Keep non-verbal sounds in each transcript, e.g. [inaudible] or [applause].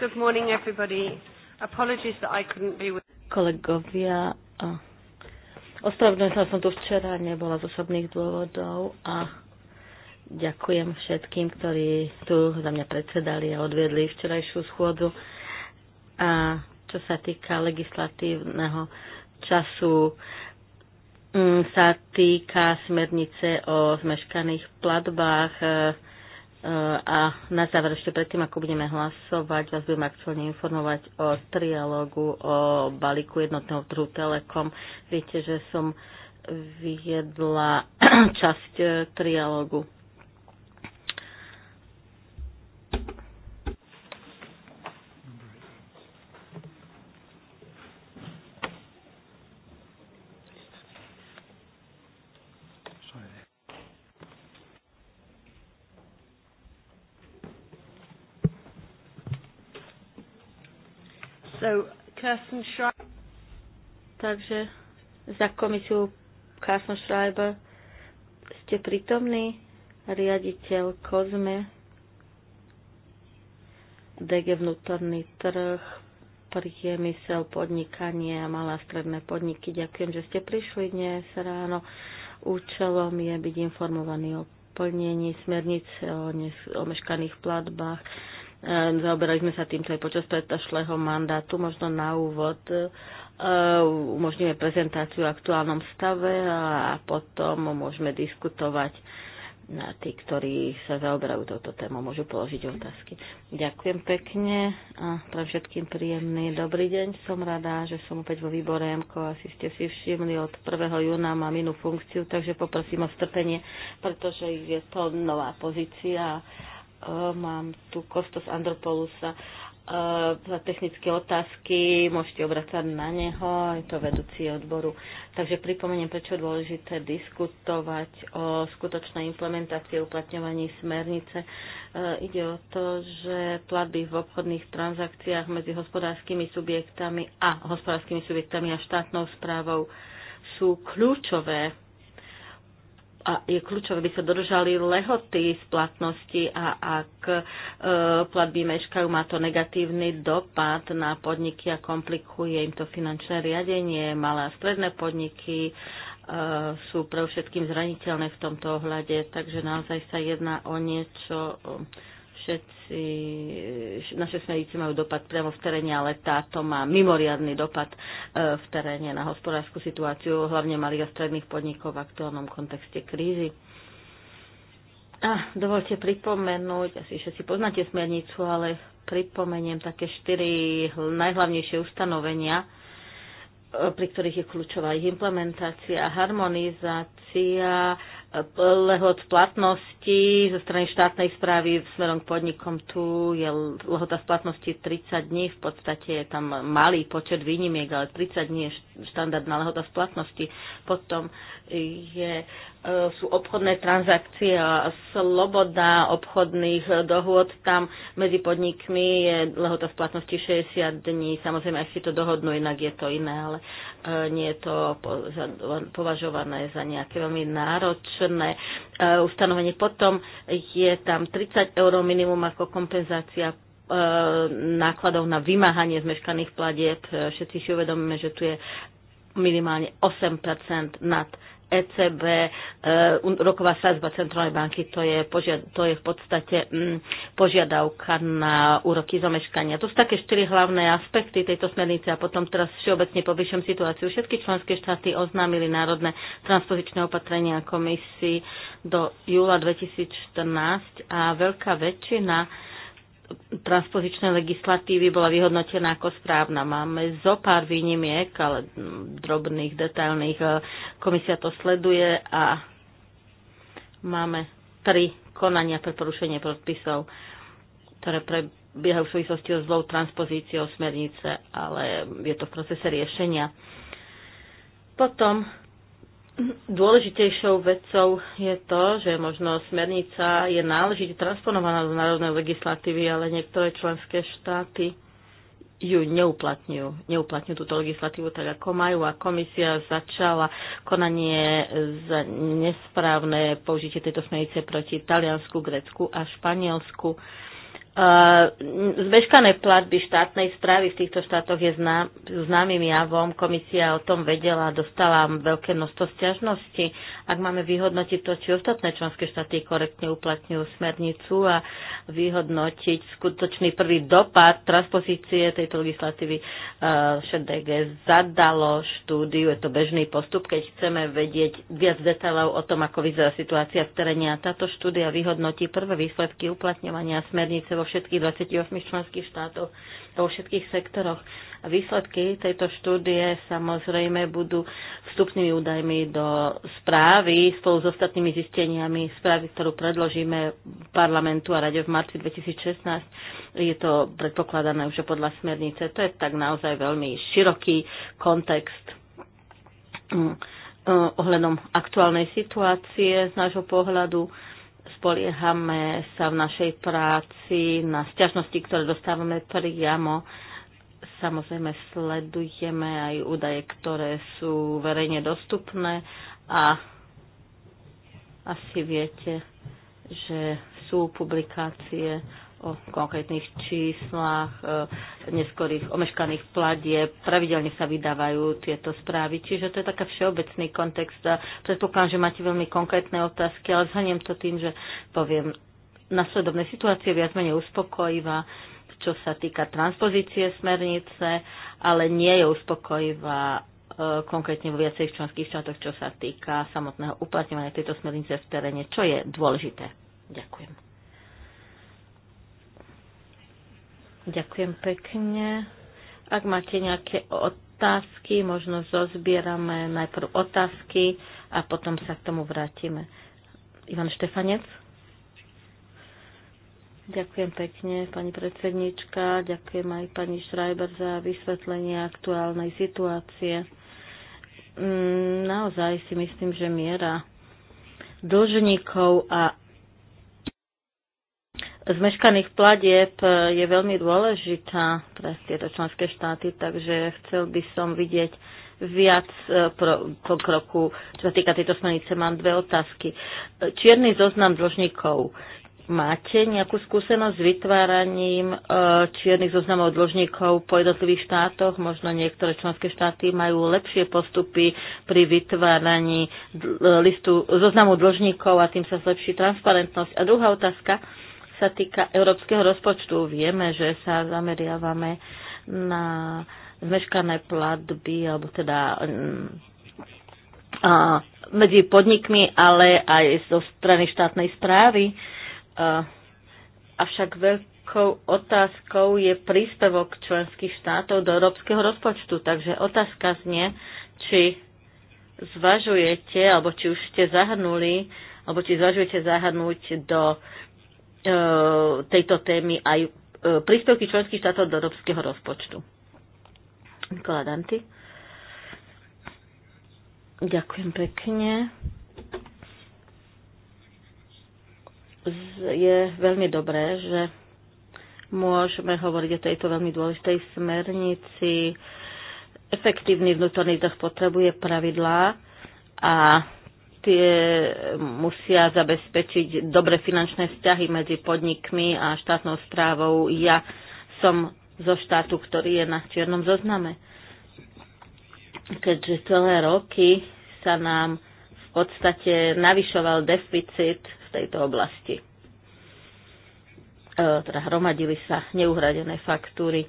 Good morning, everybody. Apologies that I couldn't be with... Kolegovia, ospravedlňujem sa, som tu včera nebola z osobných dôvodov a ďakujem všetkým, ktorí tu za mňa predsedali a odviedli včerajšiu schôdzu. A čo sa týka legislatívneho času, mm, sa týka smernice o zmeškaných platbách. E, a na záver ešte predtým, ako budeme hlasovať, vás budem aktuálne informovať o trialógu, o balíku jednotného trhu Telekom. Viete, že som viedla [clears throat] časť eh, trialógu Takže za komisiu Carson Schreiber ste prítomní, riaditeľ Kozme, DG vnútorný trh, priemysel, podnikanie a malé stredné podniky. Ďakujem, že ste prišli dnes ráno. Účelom je byť informovaný o plnení smernice o, o meškaných platbách Zaoberali sme sa týmto aj počas predošlého mandátu, možno na úvod e, umožníme prezentáciu v aktuálnom stave a potom môžeme diskutovať na tí, ktorí sa zaoberajú touto témou, môžu položiť otázky. Ďakujem pekne a pre všetkým príjemný dobrý deň. Som rada, že som opäť vo výbore MK. Asi ste si všimli, od 1. júna mám inú funkciu, takže poprosím o strpenie, pretože je to nová pozícia Ehm, mám tu Kostos Andropolusa ehm, za technické otázky, môžete obracať na neho, je to vedúci odboru. Takže pripomeniem, prečo je dôležité diskutovať o skutočnej implementácii a uplatňovaní smernice. Ehm, ide o to, že platby v obchodných transakciách medzi hospodárskymi subjektami a hospodárskymi subjektami a štátnou správou sú kľúčové a je kľúčové, aby sa dodržali lehoty splatnosti a ak e, platby meškajú, má to negatívny dopad na podniky a komplikuje im to finančné riadenie. Malé a stredné podniky e, sú pre všetkým zraniteľné v tomto ohľade, takže naozaj sa jedná o niečo, e, všetci, naše smernice majú dopad priamo v teréne, ale táto má mimoriadný dopad e, v teréne na hospodárskú situáciu, hlavne malých a stredných podnikov v aktuálnom kontexte krízy. A dovolte pripomenúť, asi všetci poznáte smernicu, ale pripomeniem také štyri najhlavnejšie ustanovenia, e, pri ktorých je kľúčová ich implementácia, harmonizácia, lehot platnosti zo strany štátnej správy smerom k podnikom tu je lehota splatnosti 30 dní, v podstate je tam malý počet výnimiek, ale 30 dní je štandardná lehota splatnosti. Potom je, e, sú obchodné transakcie a sloboda obchodných dohôd tam medzi podnikmi je lehota splatnosti 60 dní. Samozrejme, ak si to dohodnú, inak je to iné, ale E, nie je to považované za nejaké veľmi náročné e, ustanovenie. Potom je tam 30 eur minimum ako kompenzácia e, nákladov na vymáhanie zmeškaných platieb. Všetci si uvedomíme, že tu je minimálne 8 nad ECB, e, roková sázba Centrálnej banky, to je, požiad, to je v podstate mm, požiadavka na úroky zomeškania. To sú také štyri hlavné aspekty tejto smernice a potom teraz všeobecne popíšem situáciu. Všetky členské štáty oznámili národné transpozičné opatrenia komisii do júla 2014 a veľká väčšina transpozičné legislatívy bola vyhodnotená ako správna. Máme zo pár výnimiek, ale mm, drobných, detailných. E, komisia to sleduje a máme tri konania pre porušenie predpisov, ktoré prebiehajú v súvislosti so zlou transpozíciou smernice, ale je to v procese riešenia. Potom Dôležitejšou vecou je to, že možno smernica je náležite transponovaná do národnej legislatívy, ale niektoré členské štáty ju neuplatňujú. Neuplatňujú túto legislatívu tak, ako majú a komisia začala konanie za nesprávne použitie tejto smernice proti Taliansku, Grécku a Španielsku Eh, zmeškané platby štátnej správy v týchto štátoch je zná, známym javom. Komisia o tom vedela a dostala veľké množstvo stiažností. Ak máme vyhodnotiť to, či ostatné členské štáty korektne uplatňujú smernicu a vyhodnotiť skutočný prvý dopad transpozície tejto legislatívy, eh, ŠDG zadalo štúdiu, je to bežný postup, keď chceme vedieť viac detailov o tom, ako vyzerá situácia v teréne a táto štúdia vyhodnotí prvé výsledky uplatňovania smernice vo všetkých 28 členských štátoch a vo všetkých sektoroch. A výsledky tejto štúdie samozrejme budú vstupnými údajmi do správy spolu s ostatnými zisteniami správy, ktorú predložíme parlamentu a rade v marci 2016. Je to predpokladané už podľa smernice. To je tak naozaj veľmi široký kontext mm, eh, ohľadom aktuálnej situácie z nášho pohľadu spoliehame sa v našej práci na sťažnosti, ktoré dostávame priamo. Samozrejme sledujeme aj údaje, ktoré sú verejne dostupné a asi viete, že sú publikácie o konkrétnych číslach e, neskorých omeškaných pladie. Pravidelne sa vydávajú tieto správy, čiže to je taká všeobecný kontext a predpokladám, že máte veľmi konkrétne otázky, ale zhaniem to tým, že poviem, nasledovné situácie viac menej uspokojivá čo sa týka transpozície smernice, ale nie je uspokojivá e, konkrétne vo viacerých členských štátoch, čo sa týka samotného uplatňovania tejto smernice v teréne, čo je dôležité. Ďakujem. Ďakujem pekne. Ak máte nejaké otázky, možno zozbierame najprv otázky a potom sa k tomu vrátime. Ivan Štefanec. Ďakujem pekne, pani predsednička. Ďakujem aj pani Šrajber za vysvetlenie aktuálnej situácie. Mm, naozaj si myslím, že miera dlžníkov a zmeškaných platieb e, je veľmi dôležitá pre tieto členské štáty, takže chcel by som vidieť viac e, kroku, Čo sa týka tejto smernice, mám dve otázky. E, čierny zoznam dlžníkov. Máte nejakú skúsenosť s vytváraním čiernych zoznamov dlžníkov po jednotlivých štátoch? Možno niektoré členské štáty majú lepšie postupy pri vytváraní listu zoznamu dlžníkov a tým sa zlepší transparentnosť. A druhá otázka sa týka európskeho rozpočtu. Vieme, že sa zameriavame na zmeškané platby, alebo teda mm, a, medzi podnikmi, ale aj zo strany štátnej správy. A, avšak veľkou otázkou je príspevok členských štátov do európskeho rozpočtu. Takže otázka znie, či zvažujete, alebo či už ste zahrnuli, alebo či zvažujete zahrnúť do E, tejto témy aj e, príspevky členských štátov do európskeho rozpočtu. Nikola Danty. Ďakujem pekne. Je veľmi dobré, že môžeme hovoriť o tejto veľmi dôležitej smernici. Efektívny vnútorný trh potrebuje pravidlá a tie musia zabezpečiť dobre finančné vzťahy medzi podnikmi a štátnou správou. Ja som zo štátu, ktorý je na čiernom zozname. Keďže celé roky sa nám v podstate navyšoval deficit v tejto oblasti. E, teda hromadili sa neuhradené faktúry. E,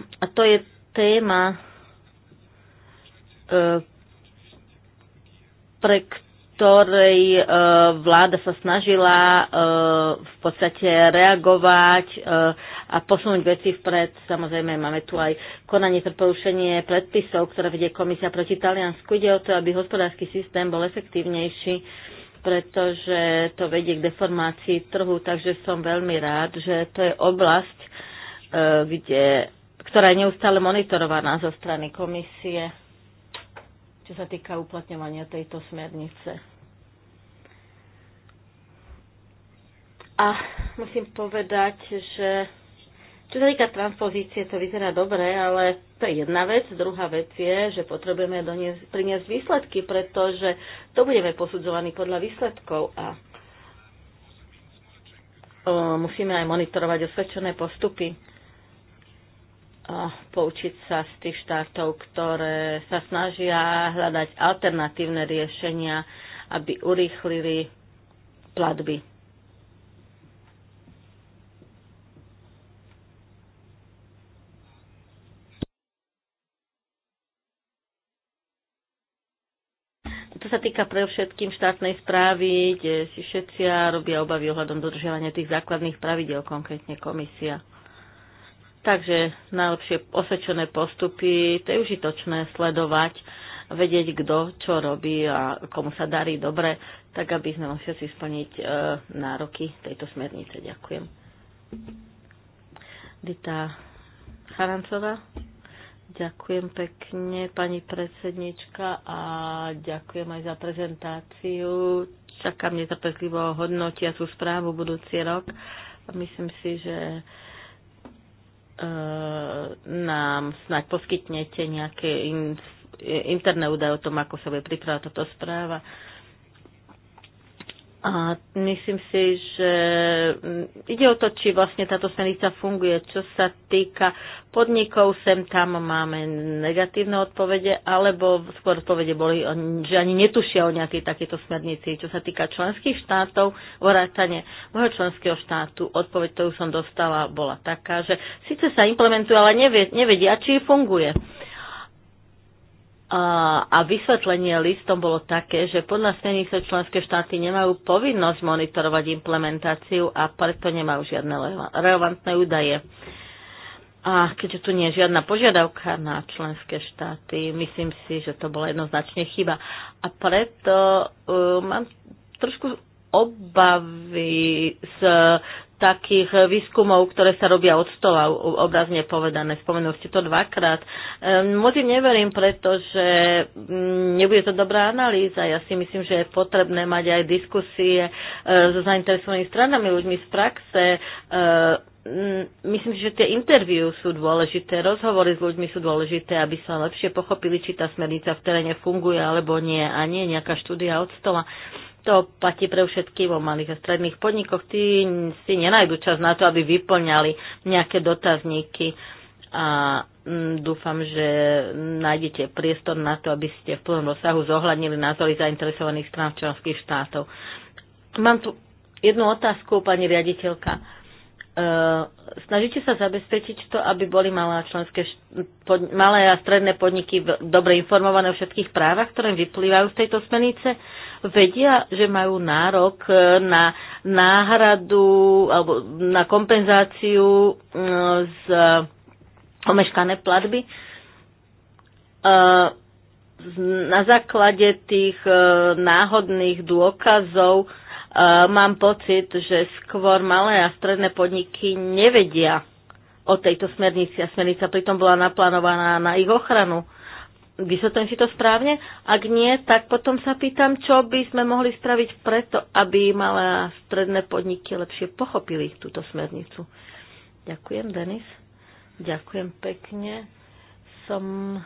a to je téma, e, pre ktorej e, vláda sa snažila e, v podstate reagovať e, a posunúť veci vpred. Samozrejme, máme tu aj konanie pre porušenie predpisov, ktoré vedie komisia proti Taliansku. Ide o to, aby hospodársky systém bol efektívnejší pretože to vedie k deformácii trhu, takže som veľmi rád, že to je oblasť, kde, ktorá je neustále monitorovaná zo strany komisie čo sa týka uplatňovania tejto smernice. A musím povedať, že čo sa týka transpozície, to vyzerá dobre, ale to je jedna vec. Druhá vec je, že potrebujeme doniesť, priniesť výsledky, pretože to budeme posudzovaní podľa výsledkov a o, musíme aj monitorovať osvedčené postupy poučiť sa z tých štátov, ktoré sa snažia hľadať alternatívne riešenia, aby urýchlili platby. To sa týka pre všetkým štátnej správy, kde si všetci robia obavy ohľadom dodržiavania tých základných pravidel, konkrétne komisia. Takže najlepšie osvedčené postupy, to je užitočné sledovať, vedieť, kto čo robí a komu sa darí dobre, tak aby sme mohli si splniť e, nároky tejto smernice. Ďakujem. Dita Charancová. Ďakujem pekne, pani predsednička, a ďakujem aj za prezentáciu. Čakám netrpezlivo hodnotia tú správu budúci rok. Myslím si, že E, nám snáď poskytnete nejaké in, interné údaje o tom, ako sa bude pripravať táto správa. A myslím si, že mm, ide o to, či vlastne táto smernica funguje. Čo sa týka podnikov, sem tam máme negatívne odpovede, alebo skôr odpovede boli, že ani netušia o nejakej takéto smernici. Čo sa týka členských štátov, vrátane môjho členského štátu, odpoveď, ktorú som dostala, bola taká, že síce sa implementuje, ale nevedia, či funguje a vysvetlenie listom bolo také, že podľa smernice členské štáty nemajú povinnosť monitorovať implementáciu a preto nemajú žiadne relevantné údaje. A keďže tu nie je žiadna požiadavka na členské štáty, myslím si, že to bola jednoznačne chyba. A preto uh, mám trošku obavy z takých eh, výskumov, ktoré sa robia od stola, obrazne povedané. Spomenuli ste to dvakrát. Ehm, moc im neverím, pretože mm, nebude to dobrá analýza. Ja si myslím, že je potrebné mať aj diskusie eh, so zainteresovanými stranami, ľuďmi z praxe. Ehm, myslím, si, že tie interviu sú dôležité, rozhovory s ľuďmi sú dôležité, aby sa lepšie pochopili, či tá smernica v teréne funguje alebo nie, a nie nejaká štúdia od stola. To platí pre všetky vo malých a stredných podnikoch. Tí si nenajdu čas na to, aby vyplňali nejaké dotazníky a mm, dúfam, že nájdete priestor na to, aby ste v plnom rozsahu zohľadnili názory zainteresovaných strán členských štátov. Mám tu jednu otázku, pani riaditeľka. E, snažíte sa zabezpečiť to, aby boli malé a, členské, pod, malé a stredné podniky dobre informované o všetkých právach, ktoré vyplývajú z tejto smernice? vedia, že majú nárok e, na náhradu alebo na kompenzáciu e, z omeškané platby. E, na základe tých náhodných dôkazov mám pocit, že skôr malé a stredné podniky nevedia o tejto smernici a smernica pritom bola naplánovaná na ich ochranu. Vysvetlím si to správne? Ak nie, tak potom sa pýtam, čo by sme mohli spraviť preto, aby malé a stredné podniky lepšie pochopili túto smernicu. Ďakujem, Denis. Ďakujem pekne. Som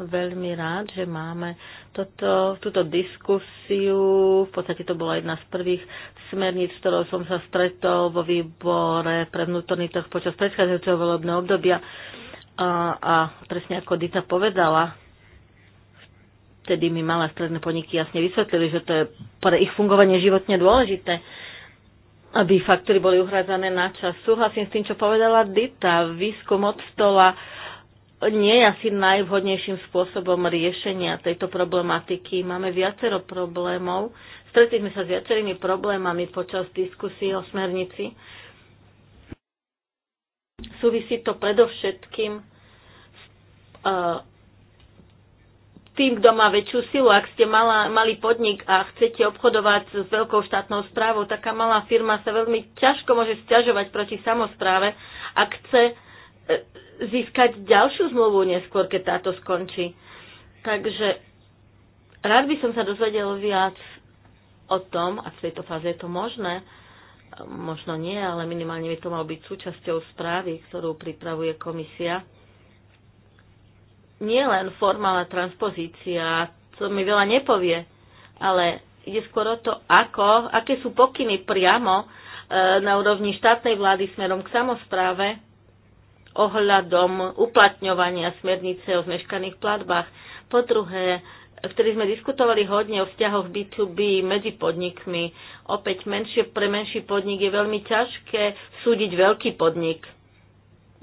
veľmi rád, že máme toto, túto diskusiu. V podstate to bola jedna z prvých smerníc, s ktorou som sa stretol vo výbore pre vnútorný trh počas predchádzajúceho volebného obdobia. A, a presne ako Dita povedala, vtedy mi malé stredné podniky jasne vysvetlili, že to je pre ich fungovanie životne dôležité, aby faktory boli uhradzané na čas. Súhlasím s tým, čo povedala Dita. Výskum od stola nie je asi najvhodnejším spôsobom riešenia tejto problematiky. Máme viacero problémov. Stretli sme sa s viacerými problémami počas diskusí o smernici. Súvisí to predovšetkým s uh, eh, tým, kto má väčšiu silu. Ak ste mala, mali podnik a chcete obchodovať s veľkou štátnou správou, taká malá firma sa veľmi ťažko môže stiažovať proti samozpráve, a chce e, získať ďalšiu zmluvu neskôr, keď táto skončí. Takže rád by som sa dozvedel viac o tom, a v tejto fáze je to možné, e, možno nie, ale minimálne by to malo byť súčasťou správy, ktorú pripravuje komisia nie len formálna transpozícia, to mi veľa nepovie, ale ide skôr o to, ako, aké sú pokyny priamo e, na úrovni štátnej vlády smerom k samozpráve ohľadom uplatňovania smernice o zmeškaných platbách. Po druhé, vtedy sme diskutovali hodne o vzťahoch B2B medzi podnikmi. Opäť menšie, pre menší podnik je veľmi ťažké súdiť veľký podnik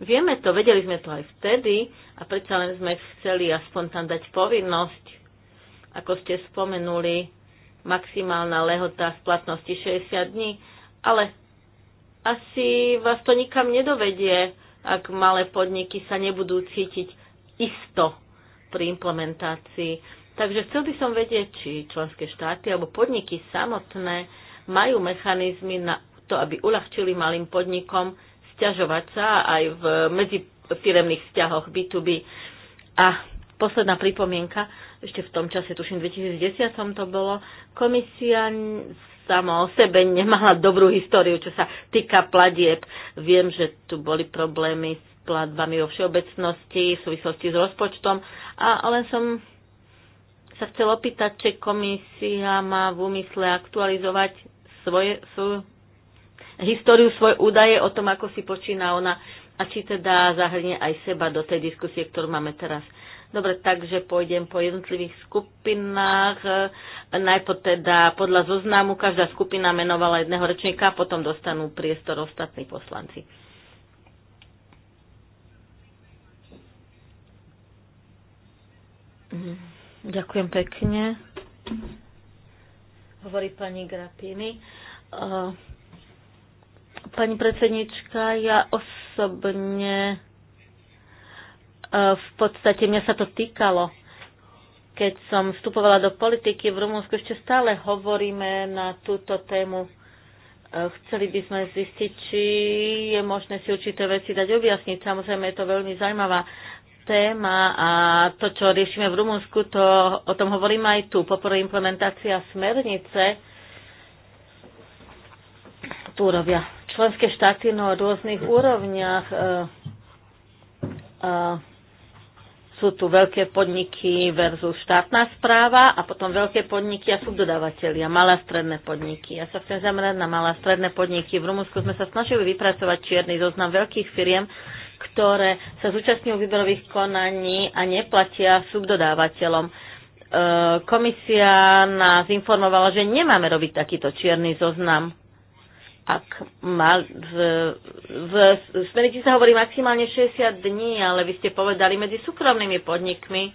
Vieme to, vedeli sme to aj vtedy a predsa len sme chceli aspoň tam dať povinnosť, ako ste spomenuli, maximálna lehota v platnosti 60 dní, ale asi vás to nikam nedovedie, ak malé podniky sa nebudú cítiť isto pri implementácii. Takže chcel by som vedieť, či členské štáty alebo podniky samotné majú mechanizmy na to, aby uľahčili malým podnikom stiažovať sa aj v medzifiremných vzťahoch B2B. A posledná pripomienka, ešte v tom čase, tuším, 2010 to bolo, komisia sama o sebe nemala dobrú históriu, čo sa týka platieb. Viem, že tu boli problémy s platbami vo všeobecnosti v súvislosti s rozpočtom, a, len som sa chcel opýtať, či komisia má v úmysle aktualizovať svoje, svoju históriu, svoje údaje o tom, ako si počína ona a či teda zahrnie aj seba do tej diskusie, ktorú máme teraz. Dobre, takže pôjdem po jednotlivých skupinách. Najprv teda podľa zoznamu každá skupina menovala jedného rečníka, potom dostanú priestor ostatní poslanci. Ďakujem pekne. Hovorí pani Grapini. Eh, Pani predsednička, ja osobne e, v podstate mňa sa to týkalo. Keď som vstupovala do politiky v Rumunsku, ešte stále hovoríme na túto tému. E, chceli by sme zistiť, či je možné si určité veci dať objasniť. Samozrejme, je to veľmi zaujímavá téma a to, čo riešime v Rumunsku, to, o tom hovorím aj tu. Poprvé implementácia smernice tu robia členské štáty na no rôznych úrovniach. E, e, sú tu veľké podniky versus štátna správa a potom veľké podniky a sú dodávateľia, malé a stredné podniky. Ja sa chcem zamerať na malé a stredné podniky. V Rumunsku sme sa snažili vypracovať čierny zoznam veľkých firiem, ktoré sa zúčastňujú výberových konaní a neplatia subdodávateľom. E, komisia nás informovala, že nemáme robiť takýto čierny zoznam ak mal, v, v smernici sa hovorí maximálne 60 dní, ale vy ste povedali medzi súkromnými podnikmi,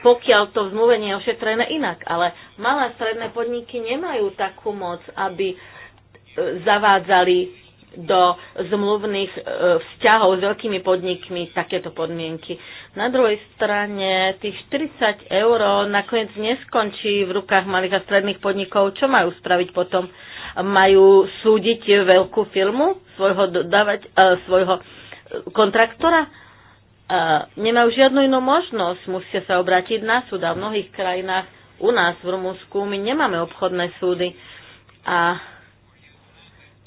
pokiaľ to v zmluve nie je ošetrené inak. Ale malé stredné podniky nemajú takú moc, aby e, zavádzali do zmluvných e, vzťahov s veľkými podnikmi takéto podmienky. Na druhej strane tých 40 eur nakoniec neskončí v rukách malých a stredných podnikov. Čo majú spraviť potom? majú súdiť veľkú firmu, svojho, dodávať, e, svojho e, kontraktora? E, nemajú žiadnu inú možnosť, musia sa obrátiť na súd. A v mnohých krajinách u nás v Rumunsku my nemáme obchodné súdy. A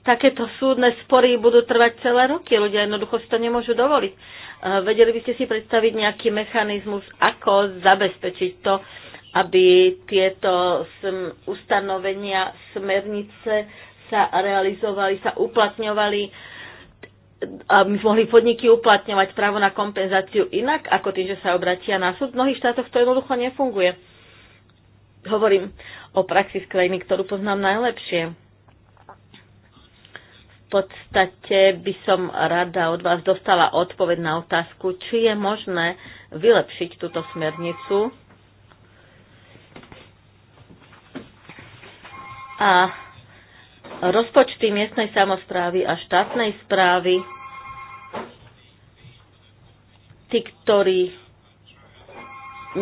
takéto súdne spory budú trvať celé roky. Ľudia jednoducho si to nemôžu dovoliť. Vedeli by ste si predstaviť nejaký mechanizmus, ako zabezpečiť to, aby tieto ustanovenia smernice sa realizovali, sa uplatňovali aby mohli podniky uplatňovať právo na kompenzáciu inak, ako tým, že sa obratia na súd. V mnohých štátoch to jednoducho nefunguje. Hovorím o praxi z krajiny, ktorú poznám najlepšie. V podstate by som rada od vás dostala odpoveď na otázku, či je možné vylepšiť túto smernicu a rozpočty miestnej samozprávy a štátnej správy, tí, ktorí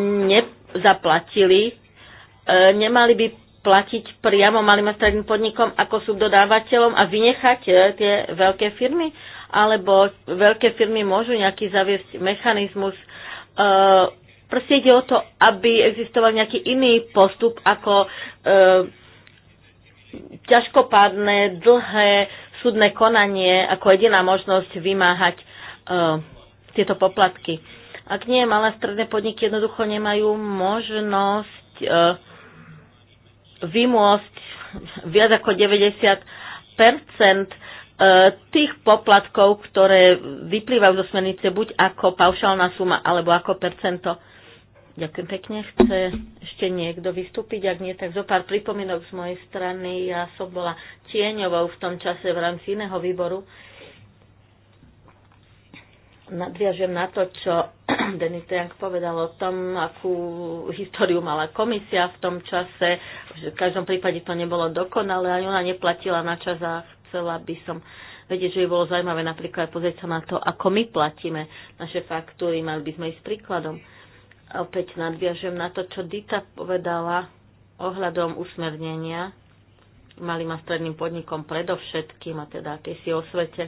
nezaplatili, e, nemali by platiť priamo malým a stredným podnikom ako subdodávateľom a vynechať e, tie veľké firmy? Alebo veľké firmy môžu nejaký zaviesť mechanizmus? E, proste ide o to, aby existoval nejaký iný postup ako ťažkopádne, dlhé súdne konanie ako jediná možnosť vymáhať uh, tieto poplatky. Ak nie, malé stredné podniky jednoducho nemajú možnosť uh, vymôcť viac ako 90 e, tých poplatkov, ktoré vyplývajú zo smernice buď ako paušálna suma alebo ako percento Ďakujem pekne. Chce ešte niekto vystúpiť? Ak nie, tak zo pár pripomienok z mojej strany. Ja som bola tieňovou v tom čase v rámci iného výboru. Nadviažem na to, čo [clears throat] Denis Tejank povedal o tom, akú históriu mala komisia v tom čase. že V každom prípade to nebolo dokonalé, ani ona neplatila na čas a chcela by som vedieť, že by bolo zaujímavé napríklad pozrieť sa na to, ako my platíme naše faktúry, mali by sme ísť príkladom. Opäť nadviažem na to, čo Dita povedala ohľadom usmernenia malým a stredným podnikom predovšetkým, a teda akejsi osvete.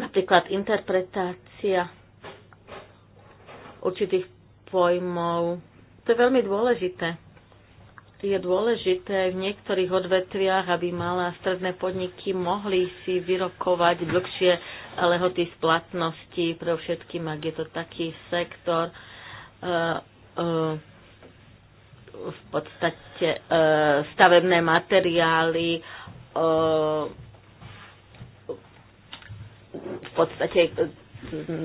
Napríklad interpretácia určitých pojmov. To je veľmi dôležité je dôležité v niektorých odvetviach, aby malé a stredné podniky mohli si vyrokovať dlhšie lehoty splatnosti pre všetkým, ak je to taký sektor, e, e, v podstate e, stavebné materiály, v podstate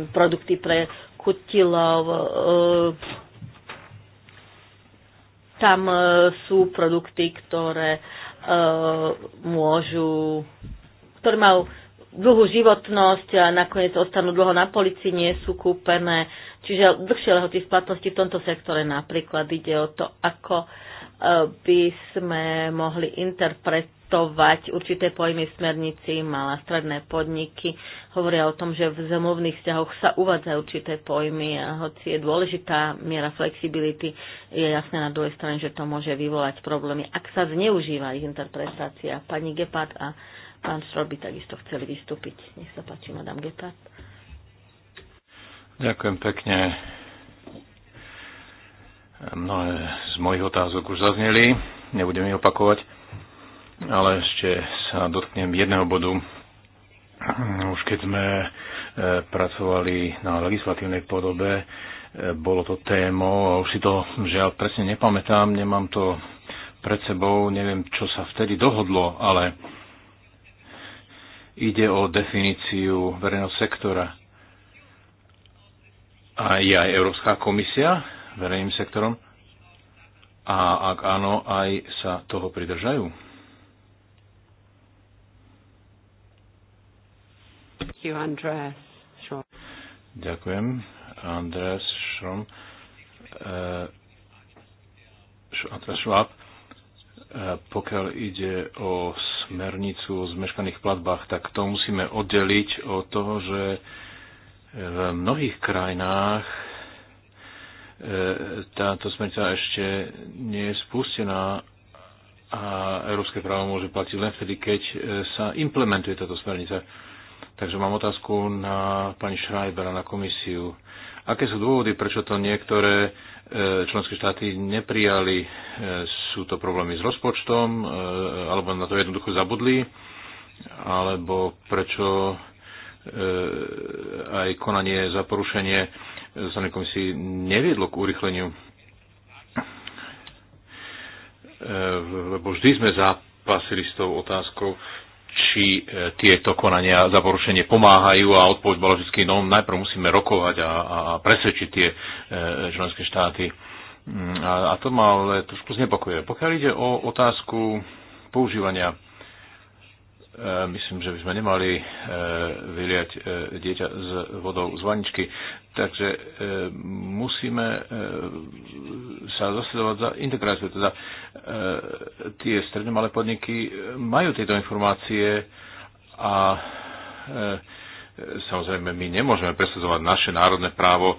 produkty pre kutilov, tam sú produkty, ktoré môžu, ktoré majú dlhú životnosť a nakoniec ostanú dlho na polici, nie sú kúpené. Čiže dlhšie lehoty splatnosti v tomto sektore napríklad ide o to, ako e, by sme mohli interpretovať určité pojmy smernici, malá stredné podniky. Hovoria o tom, že v zemovných vzťahoch sa uvádzajú určité pojmy a hoci je dôležitá miera flexibility, je jasné na druhej strane, že to môže vyvolať problémy, ak sa zneužíva ich interpretácia. Pani Gepard a Pán Strol by takisto chceli vystúpiť. Nech sa páči, madam Gepard. Ďakujem pekne. Mnohé z mojich otázok už zazneli, nebudem ich opakovať, ale ešte sa dotknem jedného bodu. Už keď sme e, pracovali na legislatívnej podobe, e, bolo to témou a už si to žiaľ presne nepamätám, nemám to pred sebou, neviem, čo sa vtedy dohodlo, ale Ide o definíciu verejného sektora. A je aj Európska komisia verejným sektorom? A ak áno, aj sa toho pridržajú? Ďakujem. Andreas Schrom. Eh, Andreas Schwab. uh, Pokiaľ ide o smernicu o zmeškaných platbách, tak to musíme oddeliť od toho, že v mnohých krajinách e, táto smernica ešte nie je spustená a európske právo môže platiť len vtedy, keď e, sa implementuje táto smernica. Takže mám otázku na pani Schreiber a na komisiu. Aké sú dôvody, prečo to niektoré E, členské štáty neprijali. E, sú to problémy s rozpočtom, e, alebo na to jednoducho zabudli, alebo prečo aj konanie za porušenie zanej komisii neviedlo k urychleniu. Lebo vždy sme zápasili s tou otázkou, či e, tieto konania za porušenie pomáhajú a odpoveď bola vždy, no najprv musíme rokovať a, a presvedčiť tie e, členské štáty. Mm, a, a to ma ale trošku znepokojuje. Pokiaľ ide o otázku používania E, myslím, že by sme nemali e, vyliať e, dieťa s vodou z vaničky. Takže musíme sa zasledovať za integráciu. Teda tie stredne malé podniky majú tieto informácie a samozrejme my nemôžeme presadzovať naše národné právo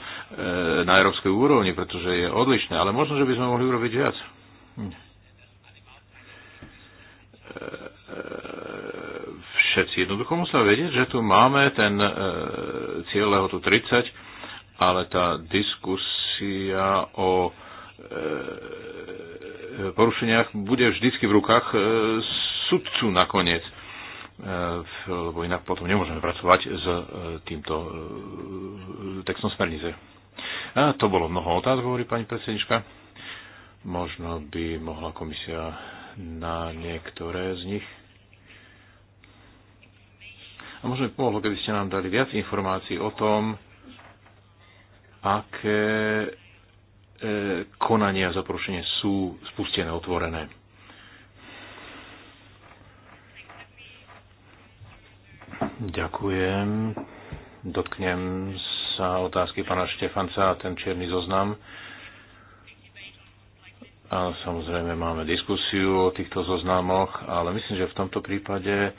na európskej úrovni, pretože je odlišné, ale možno, že by sme mohli urobiť viac všetci. Jednoducho musel vedieť, že tu máme ten e, cieľ lehotu 30, ale tá diskusia o e, porušeniach bude vždycky v rukách e, sudcu nakoniec, e, lebo inak potom nemôžeme pracovať s e, týmto e, textom smernice. A to bolo mnoho otázok, hovorí pani predsednička. Možno by mohla komisia na niektoré z nich a možno by pomohlo, keby ste nám dali viac informácií o tom, aké e, konania za porušenie sú spustené, otvorené. Ďakujem. Dotknem sa otázky pána Štefanca a ten čierny zoznam. A samozrejme máme diskusiu o týchto zoznamoch, ale myslím, že v tomto prípade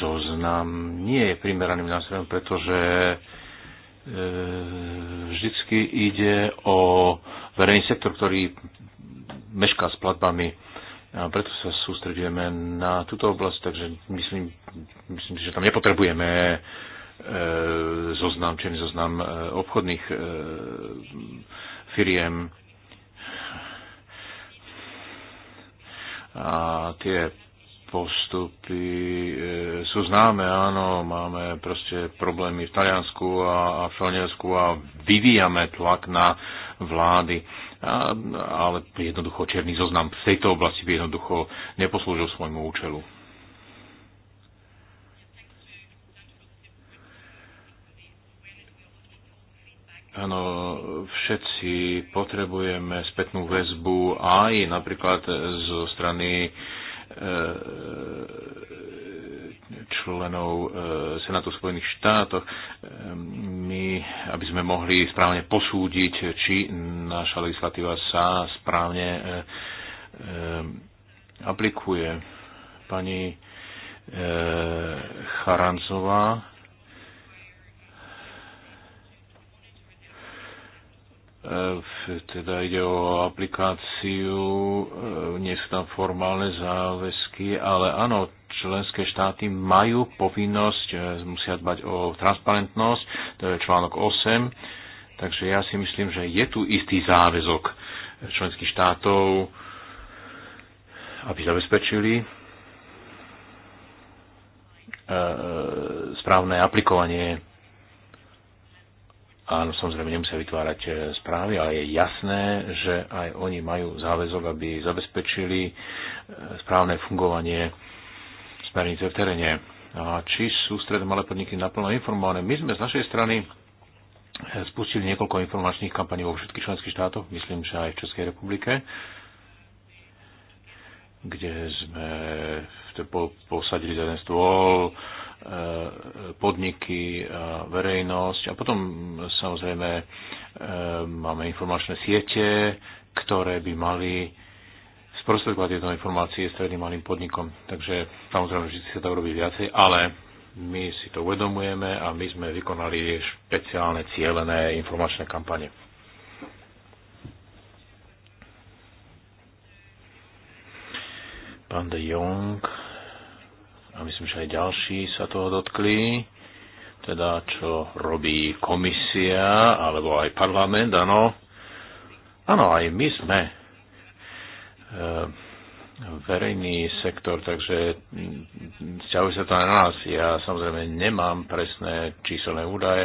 zoznam nie je primeraným nástrojom, pretože e, vždycky ide o verejný sektor, ktorý mešká s platbami. A preto sa sústredujeme na túto oblasť, takže myslím, myslím že tam nepotrebujeme e, zoznam, či zoznam e, obchodných e, firiem. A tie postupy e, sú známe, áno, máme proste problémy v Taliansku a, a v Španielsku a vyvíjame tlak na vlády. A, ale jednoducho černý zoznam v tejto oblasti by jednoducho neposlúžil svojmu účelu. Áno, všetci potrebujeme spätnú väzbu aj napríklad zo strany e, Eh, členov eh, Senátu Spojených štátoch, eh, my, aby sme mohli správne posúdiť, či naša legislatíva sa správne aplikuje. Pani Charancová E, teda ide o aplikáciu, e, nie sú tam formálne záväzky, ale áno, členské štáty majú povinnosť, e, musia dbať o transparentnosť, to je článok 8, takže ja si myslím, že je tu istý záväzok členských štátov, aby zabezpečili správne aplikovanie Áno, samozrejme nemusia vytvárať e, správy, ale je jasné, že aj oni majú záväzok, aby zabezpečili e, správne fungovanie smernice v teréne. A či sú stredné malé podniky naplno informované? My sme z našej strany e, spustili niekoľko informačných kampaní vo všetkých členských štátoch, myslím, že aj v Českej republike, kde sme posadili za jeden stôl E, podniky, a e, verejnosť a potom samozrejme e, máme informačné siete, ktoré by mali sprostredkovať tieto informácie stredným malým podnikom. Takže samozrejme vždy sa to robí viacej, ale my si to uvedomujeme a my sme vykonali špeciálne cielené informačné kampane. Pán de Jong a myslím, že aj ďalší sa toho dotkli, teda čo robí komisia alebo aj parlament, áno. Áno, aj my sme e, verejný sektor, takže mm, zťahuje sa to aj na nás. Ja samozrejme nemám presné číselné údaje.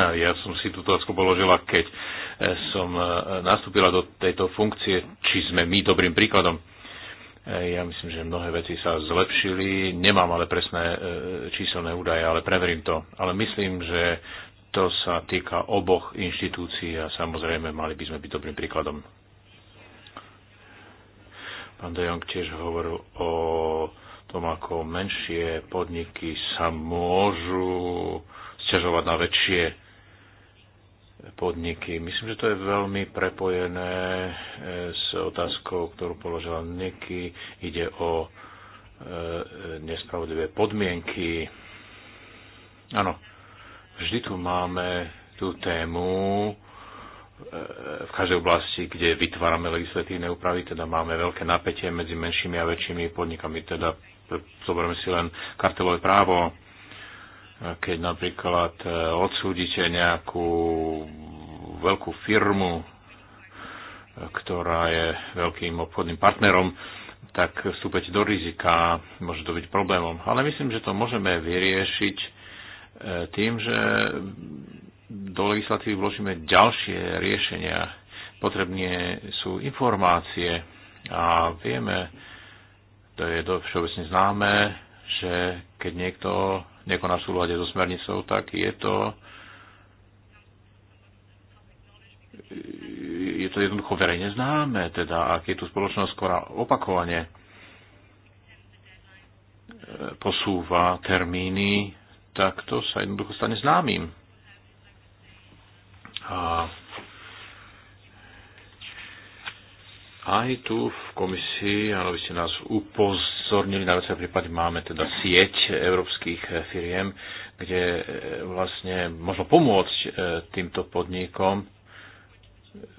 Ja som si túto otázku položila, keď e, som e, nastúpila do tejto funkcie, či sme my dobrým príkladom. Ja myslím, že mnohé veci sa zlepšili. Nemám ale presné e, číselné údaje, ale preverím to. Ale myslím, že to sa týka oboch inštitúcií a samozrejme mali by sme byť dobrým príkladom. Pán De Jong tiež hovoril o tom, ako menšie podniky sa môžu sťažovať na väčšie podniky. Myslím, že to je veľmi prepojené eh, s otázkou, ktorú položila Niky. Ide o eh, nespravodlivé podmienky. Áno, vždy tu máme tú tému eh, v každej oblasti, kde vytvárame legislatívne úpravy, teda máme veľké napätie medzi menšími a väčšími podnikami, teda zoberieme si len kartelové právo, keď napríklad e, odsúdite nejakú veľkú firmu, e, ktorá je veľkým obchodným partnerom, tak vstúpete do rizika, môže to byť problémom. Ale myslím, že to môžeme vyriešiť e, tým, že do legislatívy vložíme ďalšie riešenia. Potrebné sú informácie a vieme, to je všeobecne známe, že keď niekto nekoná v súlade so smernicou, tak je to je to jednoducho verejne známe, teda ak je tu spoločnosť, ktorá opakovane e, posúva termíny, tak to sa jednoducho stane známym. A Aj tu v komisii, by ste nás upozornili na veci, prípade máme teda sieť európskych firiem, kde e, vlastne možno pomôcť e, týmto podnikom.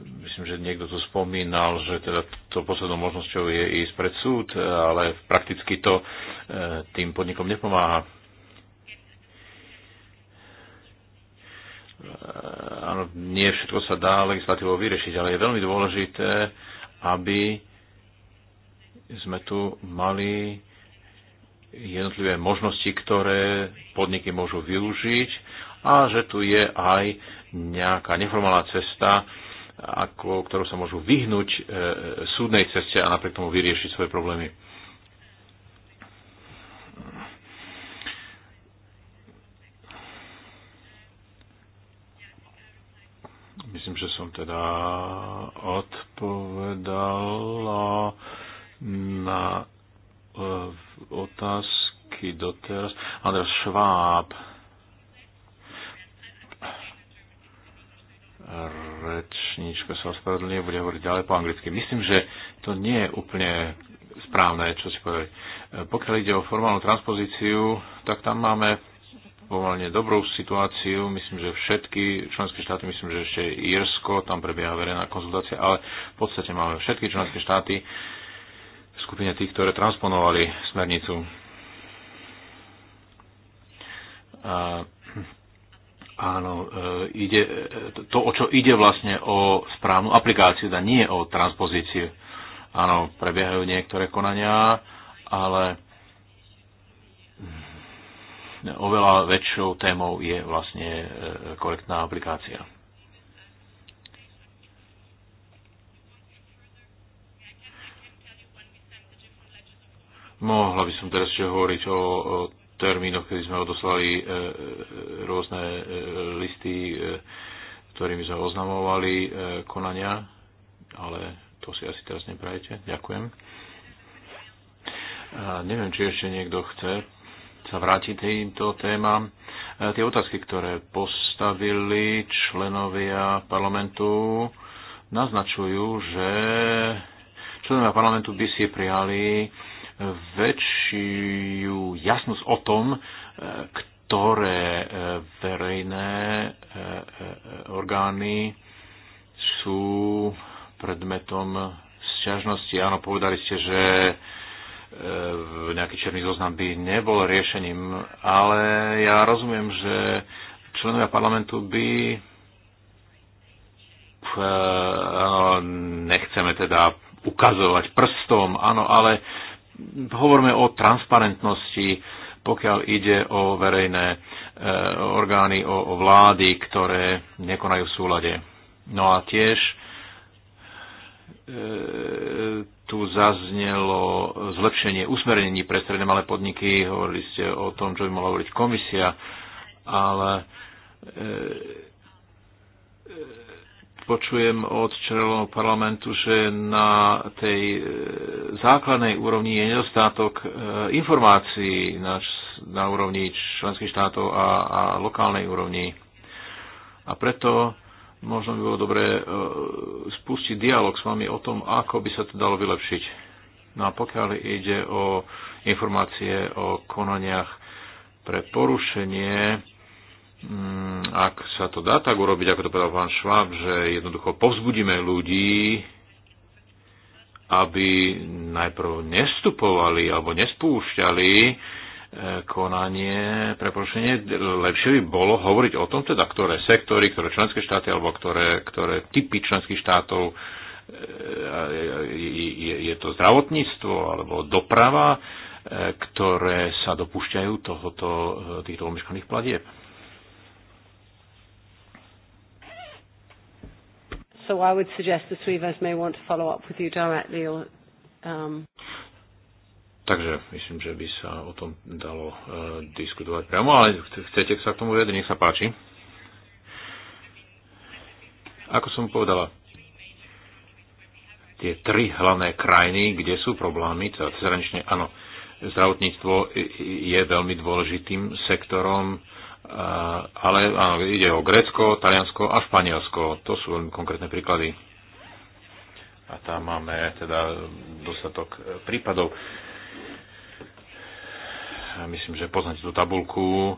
Myslím, že niekto tu spomínal, že teda to poslednou možnosťou je ísť pred súd, e, ale prakticky to tým podnikom nepomáha. áno, nie všetko sa dá legislatívou vyriešiť, ale je veľmi dôležité aby sme tu mali jednotlivé možnosti, ktoré podniky môžu využiť a že tu je aj nejaká neformálna cesta, ako, ktorou sa môžu vyhnúť e, e súdnej ceste a napriek tomu vyriešiť svoje problémy. Myslím, že som teda odpovedala na e, otázky doteraz. Andreas Schwab rečníčka sa ospravedlňuje, bude hovoriť ďalej po anglicky. Myslím, že to nie je úplne správne, čo si povedali. E, pokiaľ ide o formálnu transpozíciu, tak tam máme pomerne dobrú situáciu. Myslím, že všetky členské štáty, myslím, že ešte Írsko, tam prebieha verejná konzultácia, ale v podstate máme všetky členské štáty v skupine tých, ktoré transponovali smernicu. A, áno, e, ide, e, to, o čo ide vlastne o správnu aplikáciu, teda nie o transpozíciu. Áno, prebiehajú niektoré konania, ale oveľa väčšou témou je vlastne e, korektná aplikácia. Mohla by som teraz ešte hovoriť o, o termínoch, kedy sme odoslali e, e, rôzne e, listy, e, ktorými sme oznamovali e, konania, ale to si asi teraz neprajete. Ďakujem. A neviem, či ešte niekto chce sa vrátiť týmto témam. E, tie otázky, ktoré postavili členovia parlamentu, naznačujú, že členovia parlamentu by si prijali väčšiu jasnosť o tom, e, ktoré e, verejné orgány sú predmetom sťažnosti. Áno, povedali ste, že nejaký černý zoznam by nebol riešením, ale ja rozumiem, že členovia parlamentu by eh, nechceme teda ukazovať prstom, áno, ale hovoríme o transparentnosti, pokiaľ ide o verejné eh, orgány, o, o vlády, ktoré nekonajú v súlade. No a tiež E, tu zaznelo zlepšenie usmernení pre stredné malé podniky, hovorili ste o tom, čo by mala hovoriť komisia, ale e, e, počujem od členov parlamentu, že na tej základnej úrovni je nedostatok informácií na, na úrovni členských štátov a, a lokálnej úrovni. A preto Možno by bolo dobré e, spustiť dialog s vami o tom, ako by sa to dalo vylepšiť. No a pokiaľ ide o informácie o konaniach pre porušenie, mm, ak sa to dá tak urobiť, ako to povedal pán Šváb, že jednoducho povzbudíme ľudí, aby najprv nestupovali alebo nespúšťali konanie preprošenie, lepšie by bolo hovoriť o tom, teda ktoré sektory, ktoré členské štáty alebo ktoré, ktoré typy členských štátov je, e, e, je to zdravotníctvo alebo doprava, e, ktoré sa dopúšťajú tohoto, týchto omeškaných platieb. So I would suggest the three of us may want to follow up with you directly or um... Takže myslím, že by sa o tom dalo uh, diskutovať priamo, ale chcete sa k tomu vedieť, nech sa páči. Ako som povedala, tie tri hlavné krajiny, kde sú problémy, teda zranične, áno, zdravotníctvo je veľmi dôležitým sektorom, e, ale áno, ide o Grécko, Taliansko a Španielsko. To sú veľmi konkrétne príklady. A tam máme teda dostatok prípadov myslím, že poznáte tú tabulku,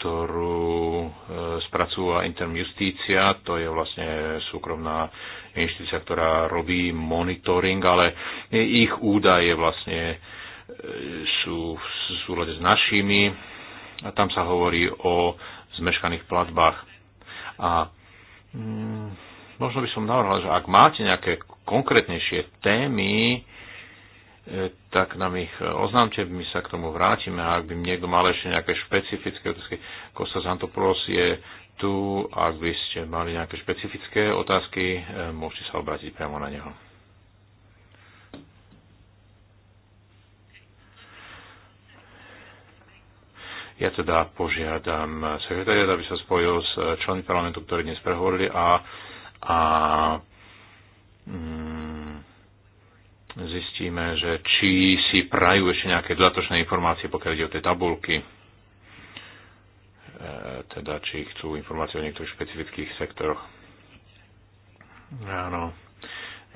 ktorú e, spracúva Interm Justícia, to je vlastne súkromná inštitúcia, ktorá robí monitoring, ale ich údaje vlastne e, sú v súlade s našimi a tam sa hovorí o zmeškaných platbách. A mm, možno by som navrhol, že ak máte nejaké konkrétnejšie témy, tak nám ich e, oznámte, my sa k tomu vrátime a ak by niekto mal ešte nejaké špecifické otázky, Kosta Antopoulos je tu, ak by ste mali nejaké špecifické otázky, e, môžete sa obrátiť priamo na neho. Ja teda požiadam sekretariat, aby sa spojil s členmi parlamentu, ktorí dnes prehovorili a, a mm, zistíme, že či si prajú ešte nejaké dodatočné informácie, pokiaľ ide o tie tabulky, e, teda či chcú informácie o niektorých špecifických sektoroch. Áno,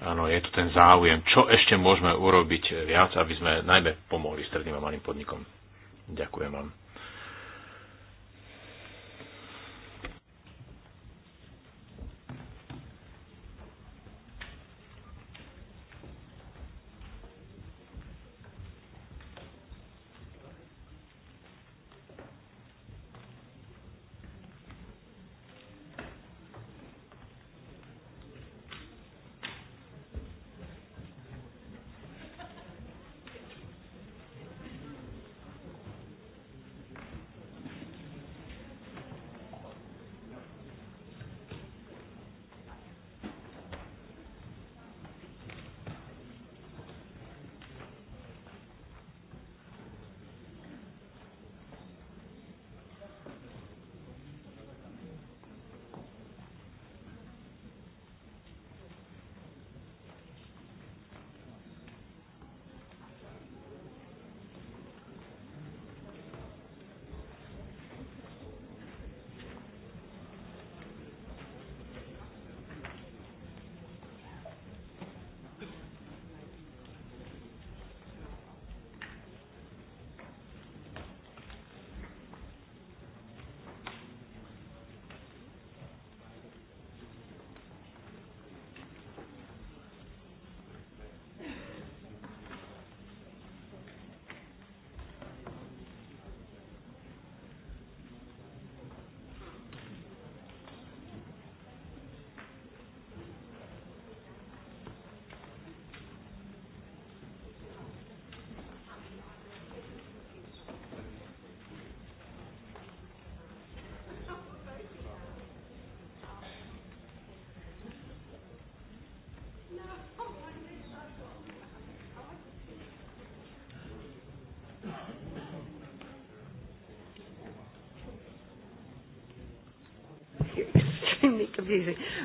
áno, je tu ten záujem. Čo ešte môžeme urobiť viac, aby sme najmä pomohli stredným a malým podnikom? Ďakujem vám.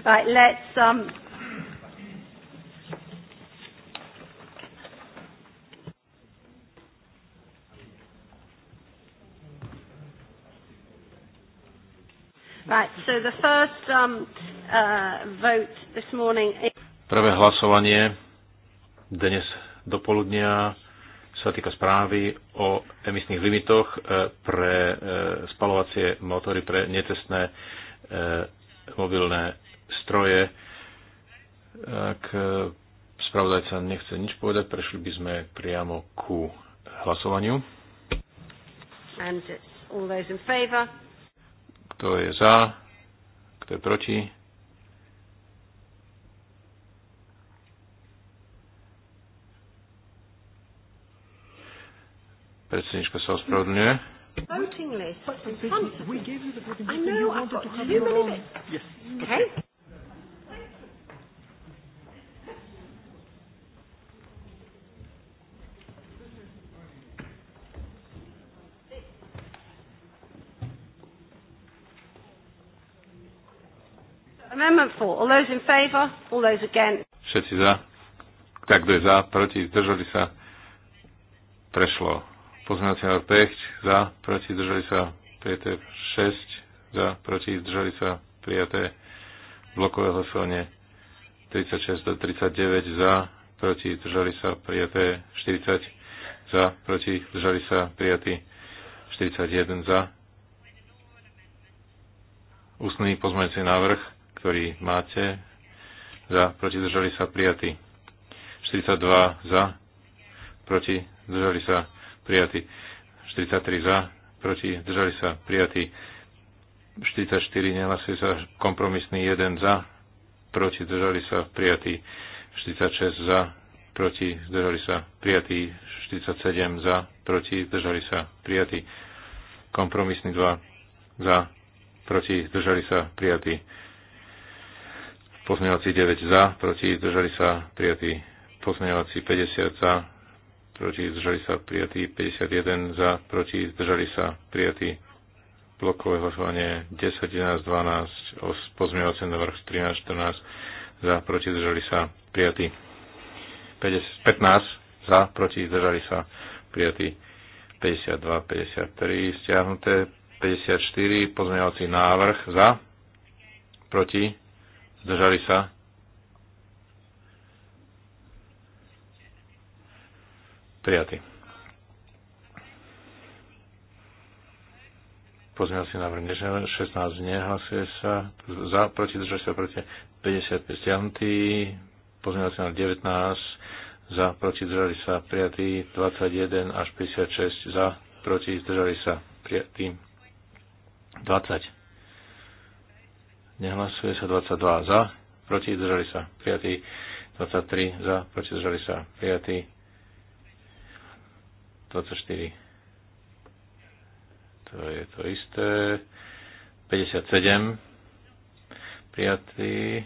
Right, let's um, Right, so the first um, uh, vote this morning. Prvé hlasovanie dnes dopoludnia sa týka správy o emisných limitoch eh, pre eh, spalovacie motory pre netestné eh, mobilné stroje. Ak e, spravodajca nechce nič povedať, prešli by sme priamo ku hlasovaniu. And all those in favor. Kto je za? Kto je proti? Predsednička sa ospravedlňuje. Voting list. I know, I've got too many bits. Yes. Okay. Amendment 4. All those in favor, all those against. Všetci za. Tak, kto je za, proti, zdržali sa. Prešlo. Poznáte na 5, za, proti, zdržali sa. Prijaté 6, za, proti, zdržali sa. Prijaté blokové hlasovanie 36 do 39, za, proti, zdržali sa. Prijaté 40, za, proti, zdržali sa. Prijatý 41, za. Ústný pozmeňovací návrh ktorý máte. Za, proti, zdržali sa, prijatí. 42 za, proti, zdržali sa, prijatí. 43 za, proti, zdržali sa, prijatí. 44 nehlasuje sa, kompromisný 1 za, proti, zdržali sa, prijatí. 46 za, proti, zdržali sa, prijatí. 47 za, proti, zdržali sa, prijatí. Kompromisný 2 za, proti, zdržali sa, prijatí. Pozmeňovací 9 za, proti zdržali sa prijatí. Pozmeňovací 50 za, proti zdržali sa prijatí. 51 za, proti zdržali sa prijatí. Blokové hlasovanie 10, 11, 12, pozmeňovací návrh 13, 14 za, proti zdržali sa prijatí. 15 za, proti zdržali sa prijatí. 52, 53 stiahnuté. 54 pozmeňovací návrh za, proti Zdržali sa? Prijatý. Pozmeňovací návrh 16 nehlasuje sa. Za, proti, držali sa, proti 55 pozmiel si na 19 za, proti, držali sa, prijatý 21 až 56 za, proti, zdržali sa, prijatý 20 Nehlasuje sa 22 za, proti zdržali sa prijatí. 23 za, proti zdržali sa prijatý 24. To je to isté. 57 prijatý.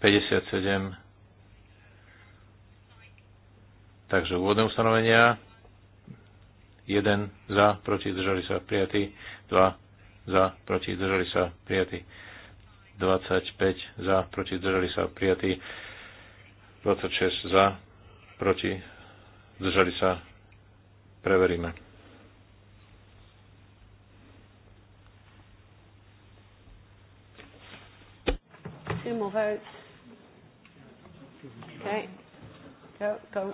57 Takže úvodné ustanovenia. 1 za, proti, držali sa, prijatý. 2 za, proti, držali sa, prijatý. 25 za, proti, držali sa, prijatý. 26 za, proti, držali sa, preveríme. Two more votes. Okay. Go, go.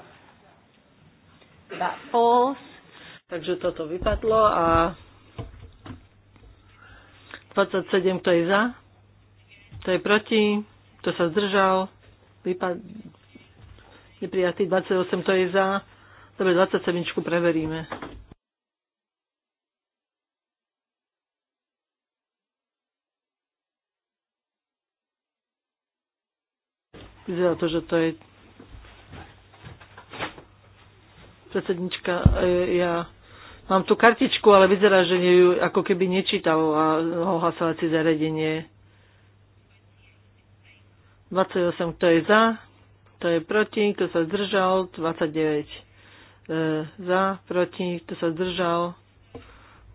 That falls. Takže toto vypadlo a 27, kto je za, to je proti, kto sa zdržal, vypad... neprijatý 28, to je za. Dobre, 27 preveríme. Vyzerá to, že to je predsednička, e, ja Mám tu kartičku, ale vyzerá, že ju ako keby nečítal a hlasovacie zariadenie. 28, kto je za, kto je proti, kto sa zdržal, 29 e, za, proti, kto sa zdržal,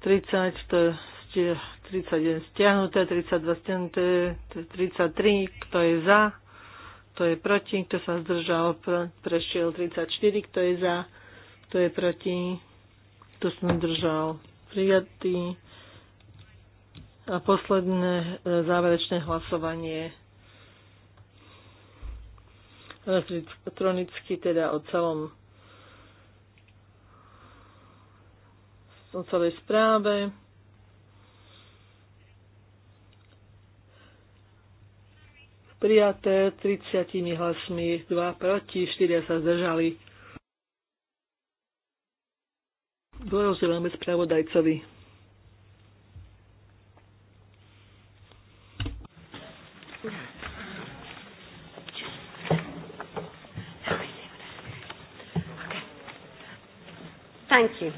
30, kto je 31 stiahnuté, 32 stiahnuté, 33, kto je za, kto je proti, kto sa zdržal, prešiel 34, kto je za, kto je proti, kto sa držal, prijatý. A posledné e, záverečné hlasovanie elektronicky teda o celom o celej správe. Prijaté 30 hlasmi, 2 proti, 4 sa zdržali. Dorozdeláme spravodajcovi. Thank you.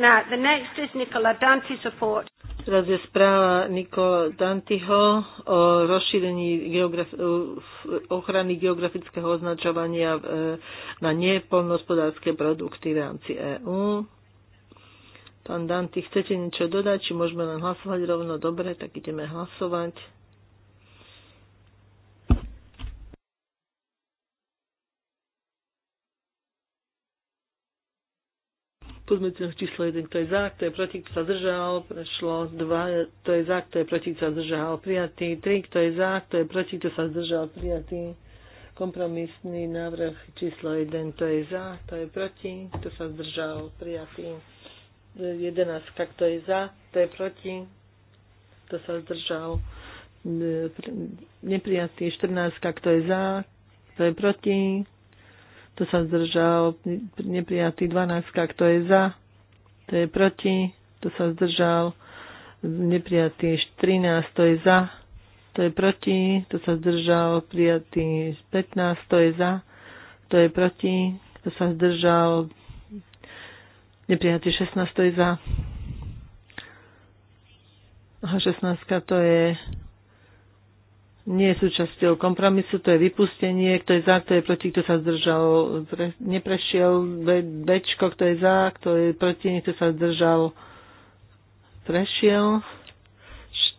Now, the next is Nicola Dante's report. Teraz je správa Nikola Dantiho o rozšírení geograf- ochrany geografického označovania e, na nepolnospodárske produkty v rámci EÚ. Pán Danty, chcete niečo dodať, či môžeme len hlasovať rovno? Dobre, tak ideme hlasovať. Pozmeňujúci číslo 1, kto je za, kto je proti, kto sa zdržal, prešlo 2, kto je za, kto je proti, kto sa zdržal, prijatý, 3, kto je za, kto je proti, kto sa zdržal, prijatý, kompromisný návrh číslo 1, kto je za, kto je proti, kto sa zdržal, prijatý. 11, kto je za, kto je proti, kto sa zdržal. Neprijatý 14, kto je za, kto je proti, kto sa zdržal. Neprijatý 12, kto je za, kto je proti, kto sa zdržal. Neprijatý 13, kto je za, kto je proti, to sa zdržal, prijatý 15, to je za, to je proti, to sa zdržal, neprijatý 16, to je za. Aha, 16 to je nie je súčasťou kompromisu, to je vypustenie, kto je za, kto je proti, kto sa zdržal, pre, neprešiel, be, bečko, kto je za, kto je proti, kto sa zdržal, prešiel,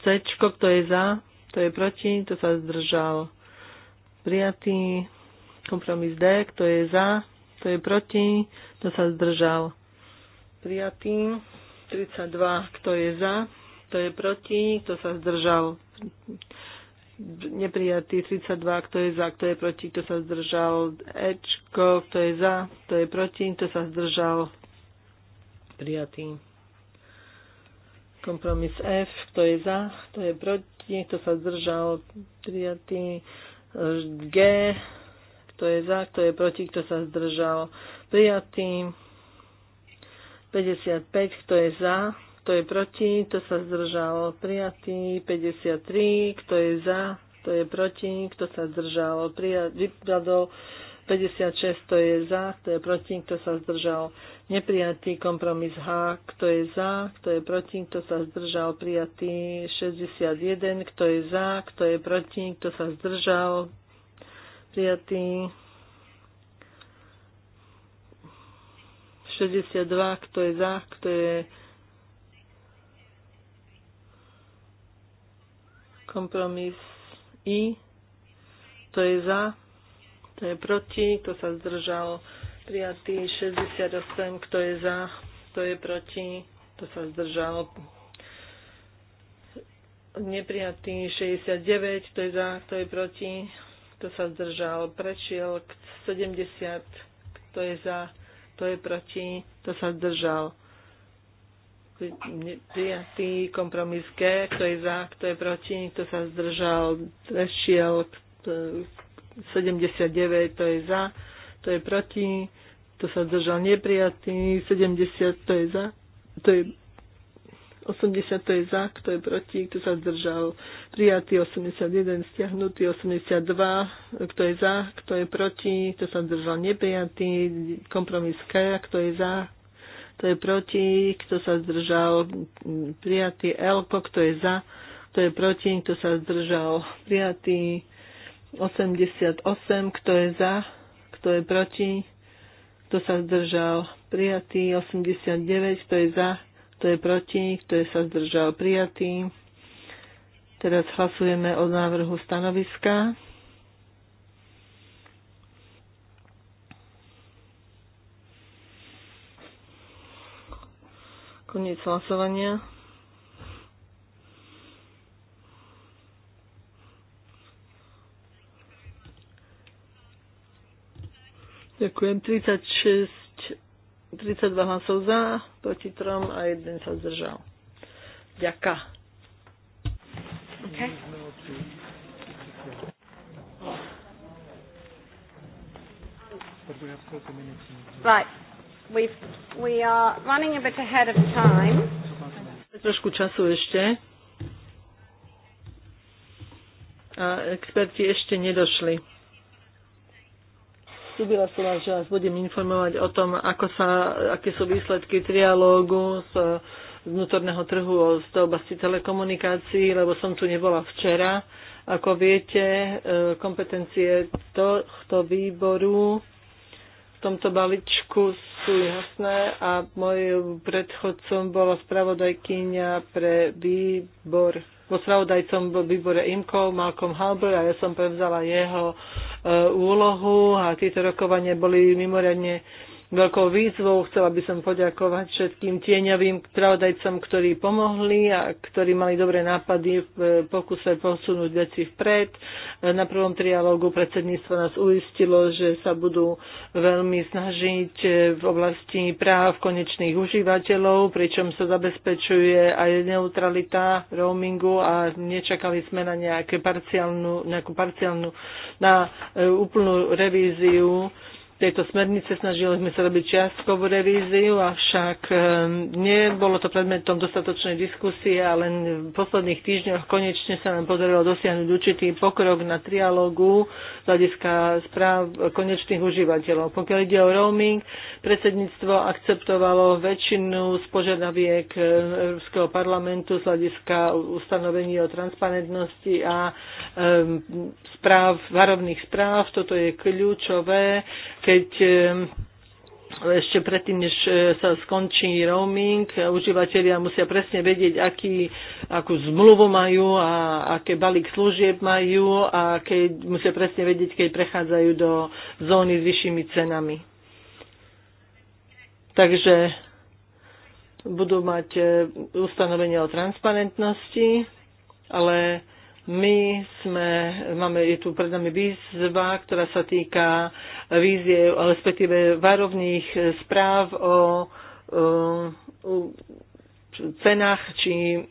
cečko, kto je za, kto je proti, kto sa zdržal, prijatý, kompromis D, kto je za, kto je proti, kto sa zdržal, prijatý. 32, kto je za, kto je proti, kto sa zdržal. Neprijatý 32, kto je za, kto je proti, kto sa zdržal. Ečko, kto je za, kto je proti, kto sa zdržal. Prijatý. Kompromis F, kto je za, kto je proti, kto sa zdržal. Prijatý. G, kto je za, kto je proti, kto sa zdržal. Prijatý. 55, kto je za, kto je proti, kto sa zdržal, prijatý. 53, kto je za, kto je proti, kto sa zdržal, vypadol. 56, kto je za, kto je proti, kto sa zdržal. Neprijatý kompromis H, kto je za, kto je proti, kto sa zdržal. Prijatý 61, kto je za, kto je proti, kto sa zdržal. Prijatý 62, kto je za, kto je kompromis I, kto je za, kto je proti, kto sa zdržal, prijatý 68, kto je za, kto je proti, kto sa zdržal, neprijatý 69, kto je za, kto je proti, kto sa zdržal, Prečiel 70, kto je za, kto je proti, to sa zdržal. Prijatý kompromis G, kto je za, kto je proti, kto sa zdržal, prešiel 79, e, to je za, to je proti, to sa zdržal neprijatý, 70, to je za, to je 80 to je za, kto je proti, kto sa zdržal. Prijatý 81, stiahnutý 82, kto je za, kto je proti, kto sa zdržal. Neprijatý kompromis K, kto je za, kto je proti, kto sa zdržal. Prijatý L, kto je za, kto je proti, kto sa zdržal. Prijatý 88, kto je za, kto je proti, kto sa zdržal. Prijatý 89, kto je za, kto je proti, kto je sa zdržal prijatý. Teraz hlasujeme o návrhu stanoviska. Koniec hlasovania. Ďakujem. 36 32 hlasov za, proti trom a jeden sa zdržal. Ďaká. Okay. Right. We've, we are running a bit ahead of time. Trošku času ešte. A experti ešte nedošli. Súbila som vás, že vás budem informovať o tom, ako sa, aké sú výsledky trialógu z vnútorného trhu o oblasti telekomunikácií, lebo som tu nebola včera. Ako viete, e, kompetencie tohto výboru v tomto baličku, sú jasné a môj predchodcom bola spravodajkyňa pre výbor bol spravodajcom výbore IMCO, Malcolm Halber a ja som prevzala jeho e, úlohu a tieto rokovania boli mimoriadne veľkou výzvou. Chcela by som poďakovať všetkým tieňavým pravodajcom, ktorí pomohli a ktorí mali dobré nápady v pokuse posunúť veci vpred. Na prvom trialógu predsedníctvo nás uistilo, že sa budú veľmi snažiť v oblasti práv konečných užívateľov, pričom sa zabezpečuje aj neutralita roamingu a nečakali sme na nejaké parciálnu, nejakú parciálnu, na e, úplnú revíziu tejto smernice snažili sme sa robiť čiastkovú revíziu, avšak eh, nebolo to predmetom dostatočnej diskusie a len v posledných týždňoch konečne sa nám podarilo dosiahnuť určitý pokrok na trialógu z hľadiska správ konečných užívateľov. Pokiaľ ide o roaming, predsedníctvo akceptovalo väčšinu z požiadaviek eh, Európskeho parlamentu z hľadiska ustanovení o transparentnosti a eh, správ, varovných správ. Toto je kľúčové, keď keď eh, ešte predtým, než eh, sa skončí roaming, užívateľia musia presne vedieť, aký, akú zmluvu majú a aké balík služieb majú a keď musia presne vedieť, keď prechádzajú do zóny s vyššími cenami. Takže budú mať eh, ustanovenia o transparentnosti, ale my sme, máme, je tu pred nami výzva, ktorá sa týka vízie, respektíve varovných správ o, o, o cenách či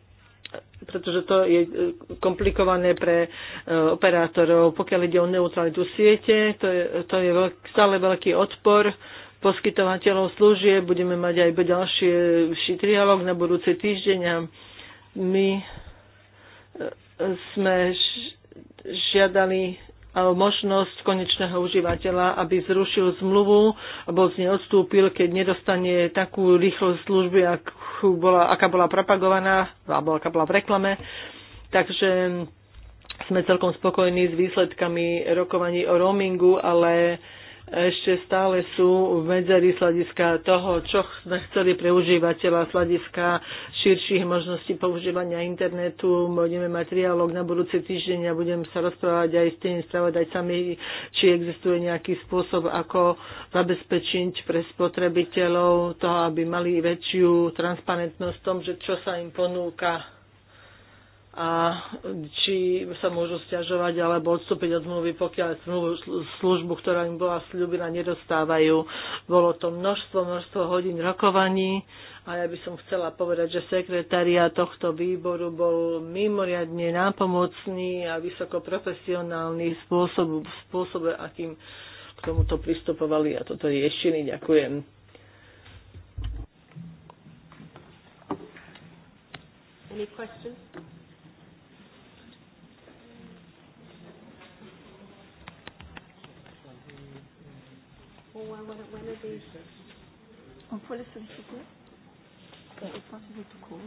pretože to je komplikované pre e, operátorov. Pokiaľ ide o neutralitu siete, to je, to je veľk, stále veľký odpor poskytovateľov služieb. Budeme mať aj ďalší trialog na budúci týždeň a my sme žiadali možnosť konečného užívateľa, aby zrušil zmluvu alebo z nej odstúpil, keď nedostane takú rýchlosť služby, bola, aká bola propagovaná alebo aká bola v reklame. Takže sme celkom spokojní s výsledkami rokovaní o roamingu, ale ešte stále sú medzery z toho, čo sme chceli pre užívateľa, sladiska širších možností používania internetu. Budeme mať trialog na budúci týždeň a budem sa rozprávať aj s tými spravodajcami, či existuje nejaký spôsob, ako zabezpečiť pre spotrebiteľov to, aby mali väčšiu transparentnosť v tom, že čo sa im ponúka a či sa môžu stiažovať alebo odstúpiť od zmluvy, pokiaľ službu, ktorá im bola slúbená, nedostávajú. Bolo to množstvo, množstvo hodín rokovaní a ja by som chcela povedať, že sekretária tohto výboru bol mimoriadne nápomocný a vysoko profesionálny spôsob, spôsobe, akým k tomuto pristupovali a toto riešili. Ďakujem. Any questions? Bon, when, when, when are they... On peut solliciter Je pense que c'est tout court.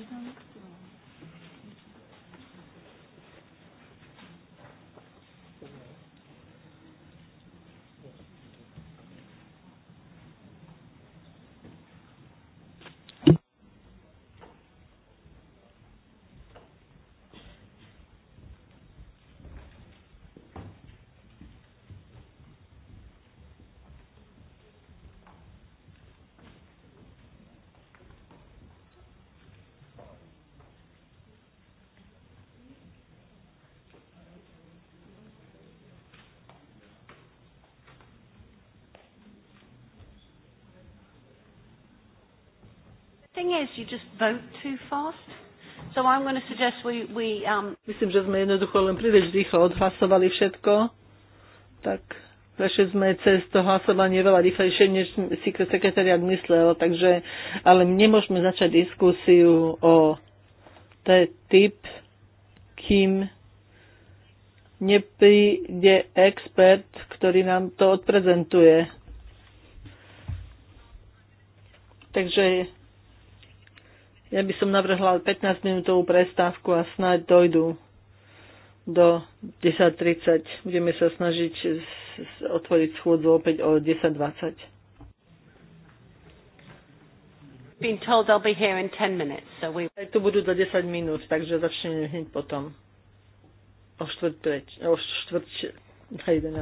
you just vote too fast. So I'm going to suggest we, we um... Myslím, že sme jednoducho len príliš rýchlo odhlasovali všetko. Tak prešli sme cez to hlasovanie veľa rýchlejšie, než si sekretariat myslel, takže, ale nemôžeme začať diskusiu o typ, kým nepríde expert, ktorý nám to odprezentuje. Takže ja by som navrhla 15 minútovú prestávku a snáď dojdú do 10.30. Budeme sa snažiť otvoriť schôdzu opäť o 10.20. Been told they'll be here in 10 minutes, so we... Tu budú za 10 minút, takže začneme hneď potom. O štvrt o štvrt, 11.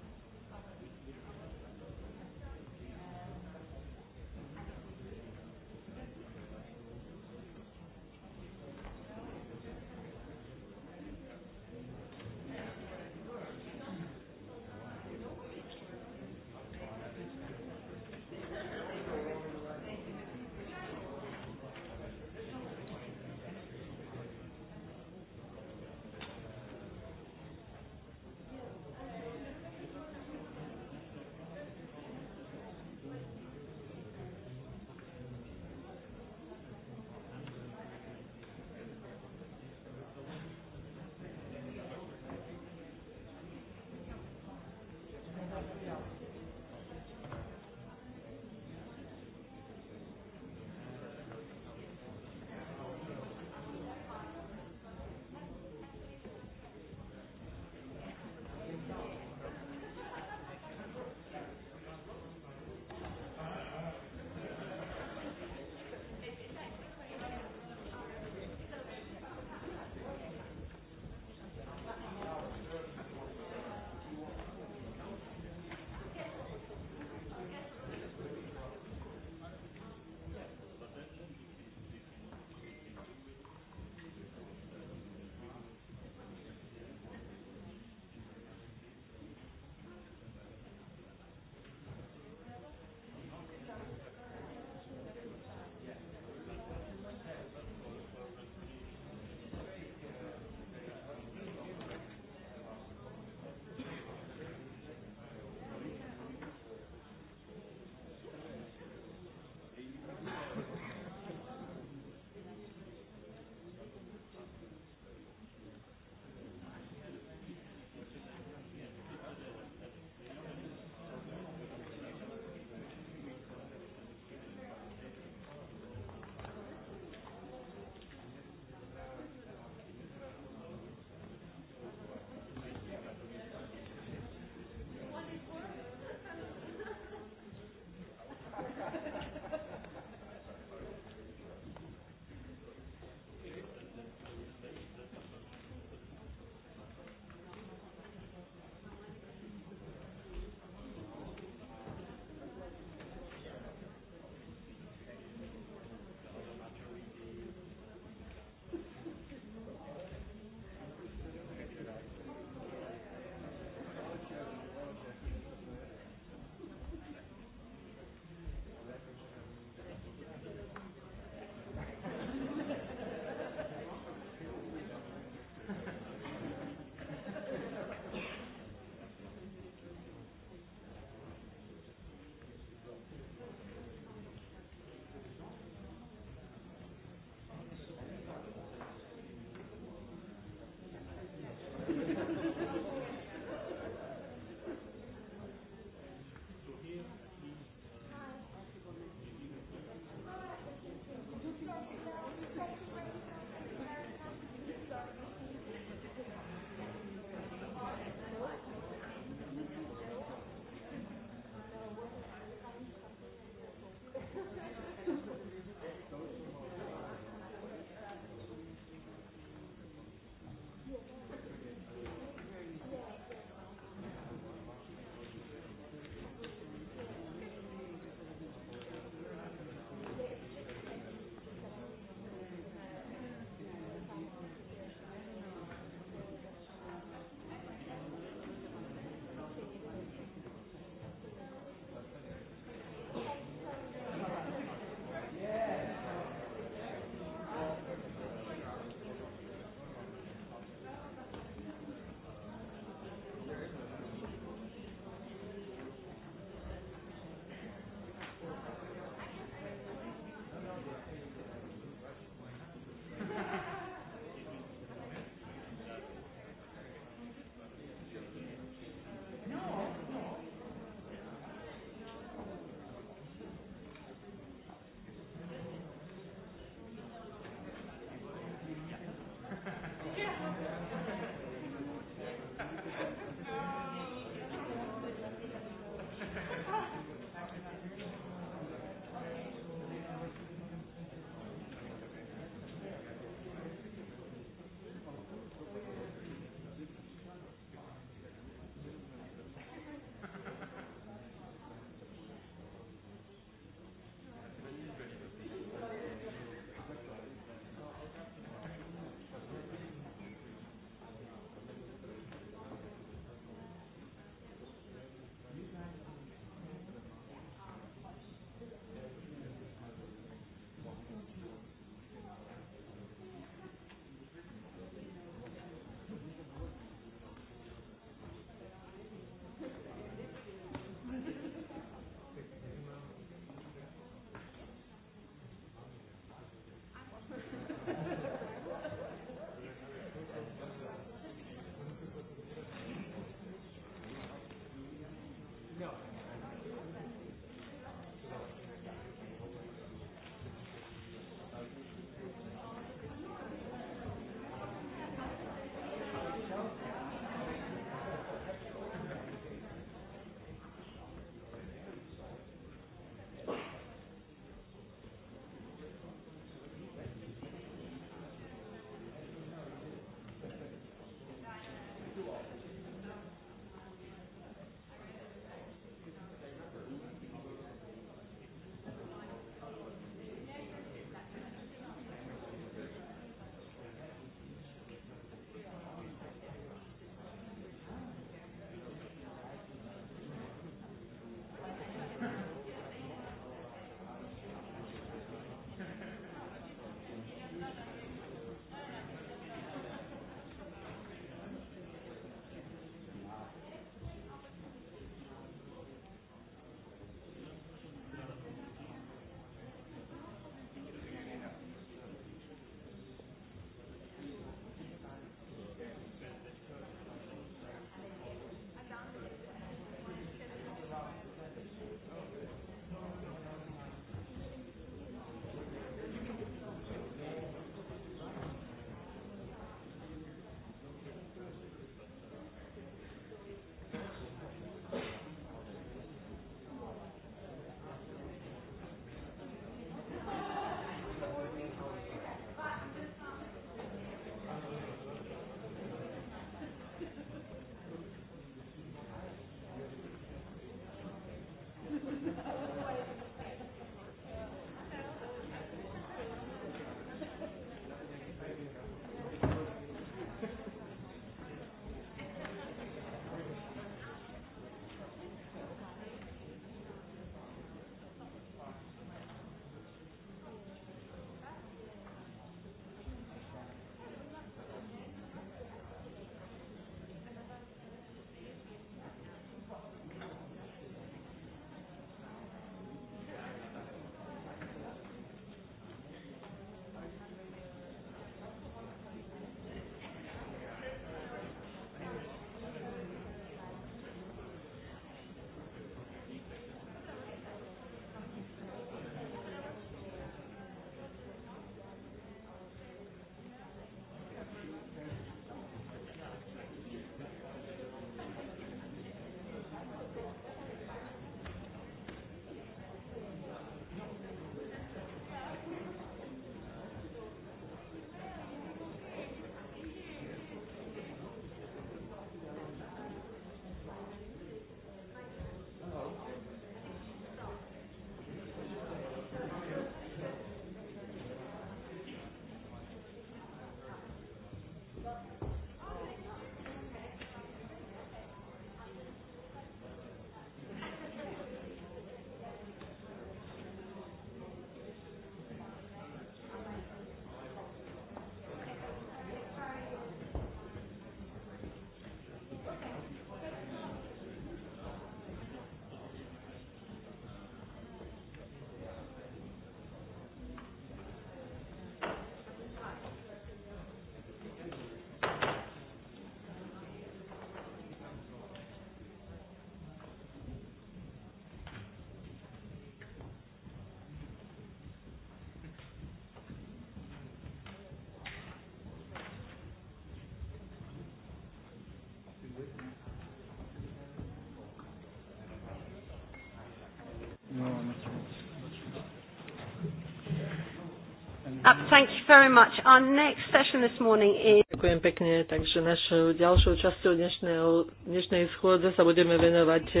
Thank you very much. Our next session this morning is... Ďakujem pekne, takže našou ďalšou časťou dnešného, dnešnej schôdze sa budeme venovať e,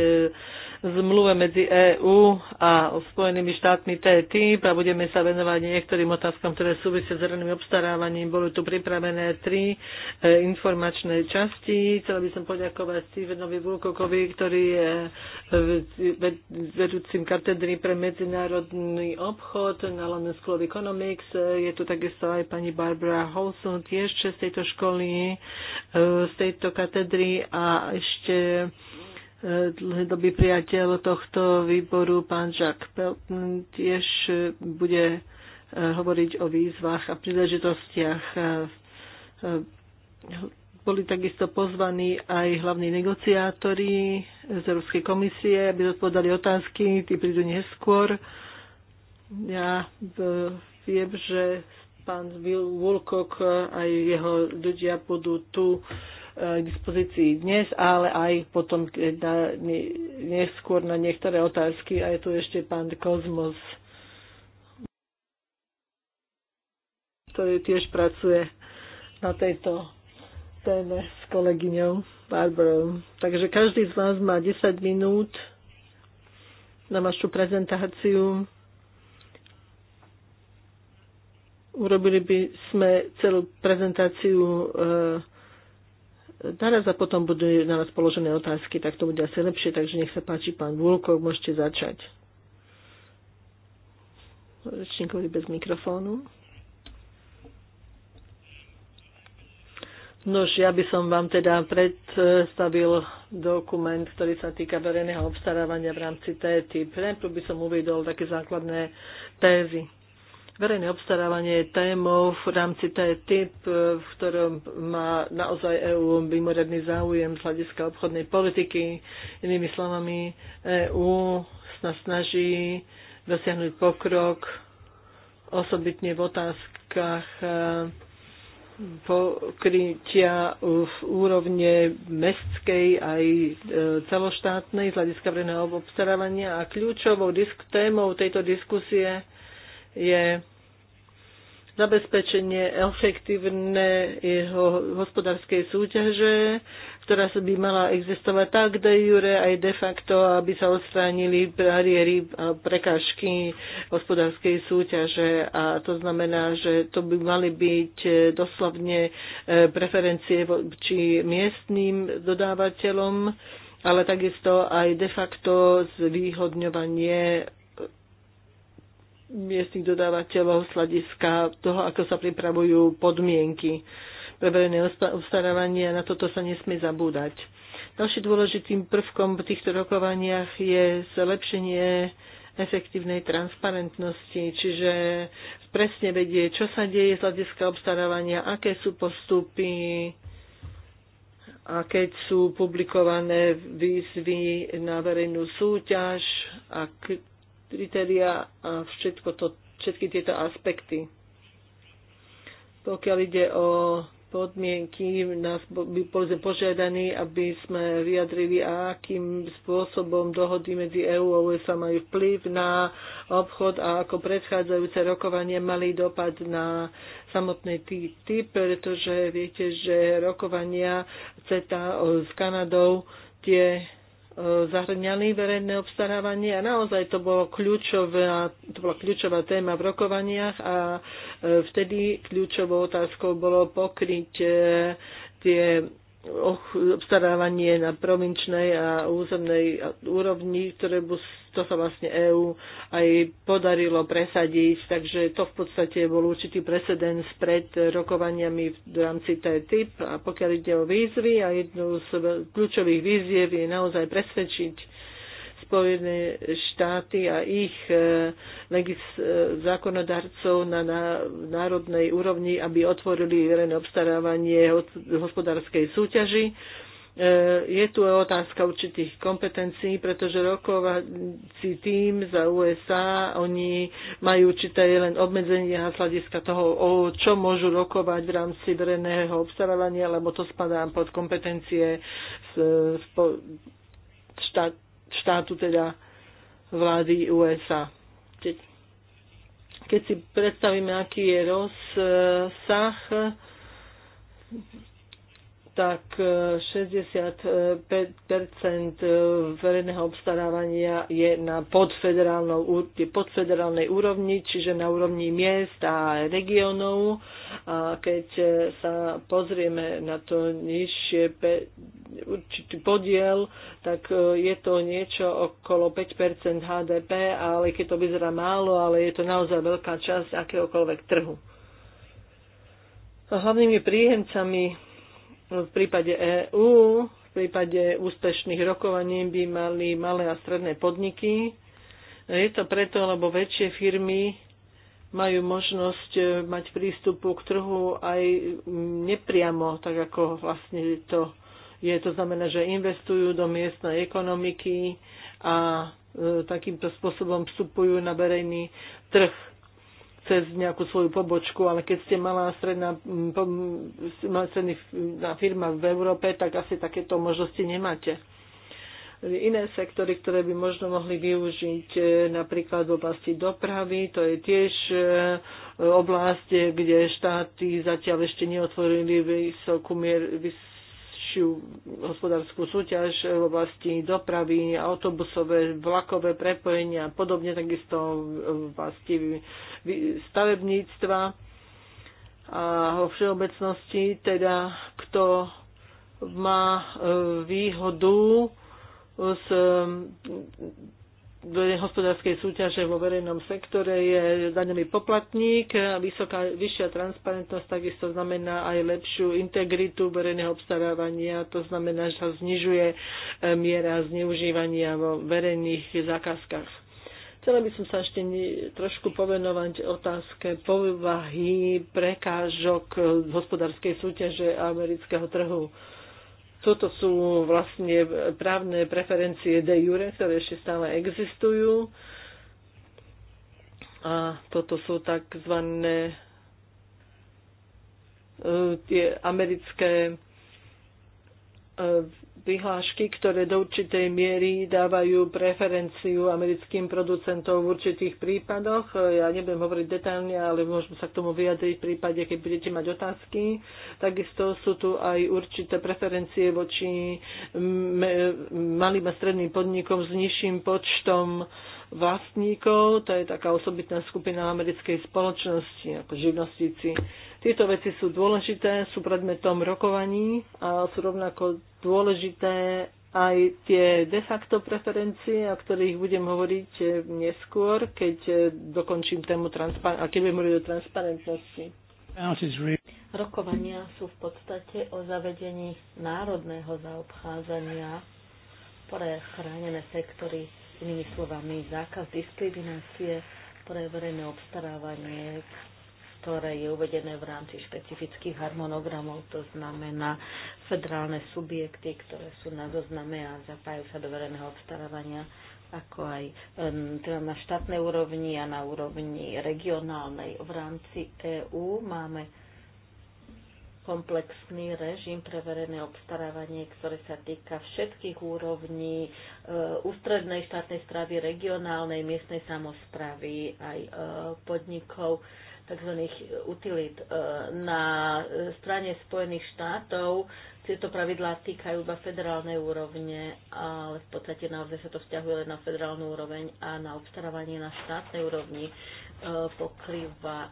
zmluve medzi EÚ a Spojenými štátmi TTIP a budeme sa venovať niektorým otázkam, ktoré súvisia s zeleným obstarávaním. Boli tu pripravené tri e, informačné časti. Chcel by som poďakovať Stevenovi Vulkokovi, ktorý je vedúcim katedry pre medzinárodný obchod na London School of Economics. Je tu takisto aj pani Barbara Holson tiež z tejto školy, e, z tejto katedry a ešte e, dlhodobý priateľ tohto výboru, pán Jack Pelton, tiež e, bude hovoriť o výzvach a príležitostiach boli takisto pozvaní aj hlavní negociátori z Európskej komisie, aby zodpovedali otázky, tí prídu neskôr. Ja viem, že pán Woolcock aj jeho ľudia budú tu eh, k dispozícii dnes, ale aj potom na, neskôr na niektoré otázky. A je tu ešte pán Kozmos, ktorý tiež pracuje na tejto téme s kolegyňou Barbarou. Takže každý z vás má 10 minút na vašu prezentáciu. Urobili by sme celú prezentáciu eh, naraz a potom budú na vás položené otázky, tak to bude asi lepšie, takže nech sa páči, pán Vulko, môžete začať. Rečníkovi bez mikrofónu. Nož, ja by som vám teda predstavil dokument, ktorý sa týka verejného obstarávania v rámci TTIP. Najprv by som uvedol také základné tézy. Verejné obstarávanie je témou v rámci TTIP, v ktorom má naozaj EÚ mimoriadný záujem z hľadiska obchodnej politiky. Inými slovami, EÚ sa snaží dosiahnuť pokrok osobitne v otázkach pokrytia v úrovne mestskej aj e, celoštátnej z hľadiska verejného obstarávania. A kľúčovou disk- témou tejto diskusie je zabezpečenie efektívneho hospodárskej súťaže ktorá sa by mala existovať tak de jure aj de facto, aby sa odstránili bariéry a prekážky hospodárskej súťaže a to znamená, že to by mali byť doslovne e, preferencie či miestným dodávateľom, ale takisto aj de facto zvýhodňovanie miestnych dodávateľov z hľadiska toho, ako sa pripravujú podmienky pre verejné obstarávanie a na toto sa nesmie zabúdať. Ďalším dôležitým prvkom v týchto rokovaniach je zlepšenie efektívnej transparentnosti, čiže presne vedie, čo sa deje z hľadiska obstarávania, aké sú postupy, a keď sú publikované výzvy na verejnú súťaž a kritéria a všetko to, všetky tieto aspekty. Pokiaľ ide o podmienky nás by požiadaní, aby sme vyjadrili, akým spôsobom dohody medzi EU a USA majú vplyv na obchod a ako predchádzajúce rokovanie mali dopad na samotný typ, pretože viete, že rokovania CETA s Kanadou tie zahrňali verejné obstarávanie a naozaj to, bolo kľúčová, to bola kľúčová téma v rokovaniach a e, vtedy kľúčovou otázkou bolo pokryť tie obstarávanie na provinčnej a územnej úrovni, ktoré to sa vlastne EÚ aj podarilo presadiť, takže to v podstate bol určitý precedens pred rokovaniami v rámci TTIP a pokiaľ ide o výzvy a jednou z kľúčových výziev je naozaj presvedčiť Spojené štáty a ich e, e, zákonodarcov na, národnej úrovni, aby otvorili verejné obstarávanie hospodárskej súťaži. E, je tu otázka určitých kompetencií, pretože rokovací tým za USA, oni majú určité len obmedzenia a hľadiska toho, o čo môžu rokovať v rámci verejného obstarávania, lebo to spadá pod kompetencie štát, štátu, teda vlády USA. Keď si predstavíme, aký je rozsah tak 65 e, e, e, verejného obstarávania je na podfederálnej úrovni, čiže na úrovni miest a regionov. A keď sa pozrieme na to nižšie určitý podiel, tak je to niečo okolo 5 HDP, ale keď to vyzerá málo, ale je to naozaj veľká časť akéhokoľvek trhu. Hlavnými príjemcami v prípade EÚ, v prípade úspešných rokovaní by mali malé a stredné podniky. Je to preto, lebo väčšie firmy majú možnosť e, mať prístupu k trhu aj nepriamo, tak ako vlastne to je. To znamená, že investujú do miestnej ekonomiky a e, takýmto spôsobom vstupujú na verejný trh cez nejakú svoju pobočku, ale keď ste malá stredná, malá stredná firma v Európe, tak asi takéto možnosti nemáte iné sektory, ktoré by možno mohli využiť e, napríklad v oblasti dopravy. To je tiež e, oblasť, kde štáty zatiaľ ešte neotvorili vysokú mier, vys, lepšiu hospodárskú súťaž v oblasti dopravy, autobusové, vlakové prepojenia a podobne, takisto v oblasti stavebníctva a vo všeobecnosti, teda kto má e, výhodu z hospodárskej súťaže vo verejnom sektore je daňový poplatník. Vysoká, vyššia transparentnosť takisto znamená aj lepšiu integritu verejného obstarávania. To znamená, že sa znižuje e, miera zneužívania vo verejných zákazkách. Chcela by som sa ešte trošku povenovať otázke povahy prekážok hospodárskej súťaže amerického trhu toto sú vlastne právne preferencie de jure, ktoré ešte stále existujú. A toto sú takzvané e, tie americké e, vyhlášky, ktoré do určitej miery dávajú preferenciu americkým producentom v určitých prípadoch. Ja nebudem hovoriť detailne, ale môžem sa k tomu vyjadriť v prípade, keď budete mať otázky. Takisto sú tu aj určité preferencie voči malým a stredným podnikom s nižším počtom vlastníkov. To je taká osobitná skupina americkej spoločnosti, ako živnostníci tieto veci sú dôležité, sú predmetom rokovaní a sú rovnako dôležité aj tie de facto preferencie, o ktorých budem hovoriť eh, neskôr, keď eh, dokončím tému a keď budem hovoriť o transparentnosti. Rokovania sú v podstate o zavedení národného zaobchádzania pre chránené sektory, inými slovami zákaz diskriminácie pre verejné obstarávanie, ktoré je uvedené v rámci špecifických harmonogramov, to znamená federálne subjekty, ktoré sú na zozname a zapájajú sa do verejného obstarávania ako aj teda na štátnej úrovni a na úrovni regionálnej. V rámci EÚ máme komplexný režim pre verejné obstarávanie, ktoré sa týka všetkých úrovní e, ústrednej štátnej správy, regionálnej, miestnej samozprávy, aj e, podnikov. E, tzv. E, utilit. E, na e, strane Spojených štátov tieto pravidlá týkajú iba federálnej úrovne, ale v podstate naozaj sa to vzťahuje len na federálnu úroveň a na obstarávanie na štátnej úrovni pokrýva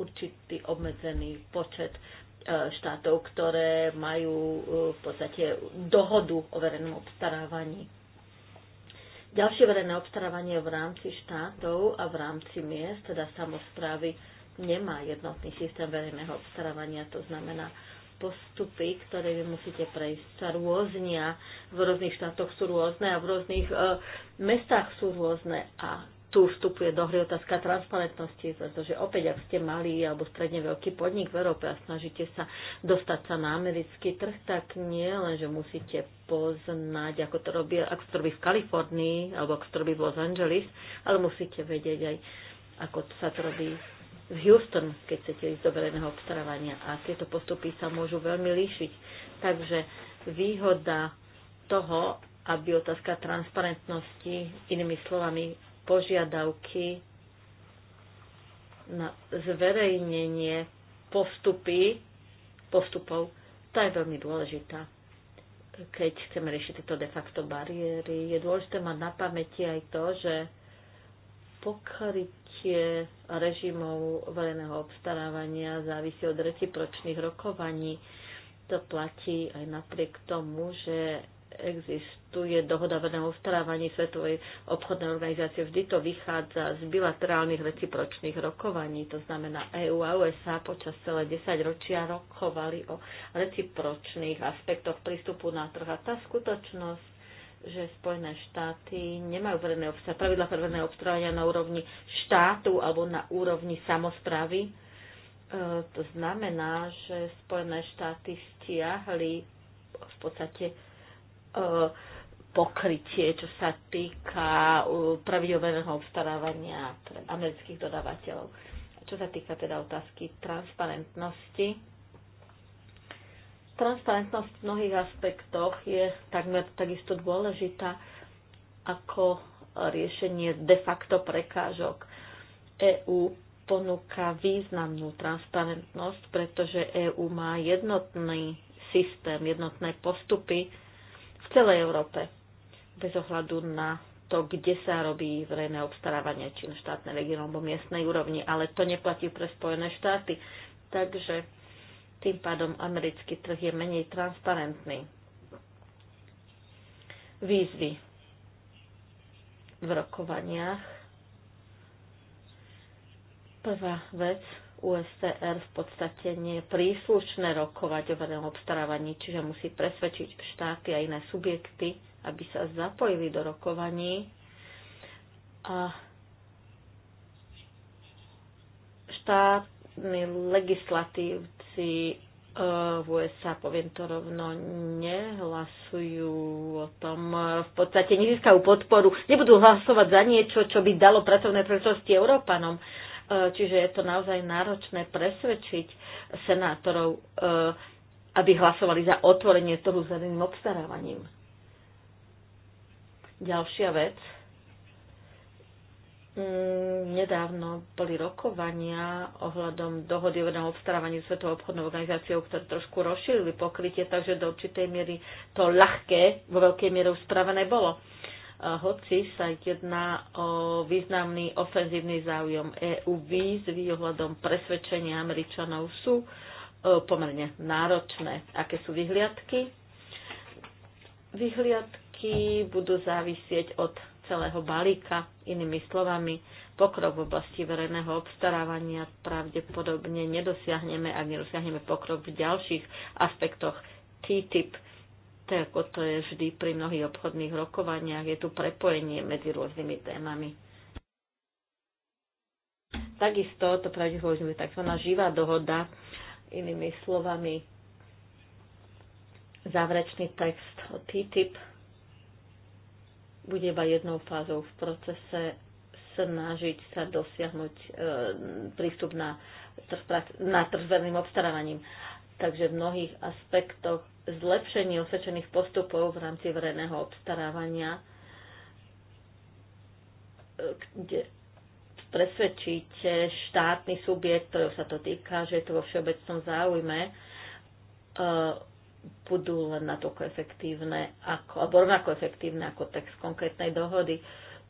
určitý obmedzený počet štátov, ktoré majú v podstate dohodu o verejnom obstarávaní. Ďalšie verejné obstarávanie v rámci štátov a v rámci miest, teda samozprávy, nemá jednotný systém verejného obstarávania, to znamená, postupy, ktoré vy musíte prejsť, sa rôznia. V rôznych štátoch sú rôzne a v rôznych e, mestách sú rôzne. A tu vstupuje do hry otázka transparentnosti, pretože opäť, ak ste malý alebo stredne veľký podnik v Európe a snažíte sa dostať sa na americký trh, tak nie len, že musíte poznať, ako to robí, ak to robí v Kalifornii alebo ak to robí v Los Angeles, ale musíte vedieť aj, ako sa to robí v v Houston, keď chcete ísť do verejného obstarávania. A tieto postupy sa môžu veľmi líšiť. Takže výhoda toho, aby otázka transparentnosti, inými slovami, požiadavky na zverejnenie postupy, postupov, tá je veľmi dôležitá. Keď chceme riešiť tieto de facto bariéry, je dôležité mať na pamäti aj to, že pokryť prijatie režimov verejného obstarávania závisí od recipročných rokovaní. To platí aj napriek tomu, že existuje dohoda verejného obstarávania Svetovej obchodnej organizácie. Vždy to vychádza z bilaterálnych recipročných rokovaní. To znamená, EU a USA počas celé 10 ročia rokovali o recipročných aspektoch prístupu na trh. A tá skutočnosť, že Spojené štáty nemajú verejné obstarávania, pravidla pre verejné obstarávania na úrovni štátu alebo na úrovni samozpravy. E, to znamená, že Spojené štáty stiahli v podstate e, pokrytie, čo sa týka e, pravidel verejného obstarávania pre amerických dodávateľov. Čo sa týka teda otázky transparentnosti, Transparentnosť v mnohých aspektoch je takmer takisto dôležitá ako riešenie de facto prekážok. EÚ ponúka významnú transparentnosť, pretože EÚ má jednotný systém, jednotné postupy v celej Európe, bez ohľadu na to, kde sa robí verejné obstarávanie, či na štátnej, regionálnej alebo miestnej úrovni, ale to neplatí pre Spojené štáty. Takže tým pádom americký trh je menej transparentný. Výzvy v rokovaniach. Prvá vec, USTR v podstate nie je príslušné rokovať o verejnom obstarávaní, čiže musí presvedčiť štáty a iné subjekty, aby sa zapojili do rokovaní. A štátny legislatív, Demokratici e, v USA, poviem to rovno, nehlasujú o tom, v podstate nezískajú podporu, nebudú hlasovať za niečo, čo by dalo pracovné príležitosti Európanom. E, čiže je to naozaj náročné presvedčiť senátorov, e, aby hlasovali za otvorenie trhu s obstarávaním. Ďalšia vec, Mm, nedávno boli rokovania ohľadom dohody o vedom obstarávaní Svetovou obchodnou organizáciou, ktoré trošku rozšírili pokrytie, takže do určitej miery to ľahké vo veľkej miere uspravené bolo. Hoci sa jedná o významný ofenzívny záujem EU výzvy ohľadom presvedčenia Američanov sú e, pomerne náročné. Aké sú vyhliadky? Vyhliadky budú závisieť od celého balíka. Inými slovami, pokrok v oblasti verejného obstarávania pravdepodobne nedosiahneme, ak nedosiahneme pokrok v ďalších aspektoch TTIP, tak ako to je vždy pri mnohých obchodných rokovaniach, je tu prepojenie medzi rôznymi témami. Takisto to pravdepodobne je tzv. živá dohoda, inými slovami záverečný text o TTIP bude iba jednou fázou v procese snažiť sa dosiahnuť e, prístup na na trh s verným obstarávaním. Takže v mnohých aspektoch zlepšenie osvedčených postupov v rámci verejného obstarávania, e, kde presvedčíte štátny subjekt, ktorého sa to týka, že je to vo všeobecnom záujme, e, budú len natoľko efektívne, ako, alebo rovnako efektívne ako text konkrétnej dohody.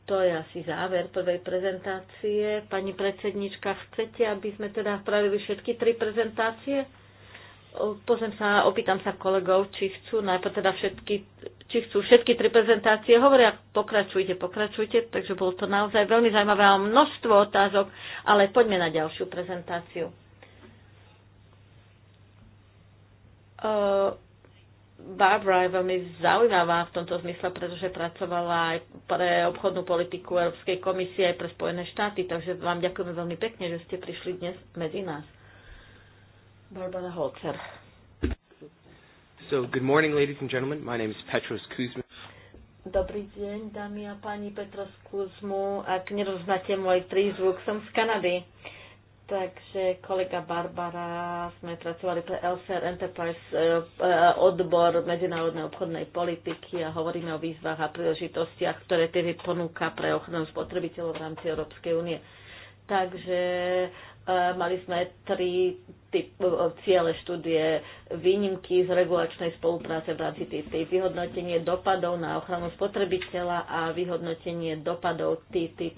To je asi záver prvej prezentácie. Pani predsednička, chcete, aby sme teda spravili všetky tri prezentácie? Pozem sa, opýtam sa kolegov, či chcú najprv teda všetky, či chcú všetky tri prezentácie. Hovoria, pokračujte, pokračujte, takže bolo to naozaj veľmi zaujímavé a množstvo otázok, ale poďme na ďalšiu prezentáciu. Uh, Barbara je veľmi zaujímavá v tomto zmysle, pretože pracovala aj pre obchodnú politiku Európskej komisie, aj pre Spojené štáty, takže vám ďakujeme veľmi pekne, že ste prišli dnes medzi nás. Barbara Holzer. So, good morning, ladies and gentlemen. My name is Petros Kuzma. Dobrý deň, dámy a páni Petros Kuzmu. Ak neroznáte môj prízvuk, som z Kanady. Uh, Takže kolega Barbara, sme pracovali pre LCR Enterprise e, e, odbor medzinárodnej obchodnej politiky a hovoríme o výzvach a príležitostiach, ktoré tedy ponúka pre ochranu spotrebiteľov v rámci Európskej únie. Takže e, mali sme tri typ, ciele štúdie, výnimky z regulačnej spolupráce v rámci TTIP, vyhodnotenie dopadov na ochranu spotrebiteľa a vyhodnotenie dopadov TTIP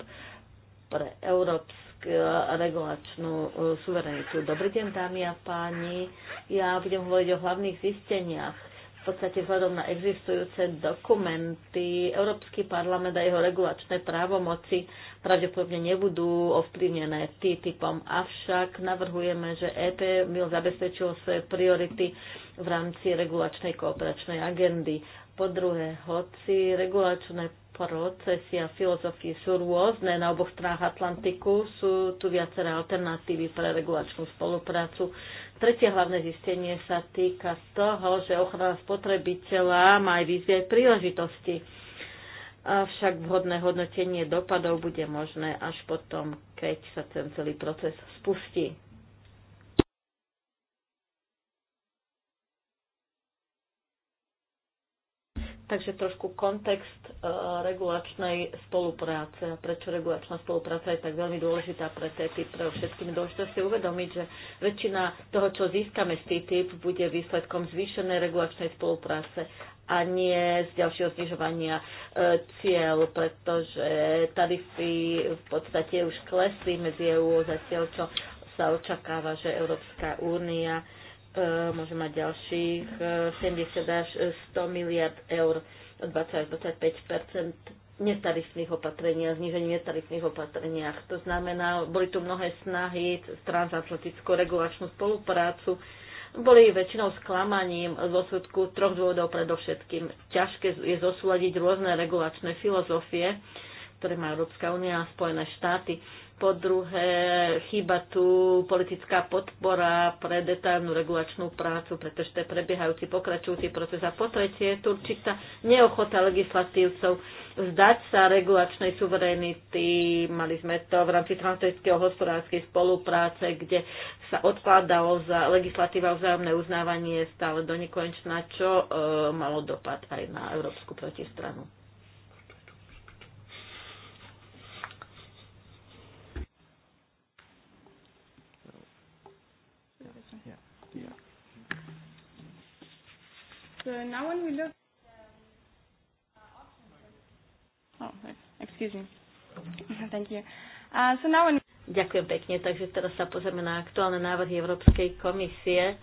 pre Európsku E, regulačnú e, suverenitu. Dobrý deň, dámy a páni. Ja budem hovoriť o hlavných zisteniach. V podstate vzhľadom na existujúce dokumenty Európsky parlament a jeho regulačné právomoci pravdepodobne nebudú ovplyvnené TTIPom. Avšak navrhujeme, že EP mil zabezpečilo svoje priority v rámci regulačnej kooperačnej agendy. Po druhé, hoci regulačné procesy a filozofie sú rôzne na oboch stranách Atlantiku, sú tu viaceré alternatívy pre regulačnú spoluprácu. Tretie hlavné zistenie sa týka toho, že ochrana spotrebiteľa má aj výzvy aj príležitosti. Avšak vhodné hodnotenie dopadov bude možné až potom, keď sa ten celý proces spustí. Takže trošku kontext e, regulačnej spolupráce a prečo regulačná spolupráca je tak veľmi dôležitá pre TTIP. Pre všetkým dôležité si uvedomiť, že väčšina toho, čo získame z TTIP, bude výsledkom zvýšenej regulačnej spolupráce a nie z ďalšieho znižovania e, cieľ, pretože tarify v podstate už klesli medzi EU zatiaľ, čo sa očakáva, že Európska únia E, môže mať ďalších 70 e, až 100 miliard eur, 20 až 25 netarifných opatrení a znižení netarifných opatreniach. To znamená, boli tu mnohé snahy cez transatlantickú regulačnú spoluprácu, boli väčšinou sklamaním z dôsledku troch dôvodov predovšetkým. Ťažké je zosúľadiť rôzne regulačné filozofie, ktoré má Európska únia a Spojené štáty. Po druhé, chýba tu politická podpora pre detailnú regulačnú prácu, pretože to je prebiehajúci, pokračujúci proces. A po tretie, je tu určitá neochota legislatívcov vzdať sa regulačnej suverenity. Mali sme to v rámci transatlantického hospodárskej spolupráce, kde sa odkladalo za legislatíva vzájomné uznávanie stále do nekonečna, čo e, malo dopad aj na európsku protistranu. uh, now when we look oh, excuse me. [laughs] Thank you. Uh, so now when... Ďakujem pekne, takže teraz sa pozrieme na aktuálne návrhy Európskej komisie.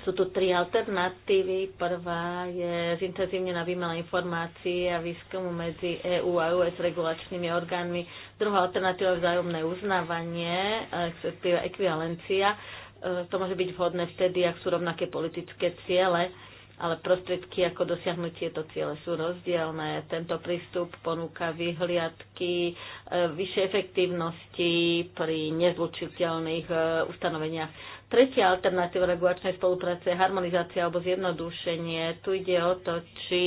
Sú tu tri alternatívy. Prvá je zintenzívnená výmena informácií a výskumu medzi EÚ a US regulačnými orgánmi. Druhá alternatíva je vzájomné uznávanie, eh, respektíve ekvivalencia E, to môže byť vhodné vtedy, ak sú rovnaké politické ciele, ale prostriedky, ako dosiahnuť tieto ciele, sú rozdielne. Tento prístup ponúka vyhliadky e, vyššej efektívnosti pri nezlučiteľných e, ustanoveniach Tretia alternatíva regulačnej spolupráce je harmonizácia alebo zjednodušenie. Tu ide o to, či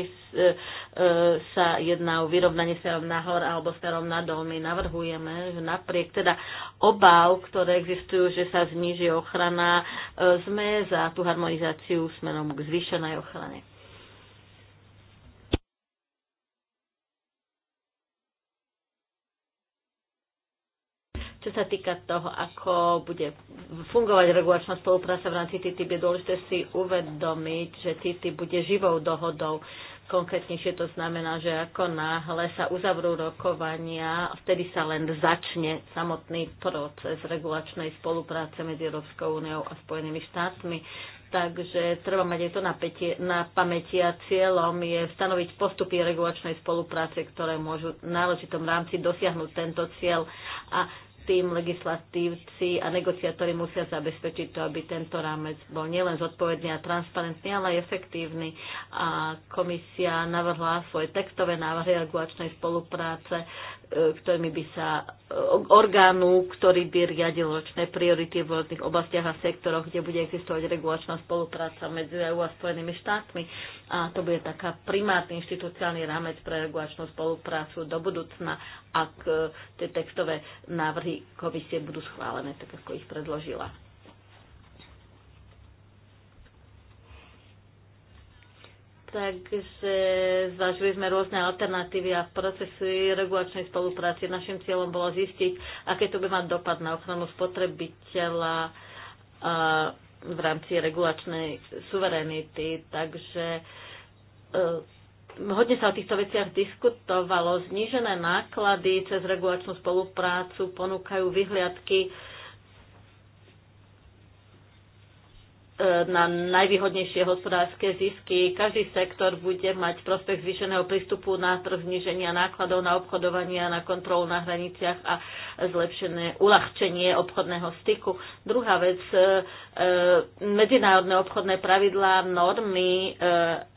e, e, sa jedná o vyrovnanie smerom nahor alebo smerom nadol. My navrhujeme, že napriek teda obav, ktoré existujú, že sa zníži ochrana, e, sme za tú harmonizáciu smerom k zvýšenej ochrane. Čo sa týka toho, ako bude fungovať regulačná spolupráca v rámci TTIP, je dôležité si uvedomiť, že TTIP bude živou dohodou. Konkrétnejšie to znamená, že ako náhle sa uzavrú rokovania, vtedy sa len začne samotný proces regulačnej spolupráce medzi Európskou úniou a Spojenými štátmi. Takže treba mať aj to na, petie, na pamäti a cieľom je stanoviť postupy regulačnej spolupráce, ktoré môžu v náležitom rámci dosiahnuť tento cieľ. A tým legislatívci a negociátori musia zabezpečiť to, aby tento rámec bol nielen zodpovedný a transparentný, ale aj efektívny. A komisia navrhla svoje textové návrhy regulačnej spolupráce Eh, ktorými by sa eh, orgánu, ktorý by riadil ročné priority v rôznych oblastiach a sektoroch, kde bude existovať regulačná spolupráca medzi EU a Spojenými štátmi. A to bude taká primárny inštitúciálny rámec pre regulačnú spoluprácu do budúcna, ak eh, tie textové návrhy komisie budú schválené, tak ako ich predložila. Takže zvažili sme rôzne alternatívy a procesy regulačnej spolupráce. Našim cieľom bolo zistiť, aké to by mať dopad na ochranu spotrebiteľa v rámci regulačnej suverenity. Takže e, hodne sa o týchto veciach diskutovalo. Znížené náklady cez regulačnú spoluprácu ponúkajú vyhliadky na najvýhodnejšie hospodárske zisky. Každý sektor bude mať prospech zvýšeného prístupu na trh, zniženia nákladov na obchodovanie, na kontrolu na hraniciach a zlepšené uľahčenie obchodného styku. Druhá vec, e, e, medzinárodné obchodné pravidlá, normy, e,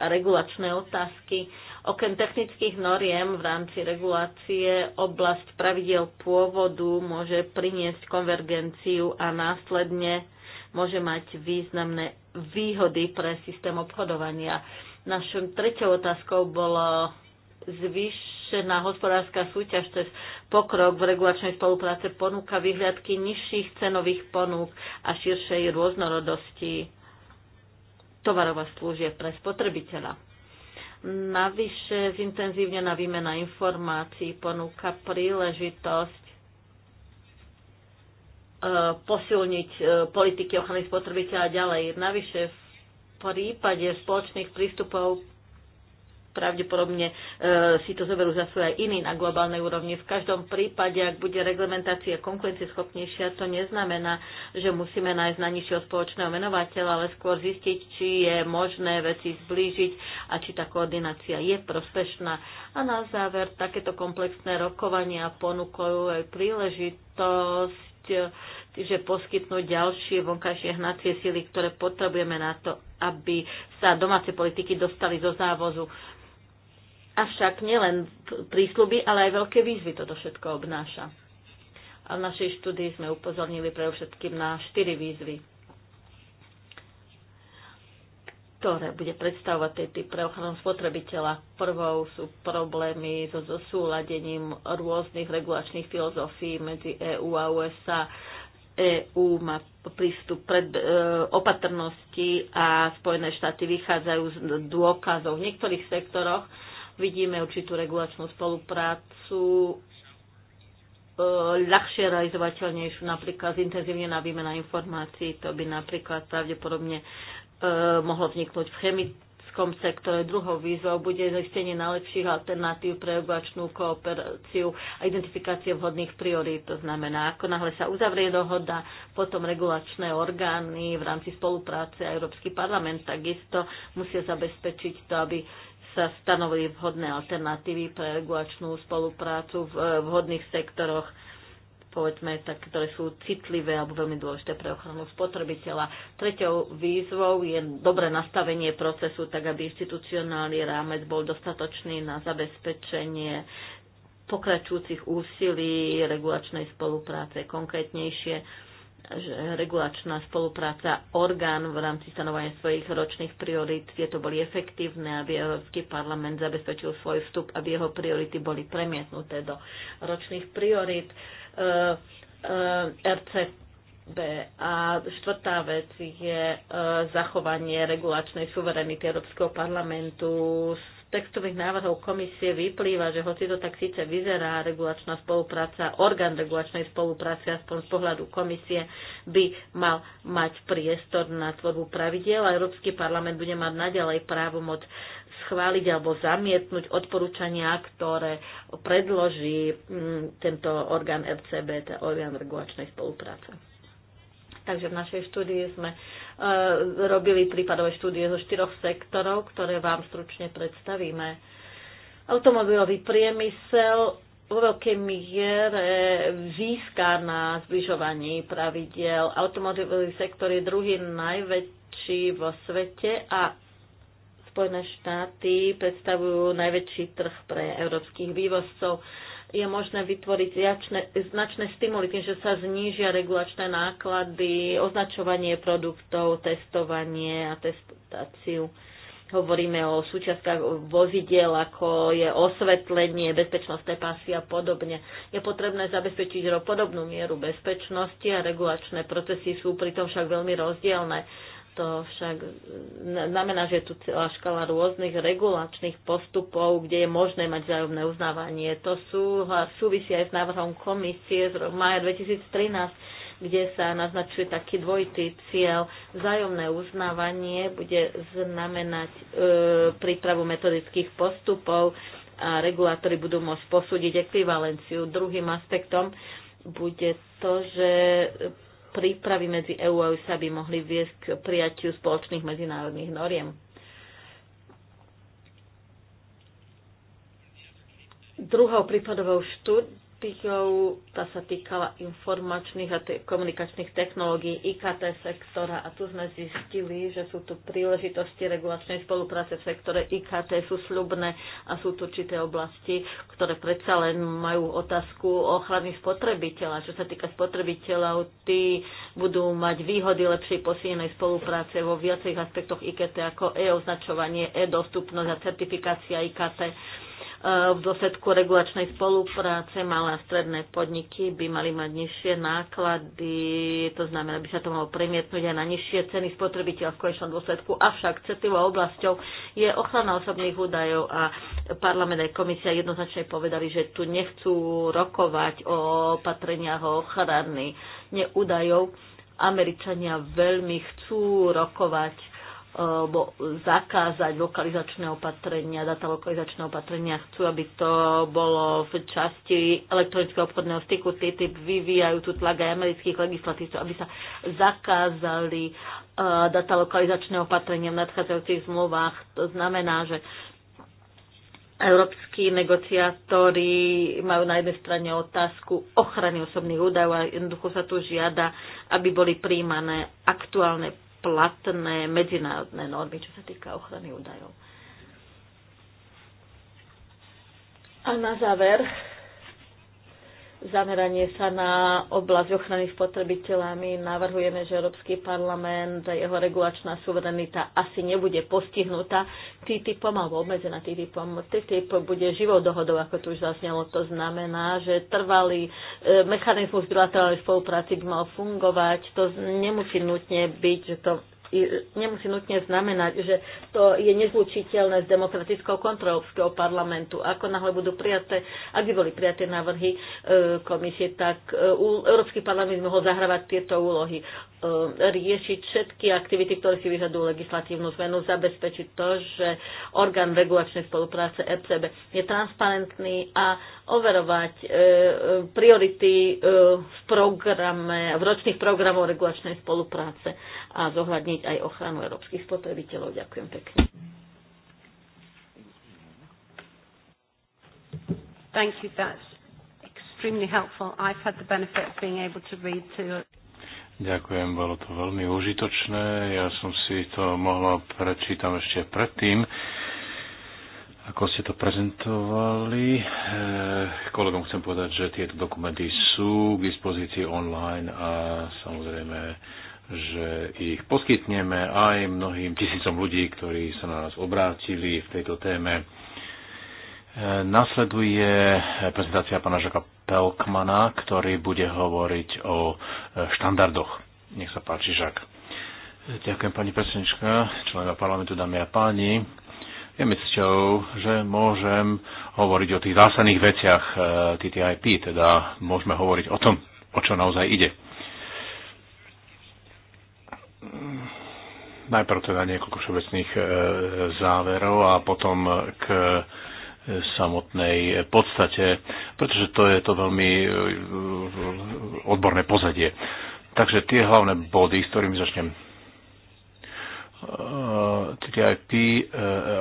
regulačné otázky. Okrem technických noriem v rámci regulácie oblasť pravidel pôvodu môže priniesť konvergenciu a následne môže mať významné výhody pre systém obchodovania. Našou treťou otázkou bolo zvýšená hospodárska súťaž cez pokrok v regulačnej spolupráce ponúka vyhľadky nižších cenových ponúk a širšej rôznorodosti tovarov a služieb pre spotrebiteľa. Navyše zintenzívnená výmena informácií ponúka príležitosť posilniť e, politiky ochrany spotrebiteľa ďalej. Navyše v prípade spoločných prístupov pravdepodobne e, si to zoberú za svoje aj iní na globálnej úrovni. V každom prípade, ak bude reglementácia konkurencieschopnejšia, to neznamená, že musíme nájsť na nižšieho spoločného menovateľa, ale skôr zistiť, či je možné veci zblížiť a či tá koordinácia je prospešná. A na záver, takéto komplexné rokovania ponúkajú aj príležitosť E, že poskytnúť ďalšie vonkajšie hnacie sily, ktoré potrebujeme na to, aby sa domáce politiky dostali do závozu. Avšak nielen prísľuby, ale aj veľké výzvy toto všetko obnáša. A v našej štúdii sme upozornili pre všetkým na štyri výzvy. ktoré bude predstavovať tie typ pre ochranu spotrebiteľa. Prvou sú problémy so zosúladením rôznych regulačných filozofií medzi EÚ a USA. EÚ má prístup pred, e, opatrnosti a Spojené štáty vychádzajú z dôkazov. V niektorých sektoroch vidíme určitú regulačnú spoluprácu, e, ľahšie realizovateľnejšiu, napríklad zintenzívnená výmena informácií, to by napríklad pravdepodobne E, mohlo vzniknúť v chemickom sektore. Druhou výzvou bude zistenie najlepších alternatív pre obačnú kooperáciu a identifikácie vhodných priorít. To znamená, ako náhle sa uzavrie dohoda, potom regulačné orgány v rámci spolupráce a Európsky parlament takisto musia zabezpečiť to, aby sa stanovili vhodné alternatívy pre regulačnú spoluprácu v e, vhodných sektoroch povedzme, tak, ktoré sú citlivé alebo veľmi dôležité pre ochranu spotrebiteľa. Tretou výzvou je dobré nastavenie procesu, tak aby institucionálny rámec bol dostatočný na zabezpečenie pokračujúcich úsilí regulačnej spolupráce konkrétnejšie že regulačná spolupráca orgán v rámci stanovania svojich ročných priorít, to boli efektívne, aby Európsky parlament zabezpečil svoj vstup, aby jeho priority boli premietnuté do ročných priorít. E, e, RCB a štvrtá vec je e, zachovanie regulačnej suverenity Európskeho parlamentu s textových návrhov komisie vyplýva, že hoci to tak síce vyzerá, regulačná spolupráca, orgán regulačnej spolupráce, aspoň z pohľadu komisie, by mal mať priestor na tvorbu pravidiel a Európsky parlament bude mať naďalej moc schváliť alebo zamietnúť odporúčania, ktoré predloží mm, tento orgán RCB, orgán regulačnej spolupráce. Takže v našej štúdii sme E, robili prípadové štúdie zo štyroch sektorov, ktoré vám stručne predstavíme. Automobilový priemysel vo veľkej miere získa na zbližovaní pravidel. Automobilový sektor je druhý najväčší vo svete a Spojené štáty predstavujú najväčší trh pre európskych vývozcov je možné vytvoriť jačne, značné stimuly tým, že sa znížia regulačné náklady, označovanie produktov, testovanie a testáciu. Hovoríme o súčiastkách vozidiel, ako je osvetlenie, bezpečnostné pásy a podobne. Je potrebné zabezpečiť podobnú mieru bezpečnosti a regulačné procesy sú pritom však veľmi rozdielne to však znamená, že je tu celá škala rôznych regulačných postupov, kde je možné mať vzájomné uznávanie. To sú, súvisí aj s návrhom komisie z maja 2013, kde sa naznačuje taký dvojitý cieľ. Vzájomné uznávanie bude znamenať e, prípravu metodických postupov a regulátori budú môcť posúdiť ekvivalenciu. Druhým aspektom bude to, že prípravy medzi EU a USA by mohli viesť k prijatiu spoločných medzinárodných noriem. Druhou prípadovou štúd- štúdiou, tá sa týkala informačných a komunikačných technológií IKT sektora a tu sme zistili, že sú tu príležitosti regulačnej spolupráce v sektore IKT, sú sľubné a sú tu určité oblasti, ktoré predsa len majú otázku o ochrany spotrebiteľa. Čo sa týka spotrebiteľov, tí budú mať výhody lepšej posilnenej spolupráce vo viacerých aspektoch IKT ako e-označovanie, e-dostupnosť a certifikácia IKT v dôsledku regulačnej spolupráce malé a stredné podniky by mali mať nižšie náklady, to znamená, by sa to malo premietnúť aj na nižšie ceny spotrebiteľa v konečnom dôsledku. Avšak citlivou oblasťou je ochrana osobných údajov a parlament aj komisia jednoznačne povedali, že tu nechcú rokovať o opatreniach o ochrany údajov. Američania veľmi chcú rokovať bo, zakázať lokalizačné opatrenia, data lokalizačné opatrenia. Chcú, aby to bolo v časti elektronického obchodného styku. TTIP vyvíjajú tu tlak aj amerických legislatívcov, aby sa zakázali uh, data lokalizačné opatrenia v nadchádzajúcich zmluvách. To znamená, že Európsky negociátori majú na jednej strane otázku ochrany osobných údajov a jednoducho sa tu žiada, aby boli príjmané aktuálne platné medzinárodné normy, čo sa týka ochrany údajov. A na záver zameranie sa na oblasť ochrany spotrebiteľa. My navrhujeme, že Európsky parlament a jeho regulačná suverenita asi nebude postihnutá TTIPom alebo obmedzená TTIPom. TTIP bude živou dohodou, ako tu už zaznelo. To znamená, že trvalý e, mechanizmus bilaterálnej spolupráci by mal fungovať. To nemusí nutne byť, že to nemusí nutne znamenať, že to je nezlučiteľné s demokratickou kontrolou Európskeho parlamentu. Ako náhle budú prijaté, ak by boli prijaté návrhy e, komisie, tak e, Európsky parlament mohol zahrávať tieto úlohy, e, riešiť všetky aktivity, ktoré si vyžadujú legislatívnu zmenu, zabezpečiť to, že orgán regulačnej spolupráce ECB je transparentný a overovať priority v programe, v ročných programoch regulačnej spolupráce a zohľadniť aj ochranu európskych spotrebiteľov. Ďakujem pekne. Thank you. That's extremely helpful. I've had the benefit of being able to read to Ďakujem, bolo to veľmi užitočné. Ja som si to mohla prečítať ešte predtým, ako ste to prezentovali. Eh, kolegom chcem povedať, že tieto dokumenty sú k dispozícii online a samozrejme že ich poskytneme aj mnohým tisícom ľudí, ktorí sa na nás obrátili v tejto téme. E, nasleduje prezentácia pána Žaka Pelkmana, ktorý bude hovoriť o e, štandardoch. Nech sa páči, Žak. Ďakujem pani predsednička, členovia parlamentu, dámy a páni. Je mi cťou, že môžem hovoriť o tých zásadných veciach e, TTIP, teda môžeme hovoriť o tom, o čo naozaj ide. Najprv teda niekoľko všeobecných e, záverov a potom k samotnej podstate, pretože to je to veľmi e, odborné pozadie. Takže tie hlavné body, s ktorými začnem. E, TTIP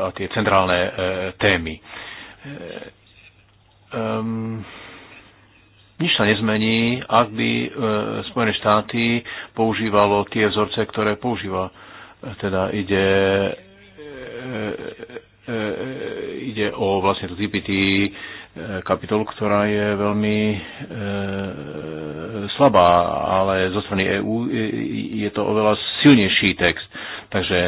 a tie centrálne témy. Um, nič sa nezmení, ak by e, Spojené štáty používalo tie vzorce, ktoré používa. E, teda ide, e, ide o vlastne tú TPT kapitolu, ktorá je veľmi slabá, ale zo strany EÚ je to oveľa silnejší text. Takže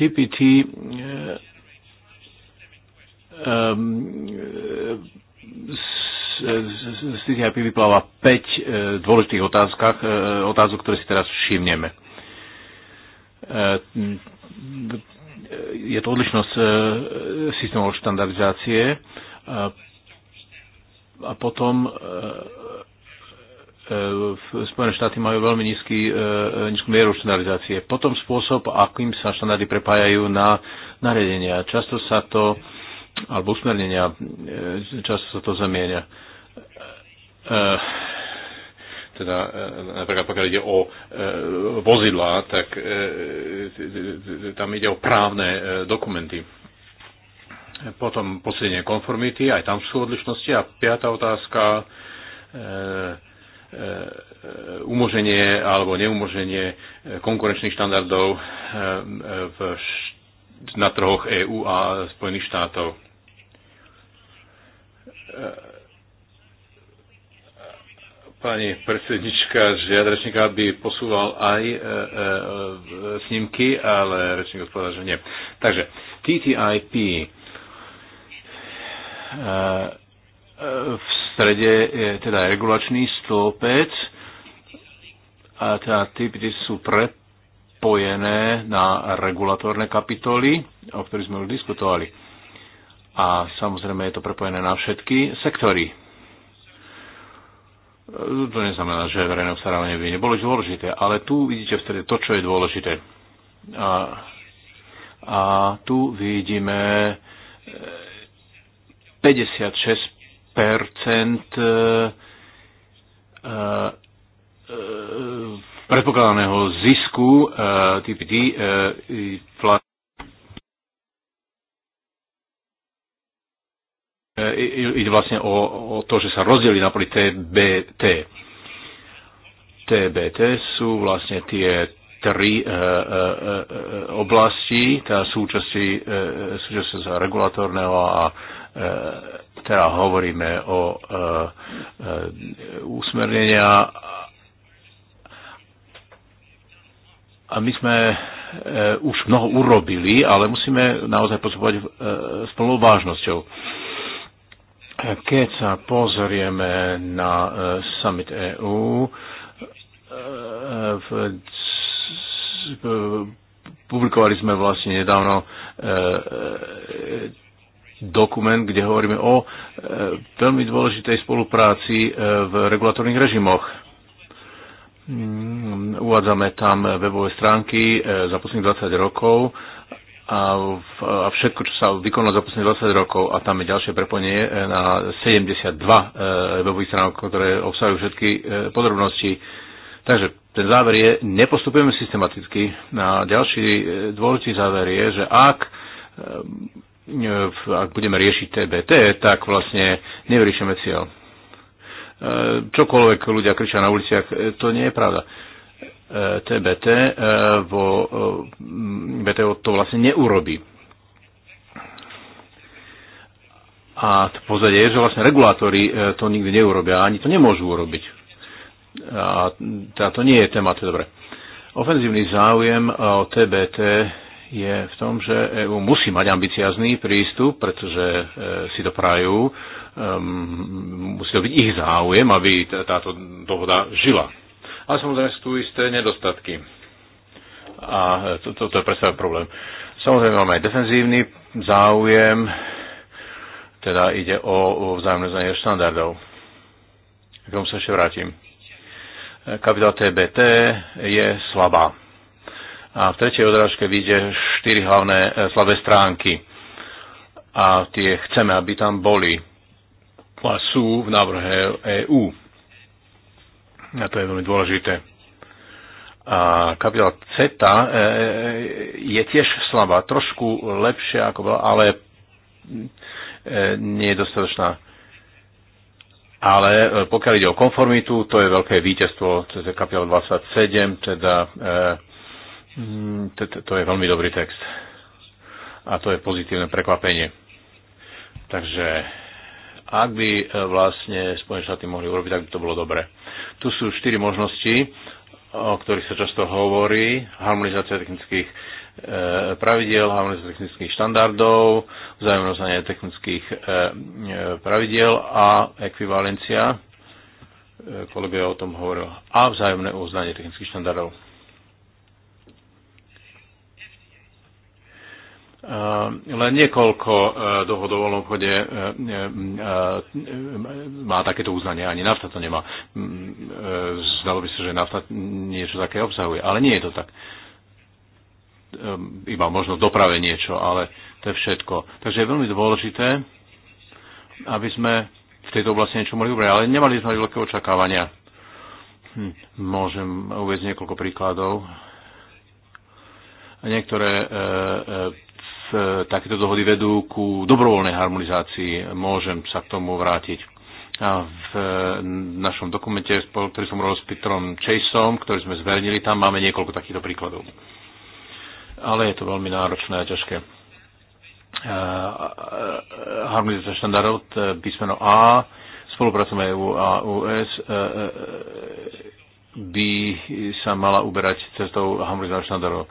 TPT z ehm, TTIP vypláva 5 e, dôležitých otázkach, e, otázok, ktoré si teraz všimneme. E, je to odlišnosť systémov štandardizácie a potom Spojené štáty majú veľmi nízky, nízku mieru štandardizácie. Potom spôsob, akým sa štandardy prepájajú na nariadenia. Často sa to alebo usmernenia, e, často sa to zamieňa. E, e, teda napríklad pokiaľ ide o vozidlá, tak tam ide o právne dokumenty. Potom posledenie konformity, aj tam sú odlišnosti. A piata otázka, umoženie alebo neumoženie konkurenčných štandardov v št- na trhoch EÚ a Spojených štátov. Pani predsednička žiada rečníka, aby posúval aj e, e, e, snímky, ale rečník odpovedal, že nie. Takže TTIP e, v strede je teda regulačný stĺpec a teda typy sú pre napojené na regulatórne kapitoly, o ktorých sme už diskutovali. A samozrejme je to prepojené na všetky sektory. To neznamená, že verejné obstarávanie by nebolo dôležité, ale tu vidíte v strede to, čo je dôležité. A, a tu vidíme 56 e, v predpokladaného zisku TPT eh, eh, ide vlastne o, o to, že sa na poli TBT. TBT sú vlastne tie tri e, e, e, oblasti, tá teda súčasti, e, súčasti sa regulatórneho a e, teda hovoríme o e, e, usmernenia A my sme e, už mnoho urobili, ale musíme naozaj postupovať e, s plnou vážnosťou. Keď sa pozrieme na e, summit EU, e, v, p, e, publikovali sme vlastne nedávno e, e, dokument, kde hovoríme o e, veľmi dôležitej spolupráci e, v regulatorných režimoch Mm, uvádzame tam webové stránky e, za posledných 20 rokov a, všetko, čo sa vykonalo za posledných 20 rokov a tam je ďalšie prepojenie e, na 72 e, webových stránok, ktoré obsahujú všetky podrobnosti. Takže ten záver je, nepostupujeme systematicky. A ďalší dôležitý záver je, že ak ak budeme riešiť TBT, tak vlastne nevyriešime cieľ. E, čokoľvek ľudia kričia na uliciach, e, to nie je pravda. TBT e, vo BTO to vlastne neurobí. A to pozadie je, že vlastne regulátori to nikdy neurobia, ani to nemôžu urobiť. A teda to nie je téma, to je dobre. Ofenzívny záujem o TBT je v tom, že EU musí mať ambiciazný prístup, pretože si to prajú um, musí to byť ich záujem, aby táto dohoda žila. Ale samozrejme sú tu isté nedostatky. A toto to, to je predstavný problém. Samozrejme máme aj defenzívny záujem, teda ide o, o vzájomné znanie štandardov. K tomu sa ešte vrátim. Kapitál TBT je slabá. A v tretej odrážke vidie štyri hlavné e, slabé stránky. A tie chceme, aby tam boli a sú v návrhe EÚ. A to je veľmi dôležité. A kapitola CETA e, e, je tiež slabá, trošku lepšia ako bola, ale e, nie je dostatočná. Ale pokiaľ ide o konformitu, to je veľké víťazstvo, to je kapitola 27, teda mm, to je veľmi dobrý text. A to je pozitívne prekvapenie. Takže ak by e, vlastne Spojené štáty mohli urobiť, tak by to bolo dobre. Tu sú štyri možnosti, o ktorých sa často hovorí. Harmonizácia technických e, pravidiel, harmonizácia technických štandardov, vzájomné technických e, pravidiel a ekvivalencia, kolega o tom hovoril, a vzájomné uznanie technických štandardov Eh, len niekoľko eh, dohod o voľnom obchode eh, má takéto uznanie, ani nafta to nemá. Mm, zdalo by sa, že nafta niečo také obsahuje, ale nie je to tak. Iba možno doprave niečo, ale to je všetko. Takže je veľmi dôležité, aby sme v tejto oblasti niečo mohli ubrať, ale nemali sme veľké očakávania. Hm, môžem uvieť niekoľko príkladov niektoré e, e, takéto dohody vedú ku dobrovoľnej harmonizácii. Môžem sa k tomu vrátiť. A v našom dokumente, ktorý som robil s Petrom Chaseom, ktorý sme zverejnili, tam máme niekoľko takýchto príkladov. Ale je to veľmi náročné a ťažké. Harmonizácia štandardov písmeno A, spolupracujeme EU a US, e, e, e, by sa mala uberať cestou harmonizácia štandardov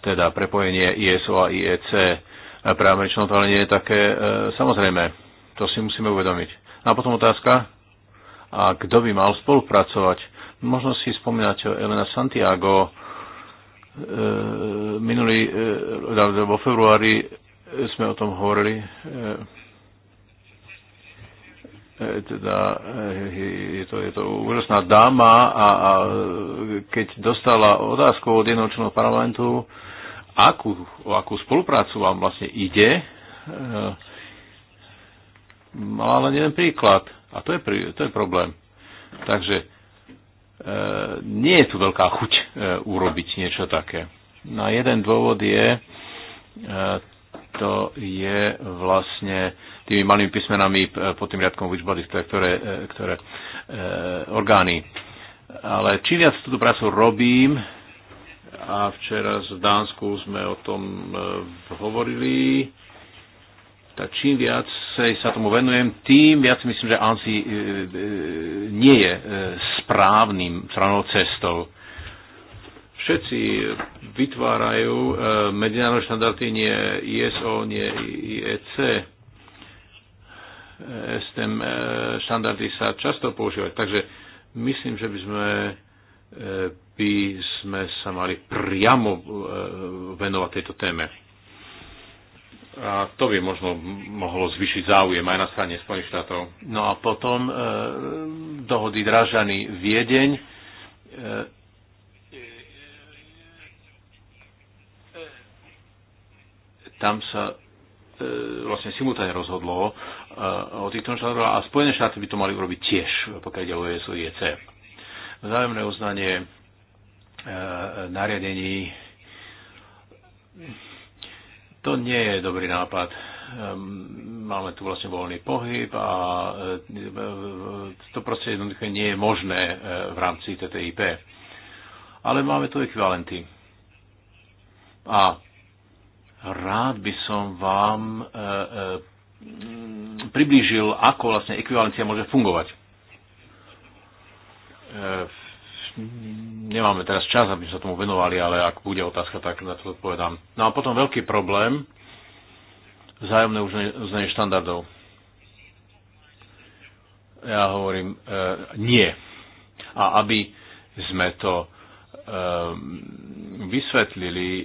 teda prepojenie ISO a IEC. Právečno to ale nie je také e, samozrejme. To si musíme uvedomiť. A potom otázka, a kto by mal spolupracovať? Možno si spomínate Elena Santiago, e, minulý, e, vo februári sme o tom hovorili, e, e teda e, je to, je to úžasná dáma a, a keď dostala otázku od jednoho členov parlamentu, akú, o akú spoluprácu vám vlastne ide. Mala eh, no, len jeden príklad a to je, to je problém. Takže eh, nie je tu veľká chuť eh, urobiť niečo také. No jeden dôvod je, to je vlastne tými malými písmenami pod tým riadkom which ktoré, ktoré, ktoré e, orgány. Ale čím viac túto prácu robím, a včera v Dánsku sme o tom e, hovorili. Tak čím viac sa tomu venujem, tým viac myslím, že ANSI e, e, nie je správnym stranou cestou. Všetci vytvárajú medzinárodné štandardy, nie ISO, nie IEC. STM štandardy sa často používajú. Takže myslím, že by sme by sme sa mali priamo e, venovať tejto téme. A to by možno mohlo zvyšiť záujem aj na strane Spojených štátov. No a potom e, dohody Dražany Viedeň. E, tam sa e, vlastne simultáne rozhodlo e, o týchto štátoch a Spojené štáty by to mali urobiť tiež, pokiaľ ide o SOIEC. Zájemné uznanie E, nariadení. To nie je dobrý nápad. Ehm, máme tu vlastne voľný pohyb a e, to proste jednoduché nie je možné e, v rámci TTIP. Ale máme tu ekvivalenty. A rád by som vám priblížil, ako vlastne ekvivalencia môže fungovať nemáme teraz čas, aby sme sa tomu venovali, ale ak bude otázka, tak na to odpovedám. No a potom veľký problém vzájomné uznanie štandardov. Ja hovorím e, nie. A aby sme to e, vysvetlili, e,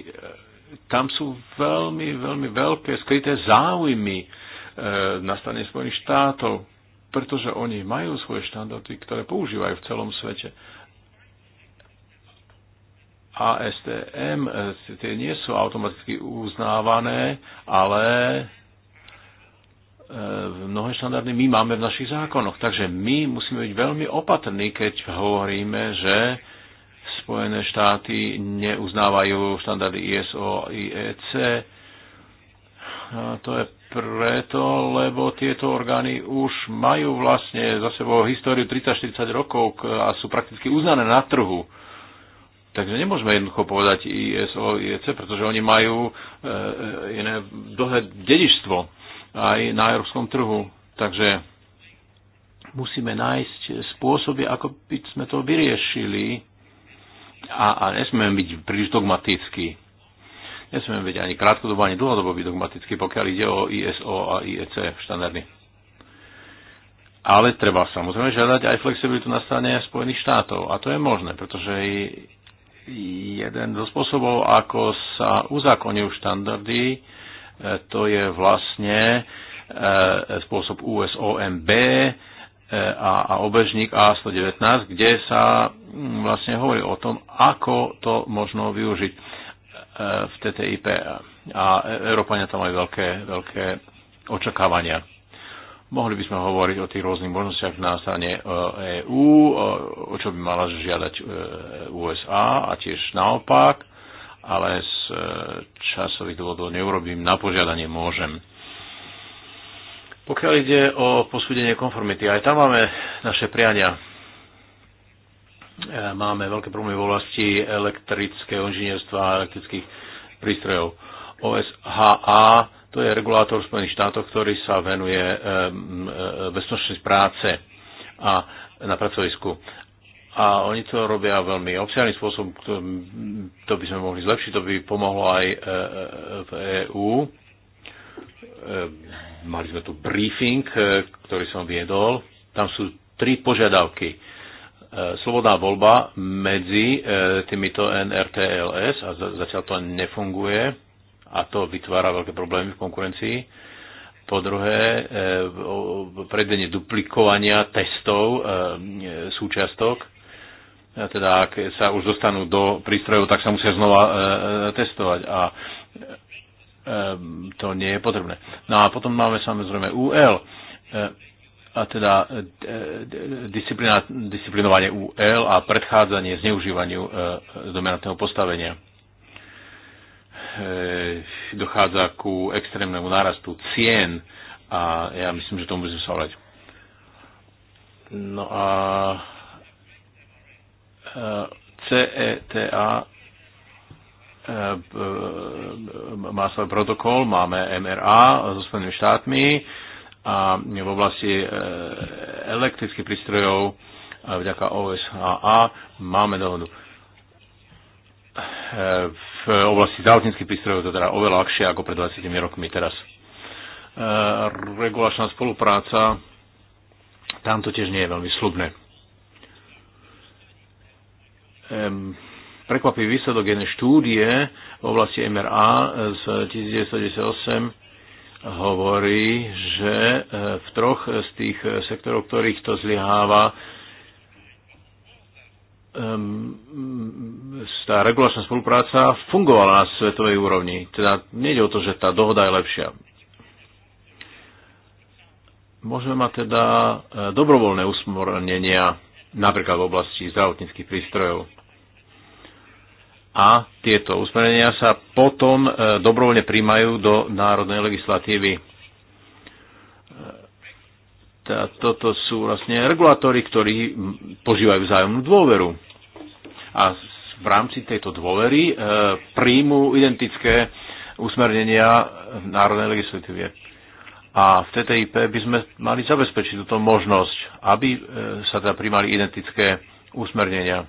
tam sú veľmi, veľmi veľké skryté záujmy e, na strane Spojených štátov, pretože oni majú svoje štandardy, ktoré používajú v celom svete. E, ASTM, eh, tie nie sú automaticky uznávané, ale eh, mnohé štandardy my máme v našich zákonoch. Takže my musíme byť veľmi opatrní, keď hovoríme, že Spojené štáty neuznávajú štandardy ISO, IEC. A to je preto, lebo tieto orgány už majú vlastne za sebou históriu 30-40 rokov a sú prakticky uznané na trhu. Takže nemôžeme jednoducho povedať ISO, IEC, pretože oni majú e, e, iné dlhé dedičstvo aj na európskom trhu. Takže musíme nájsť spôsoby, ako by sme to vyriešili a, a nesmieme byť príliš dogmatickí. Nesmieme byť ani krátkodobo, ani dlhodobo byť dogmatickí, pokiaľ ide o ISO a IEC štandardy. Ale treba samozrejme žiadať aj flexibilitu na strane Spojených štátov. A to je možné, pretože jeden zo spôsobov, ako sa uzakonujú štandardy, e, to je vlastne e, spôsob USOMB e, a, a obežník A119, kde sa mm, vlastne hovorí o tom, ako to možno využiť v TTIP. A Európania tam majú veľké, veľké očakávania. Mohli by sme hovoriť o tých rôznych možnostiach na strane EÚ, e o čo by mala žiadať e, USA a tiež naopak, ale z e, časových dôvodov neurobím, na požiadanie môžem. Pokiaľ ide o posúdenie konformity, aj tam máme naše priania. Máme veľké problémy v oblasti elektrického inžinierstva a elektrických prístrojov. OSHA to je regulátor v Spojených štátoch, ktorý sa venuje bezpečnosti práce a na pracovisku. A oni to robia veľmi obsiahlým spôsobom, to by sme mohli zlepšiť, to by pomohlo aj e, e, v EÚ. E, mali sme tu briefing, ktorý som viedol. Tam sú tri požiadavky. Slobodná voľba medzi týmito NRTLS, a zatiaľ to nefunguje, a to vytvára veľké problémy v konkurencii. Po druhé, e, predvedenie duplikovania testov e, e, súčiastok, teda ak sa už dostanú do prístrojov, tak sa musia znova testovať a to nie je potrebné. No a potom máme samozrejme UL, a teda disciplinovanie UL a predchádzanie zneužívaniu dominantného postavenia Eh, dochádza ku extrémnemu nárastu cien a ja myslím, že tomu musíme sa volať. No a eh, CETA eh, má svoj protokol, máme MRA so Spojenými štátmi a v oblasti elektrických prístrojov vďaka OSHA máme dohodu. V Eh, oblasti zdravotníckých prístrojov to teda oveľa ľahšie ako pred 20 rokmi teraz. Eh, regulačná spolupráca, tam to tiež nie je veľmi slubné. Prekvapivý výsledok jednej štúdie v oblasti MRA eh, z 1998 hovorí, že v troch z tých sektorov, ktorých to zlyháva, Ehm, tá regulačná spolupráca fungovala na svetovej úrovni. Teda nejde o to, že tá dohoda je lepšia. Môžeme mať teda e, dobrovoľné usmornenia napríklad v oblasti zdravotníckých prístrojov. A tieto usmernenia sa potom e, dobrovoľne príjmajú do národnej legislatívy. E, teda toto sú vlastne regulátory, ktorí požívajú vzájomnú dôveru a v rámci tejto dôvery e, príjmu identické usmernenia v národnej legislatíve. A v TTIP by sme mali zabezpečiť túto možnosť, aby e, sa teda príjmali identické usmernenia.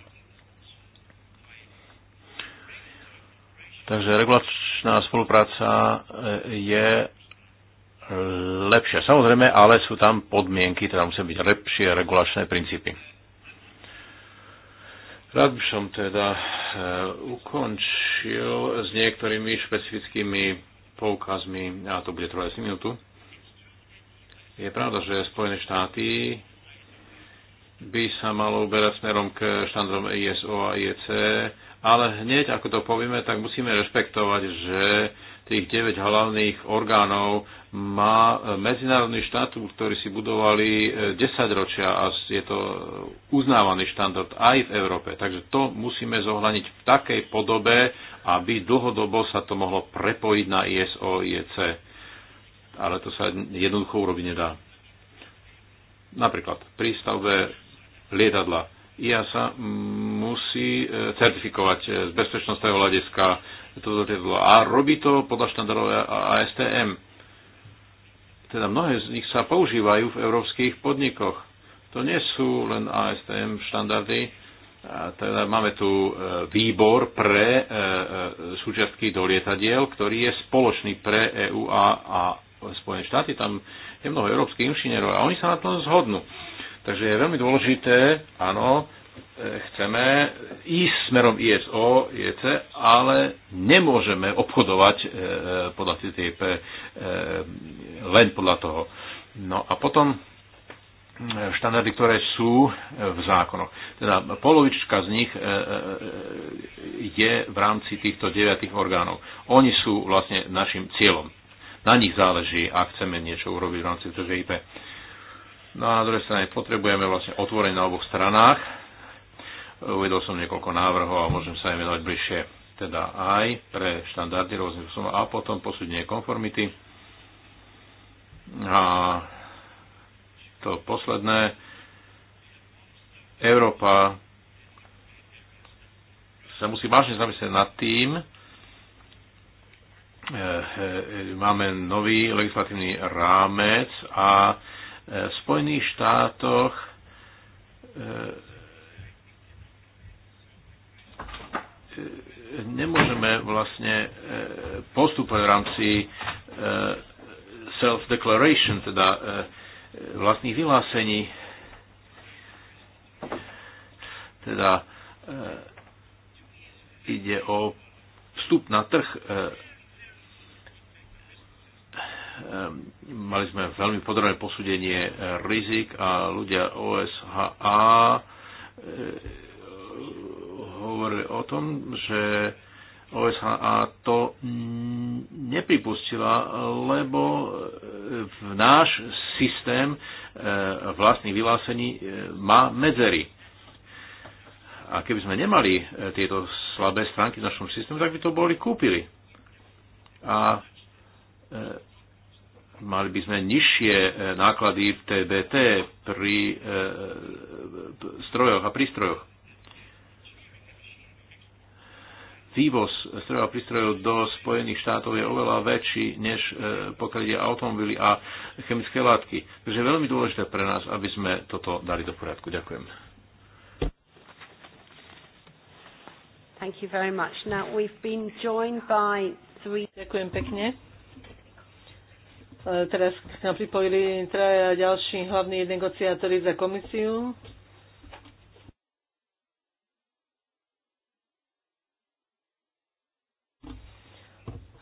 Takže regulačná spolupráca e, je lepšia. Samozrejme, ale sú tam podmienky, teda musia byť lepšie regulačné princípy. Rád by som teda e, ukončil s niektorými špecifickými poukazmi, a to bude trvať asi minútu. Je pravda, že Spojené štáty by sa malo uberať smerom k štandardom ISO e a IEC, ale hneď, ako to povieme, tak musíme rešpektovať, že tých 9 hlavných orgánov má e, medzinárodný štatút, ktorý si budovali 10 e, ročia a je to e, uznávaný štandard aj v Európe. Takže to musíme zohľadniť v takej podobe, aby dlhodobo sa to mohlo prepojiť na ISO, IEC. Ale to sa jednoducho urobiť nedá. Napríklad pri stavbe lietadla. IASA musí certifikovať z bezpečnostného hľadiska toto lietadlo a robí to podľa štandardov ASTM teda mnohé z nich sa používajú v európskych podnikoch. To nie sú len ASTM štandardy, teda máme tu e, výbor pre e, e, súčiastky do lietadiel, ktorý je spoločný pre EU a, a Spojené štáty. Tam je mnoho európskych inžinierov a oni sa na tom zhodnú. Takže je veľmi dôležité, áno, chceme ísť smerom ISO, IEC, ale nemôžeme obchodovať e, e, podľa TTIP e, len podľa toho. No a potom štandardy, ktoré sú v zákonoch. Teda polovička z nich je v rámci týchto deviatých orgánov. Oni sú vlastne našim cieľom. Na nich záleží, ak chceme niečo urobiť v rámci TTIP. No a na druhej strane potrebujeme vlastne otvorenie na oboch stranách, Uvedol som niekoľko návrhov a môžem sa im venovať bližšie. Teda aj pre štandardy rôznych som a potom posúdenie konformity. A to posledné. Európa sa musí vážne zamyslieť nad tým, e, e, máme nový legislatívny rámec a e, v Spojených štátoch nemôžeme vlastne e, postupovať v rámci e, self-declaration, teda e, vlastných vyhlásení. Teda ide o vstup na trh. Mali sme veľmi podrobné posúdenie rizik a ľudia OSHA hovorili o tom, že OSHA to mm, nepripustila, lebo e, v náš systém e, vlastných vyhlásení e, má medzery. A keby sme nemali tieto slabé stránky v našom systéme, tak by to boli kúpili. A mali by sme nižšie náklady v TBT pri strojoch a prístrojoch. vývoz strojov a prístrojov do Spojených štátov je oveľa väčší, než e, pokiaľ ide automobily a chemické látky. Takže je veľmi dôležité pre nás, aby sme toto dali do poriadku. Ďakujem. Thank you very much. Now we've been joined by three... Ďakujem pekne. E, teraz sme pripojili traja ďalší hlavní negociátori za komisiu.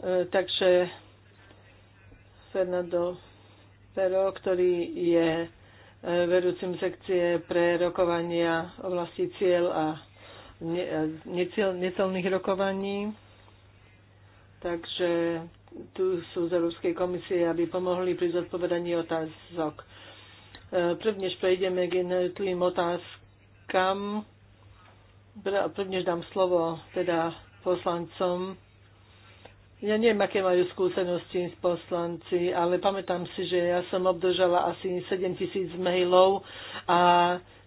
E, takže Fernando Pero, ktorý je e, vedúcim sekcie pre rokovania oblasti cieľ a e, necelných rokovaní. Takže tu sú z Európskej komisie, aby pomohli pri zodpovedaní otázok. Prvnež prejdeme k jednotlivým otázkam. Prvnež dám slovo teda poslancom ja neviem, aké majú skúsenosti s poslanci, ale pamätám si, že ja som obdržala asi 7 tisíc mailov a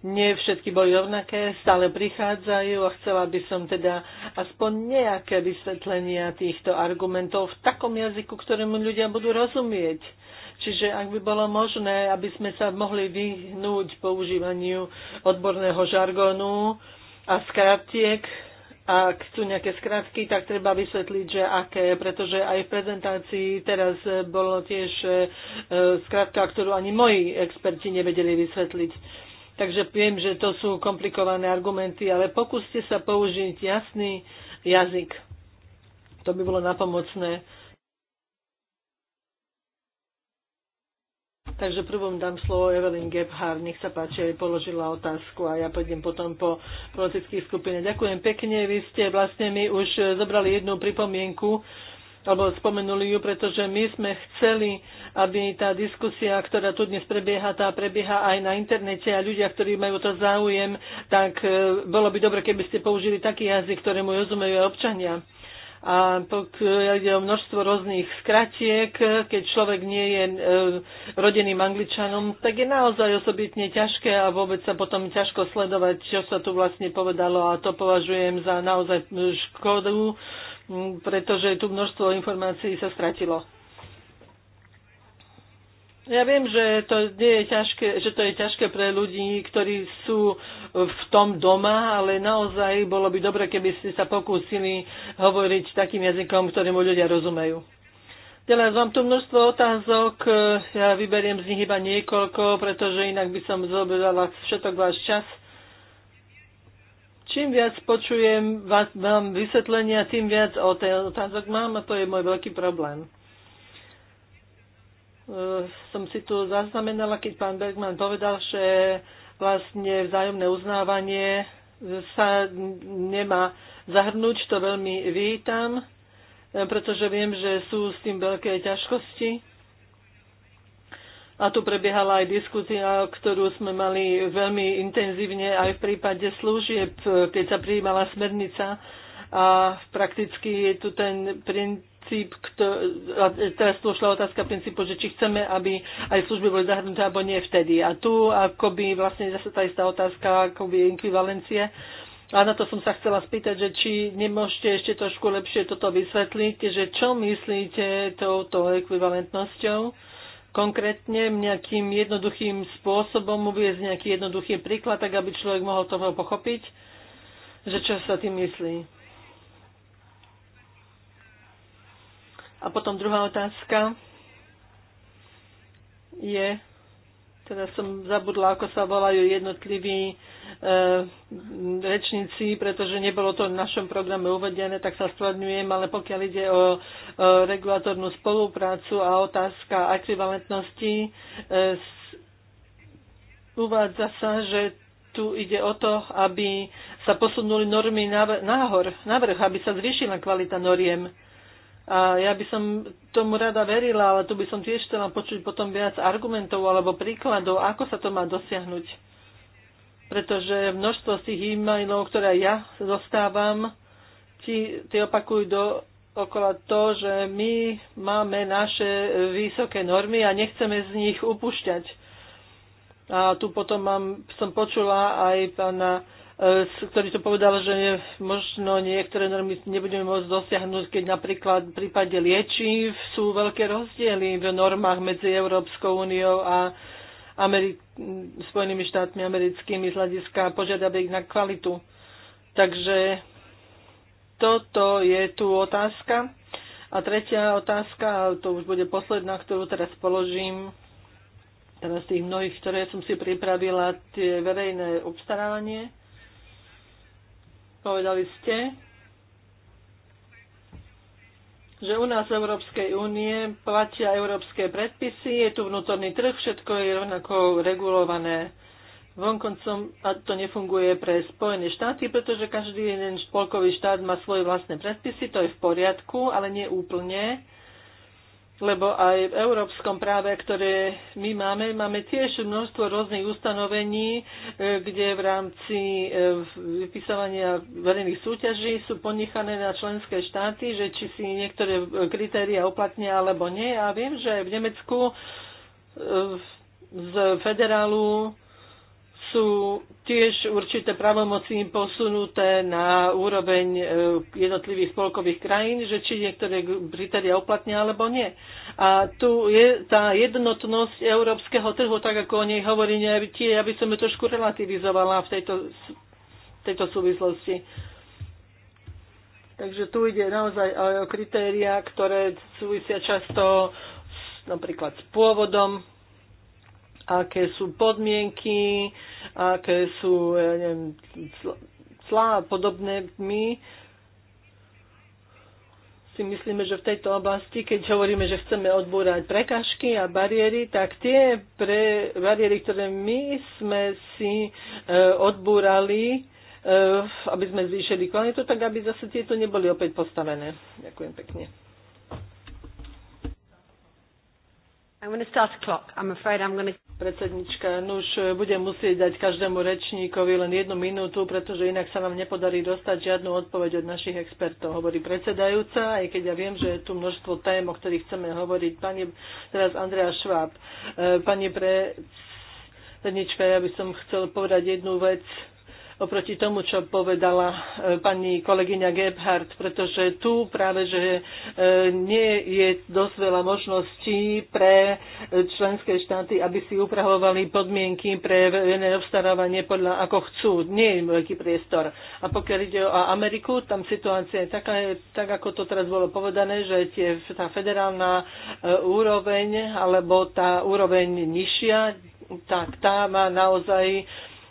nie všetky boli rovnaké, stále prichádzajú a chcela by som teda aspoň nejaké vysvetlenia týchto argumentov v takom jazyku, ktorému ľudia budú rozumieť. Čiže ak by bolo možné, aby sme sa mohli vyhnúť používaniu odborného žargonu a skratiek, ak sú nejaké skratky, tak treba vysvetliť, že aké, pretože aj v prezentácii teraz bolo tiež e, skratka, ktorú ani moji experti nevedeli vysvetliť. Takže viem, že to sú komplikované argumenty, ale pokúste sa použiť jasný jazyk. To by bolo napomocné. Takže prvom dám slovo Evelyn Gebhardt, nech sa páči, aj položila otázku a ja pôjdem potom po politických skupine. Ďakujem pekne, vy ste vlastne mi už zobrali jednu pripomienku, alebo spomenuli ju, pretože my sme chceli, aby tá diskusia, ktorá tu dnes prebieha, tá prebieha aj na internete a ľudia, ktorí majú to záujem, tak e, bolo by dobre, keby ste použili taký jazyk, ktorému rozumejú aj občania a pok ide o množstvo rôznych skratiek, keď človek nie je e, rodeným angličanom, tak je naozaj osobitne ťažké a vôbec sa potom ťažko sledovať, čo sa tu vlastne povedalo a to považujem za naozaj škodu, pretože tu množstvo informácií sa stratilo. Ja viem, že to, nie je ťažké, že to je ťažké pre ľudí, ktorí sú v tom doma, ale naozaj bolo by dobre, keby ste sa pokúsili hovoriť takým jazykom, ktorým ľudia rozumejú. Teraz vám tu množstvo otázok, ja vyberiem z nich iba niekoľko, pretože inak by som zobrala všetok váš čas. Čím viac počujem vám vysvetlenia, tým viac otázok mám a to je môj veľký problém. Eh, som si tu zaznamenala, keď pán Bergman povedal, že vlastne vzájomné uznávanie sa nemá zahrnúť, to veľmi vítam, eh, pretože viem, že sú s tým veľké ťažkosti. A tu prebiehala aj diskusia, ktorú sme mali veľmi intenzívne aj v prípade služieb, eh, keď sa prijímala smernica. A prakticky je tu ten prin, princíp, kto, teraz tu šla otázka princípu, že či chceme, aby aj služby boli zahrnuté, alebo nie vtedy. A tu akoby vlastne zase tá istá otázka akoby ekvivalencie. A na to som sa chcela spýtať, že či nemôžete ešte trošku lepšie toto vysvetliť, že čo myslíte touto ekvivalentnosťou? Konkrétne nejakým jednoduchým spôsobom uviezť nejaký jednoduchý príklad, tak aby človek mohol toho pochopiť, že čo sa tým myslí. A potom druhá otázka je, teda som zabudla, ako sa volajú jednotliví e, rečníci, pretože nebolo to v našom programe uvedené, tak sa stvarňujem, ale pokiaľ ide o e, regulatornú spoluprácu a otázka ekvivalentnosti, e, s, uvádza sa, že tu ide o to, aby sa posunuli normy nahor, navrh, aby sa zvýšila kvalita noriem. A ja by som tomu rada verila, ale tu by som tiež chcela počuť potom viac argumentov alebo príkladov, ako sa to má dosiahnuť. Pretože množstvo z tých e-mailov, ktoré ja zostávam, ti, ti opakujú do okolo to, že my máme naše vysoké normy a nechceme z nich upúšťať. A tu potom mám, som počula aj pána E, ktorý to povedal, že možno niektoré normy nebudeme môcť dosiahnuť, keď napríklad v prípade liečiv sú veľké rozdiely v normách medzi Európskou úniou a Ameri- Spojenými štátmi americkými z hľadiska požiadaviek na kvalitu. Takže toto je tu otázka. A tretia otázka, a to už bude posledná, ktorú teraz položím, teraz tých mnohých, ktoré som si pripravila, tie verejné obstarávanie. Povedali ste, že u nás v Európskej únie platia európske predpisy, je tu vnútorný trh, všetko je rovnako regulované. Vonkoncom a to nefunguje pre Spojené štáty, pretože každý jeden spolkový štát má svoje vlastné predpisy, to je v poriadku, ale nie úplne lebo aj v európskom práve, ktoré my máme, máme tiež množstvo rôznych ustanovení, e, kde v rámci e, vypisovania verejných súťaží sú ponechané na členské štáty, že či si niektoré kritéria uplatnia alebo nie. A viem, že v Nemecku e, z federálu sú tiež určité pravomoci im posunuté na úroveň e, jednotlivých spolkových krajín, že či niektoré kritéria uplatnia alebo nie. A tu je tá jednotnosť európskeho trhu, tak ako o nej hovorí, ja aby som ju trošku relativizovala v tejto, tejto súvislosti. Takže tu ide naozaj o kritéria, ktoré súvisia často s, napríklad s pôvodom aké sú podmienky, aké sú ja neviem, clá a podobné. My si myslíme, že v tejto oblasti, keď hovoríme, že chceme odbúrať prekažky a bariéry, tak tie pre bariéry, ktoré my sme si e, odbúrali, e, aby sme zvýšili kvalitu, tak aby zase tieto neboli opäť postavené. Ďakujem pekne. I'm going to start a clock. I'm afraid I'm going to... Predsednička, nuž, budem musieť dať každému rečníkovi len jednu minútu, pretože inak sa nám nepodarí dostať žiadnu odpoveď od našich expertov, hovorí predsedajúca, aj keď ja viem, že je tu množstvo tém, o ktorých chceme hovoriť. Pani, teraz Andrea Šváb. E, pani predsednička, ja by som chcel povedať jednu vec oproti tomu, čo povedala e, pani kolegyňa Gebhardt, pretože tu práve, že e, nie je dosť veľa možností pre e, členské štáty, aby si upravovali podmienky pre verejné obstarávanie podľa ako chcú. Nie je veľký priestor. A pokiaľ ide o Ameriku, tam situácia je taká, tak ako to teraz bolo povedané, že tie, tá federálna úroveň alebo tá úroveň nižšia, tak tá má naozaj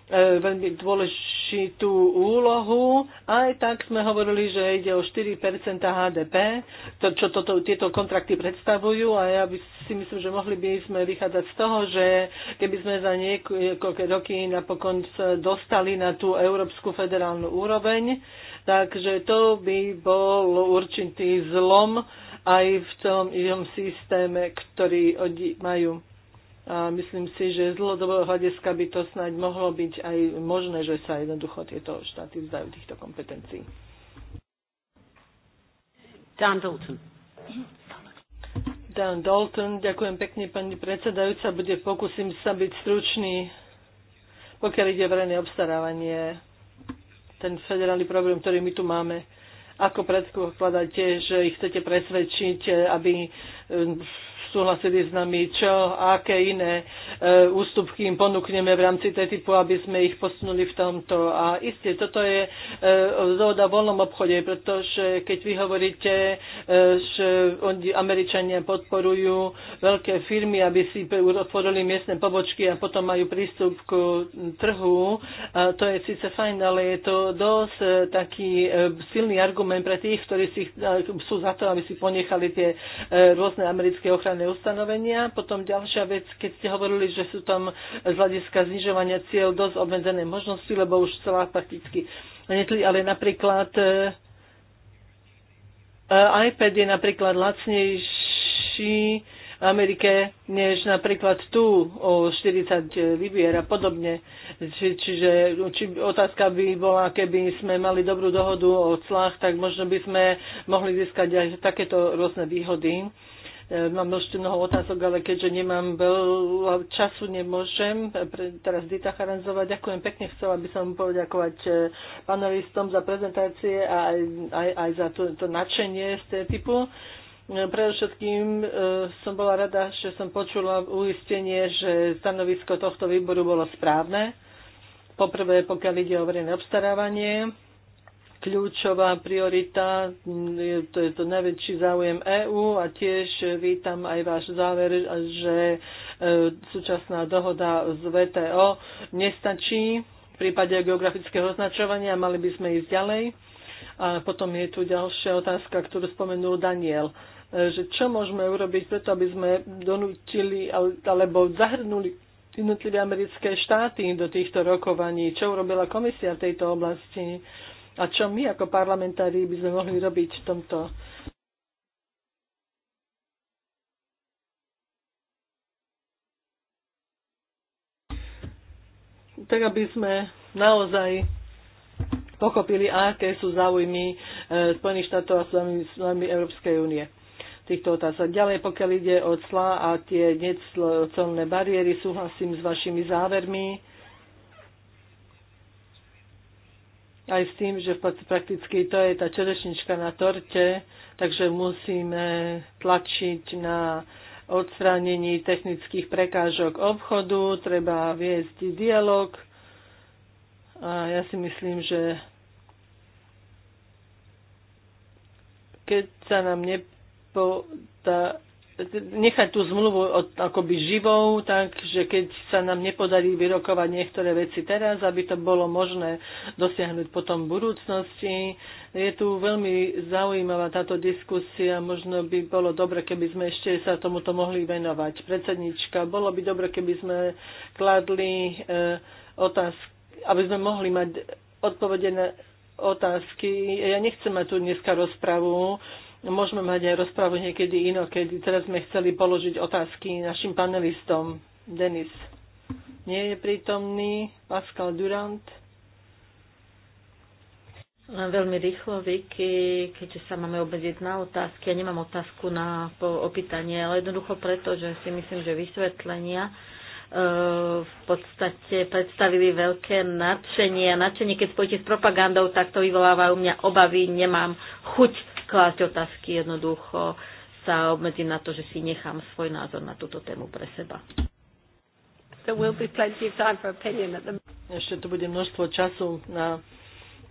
E, veľmi dôležitú úlohu. Aj tak sme hovorili, že ide o 4 HDP, to, čo toto, tieto kontrakty predstavujú a ja by si myslím, že mohli by sme vychádzať z toho, že keby sme za niekoľké roky napokon dostali na tú európsku federálnu úroveň, takže to by bol určitý zlom aj v tom systéme, ktorý oni majú a myslím si, že z dlhodobého hľadiska by to snáď mohlo byť aj možné, že sa jednoducho tieto štáty vzdajú týchto kompetencií. Dan Dalton. Dan Dalton, ďakujem pekne pani predsedajúca, bude pokúsim sa byť stručný, pokiaľ ide verejné obstarávanie, ten federálny problém, ktorý my tu máme, ako predpokladáte, že ich chcete presvedčiť, aby súhlasili s nami, čo, aké iné e, ústupky im ponúkneme v rámci tej typu, aby sme ich posunuli v tomto. A isté toto je e, zhoda v voľnom obchode, pretože keď vy hovoríte, e, že oni, Američania podporujú veľké firmy, aby si otvorili miestne pobočky a potom majú prístup k trhu, a to je síce fajn, ale je to dosť e, taký e, silný argument pre tých, ktorí si, e, sú za to, aby si ponechali tie e, rôzne americké ochrany sociálne ustanovenia. Potom ďalšia vec, keď ste hovorili, že sú tam z hľadiska znižovania cieľ dosť obmedzené možnosti, lebo už celá prakticky netli, ale napríklad e, e, iPad je napríklad lacnejší v Amerike než napríklad tu o 40 libier a podobne. Či, čiže či otázka by bola, keby sme mali dobrú dohodu o clách, tak možno by sme mohli získať aj takéto rôzne výhody. Eh, mám ešte mnoho otázok, ale keďže nemám veľa času, nemôžem. Eh, teraz Dita Charanzová, ďakujem pekne. Chcela by som poďakovať eh, panelistom za prezentácie a aj, aj, aj za to, to nadšenie z té typu. Predovšetkým som bola rada, že som počula uistenie, že stanovisko tohto výboru bolo správne. Poprvé, pokiaľ ide o verejné obstarávanie, kľúčová priorita, to je to najväčší záujem EÚ a tiež vítam aj váš záver, že e, súčasná dohoda z VTO nestačí v prípade geografického označovania, mali by sme ísť ďalej. A potom je tu ďalšia otázka, ktorú spomenul Daniel e, že čo môžeme urobiť preto, aby sme donútili alebo zahrnuli jednotlivé americké štáty do týchto rokovaní, čo urobila komisia v tejto oblasti a čo my ako parlamentári by sme mohli robiť v tomto. Tak aby sme naozaj pochopili, aké sú záujmy e, Spojených štátov a záujmy Európskej únie týchto otázok. Ďalej, pokiaľ ide o cla a tie necelné bariéry, súhlasím s vašimi závermi aj s tým, že prakticky to je tá čerešnička na torte, takže musíme tlačiť na odstránení technických prekážok obchodu, treba viesť dialog. A ja si myslím, že keď sa nám nepodarí nechať tú zmluvu od, akoby živou, takže keď sa nám nepodarí vyrokovať niektoré veci teraz, aby to bolo možné dosiahnuť potom v budúcnosti. Je tu veľmi zaujímavá táto diskusia, možno by bolo dobre, keby sme ešte sa tomuto mohli venovať. Predsednička, bolo by dobre, keby sme kladli e, otázky, aby sme mohli mať odpovede na otázky. Ja nechcem mať tu dneska rozpravu, Môžeme mať aj rozprávu niekedy inokedy. Teraz sme chceli položiť otázky našim panelistom. Denis nie je prítomný, Pascal Durant. Len veľmi rýchlo, Vicky, keďže sa máme obmedziť na otázky. Ja nemám otázku na opýtanie, ale jednoducho preto, že si myslím, že vysvetlenia e, v podstate predstavili veľké nadšenie. A nadšenie, keď spojíte s propagandou, tak to vyvolávajú mňa obavy. Nemám chuť klásť otázky, jednoducho sa obmedzím na to, že si nechám svoj názor na túto tému pre seba. Ešte tu bude množstvo času na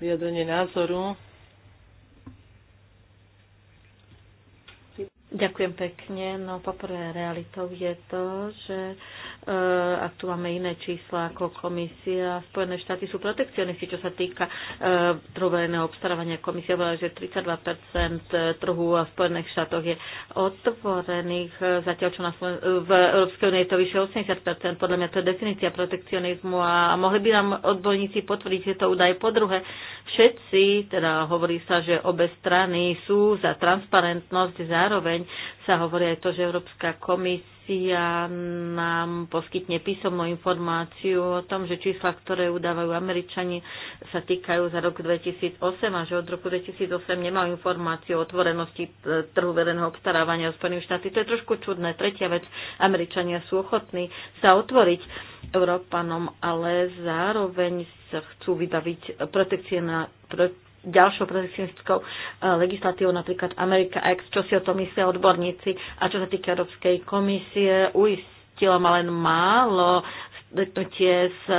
vyjadrenie názoru. Ďakujem pekne. No poprvé realitou je to, že e, eh, ak tu máme iné čísla ako komisia, Spojené štáty sú protekcionisti, čo sa týka e, eh, trhu obstarávania. Komisia bola, že 32% eh, trhu a v Spojených štátoch je otvorených, zatiaľ čo na Slo- v Európskej únie je to vyše 80%. Podľa mňa to je definícia protekcionizmu a mohli by nám odborníci potvrdiť tieto údaje. Po druhé, všetci, teda hovorí sa, že obe strany sú za transparentnosť zároveň sa hovorí aj to, že Európska komisia nám poskytne písomnú informáciu o tom, že čísla, ktoré udávajú Američani, sa týkajú za rok 2008 a že od roku 2008 nemajú informáciu o otvorenosti e, trhu verejného obstarávania Spojených štáty. To je trošku čudné. Tretia vec, Američania sú ochotní sa otvoriť Európanom, ale zároveň sa chcú vybaviť protekcie na ďalšou protekcionistickou e, legislatívou, napríklad America X, čo si o tom myslia odborníci. A čo sa týka Európskej komisie, uistila ma len málo stretnutie s e,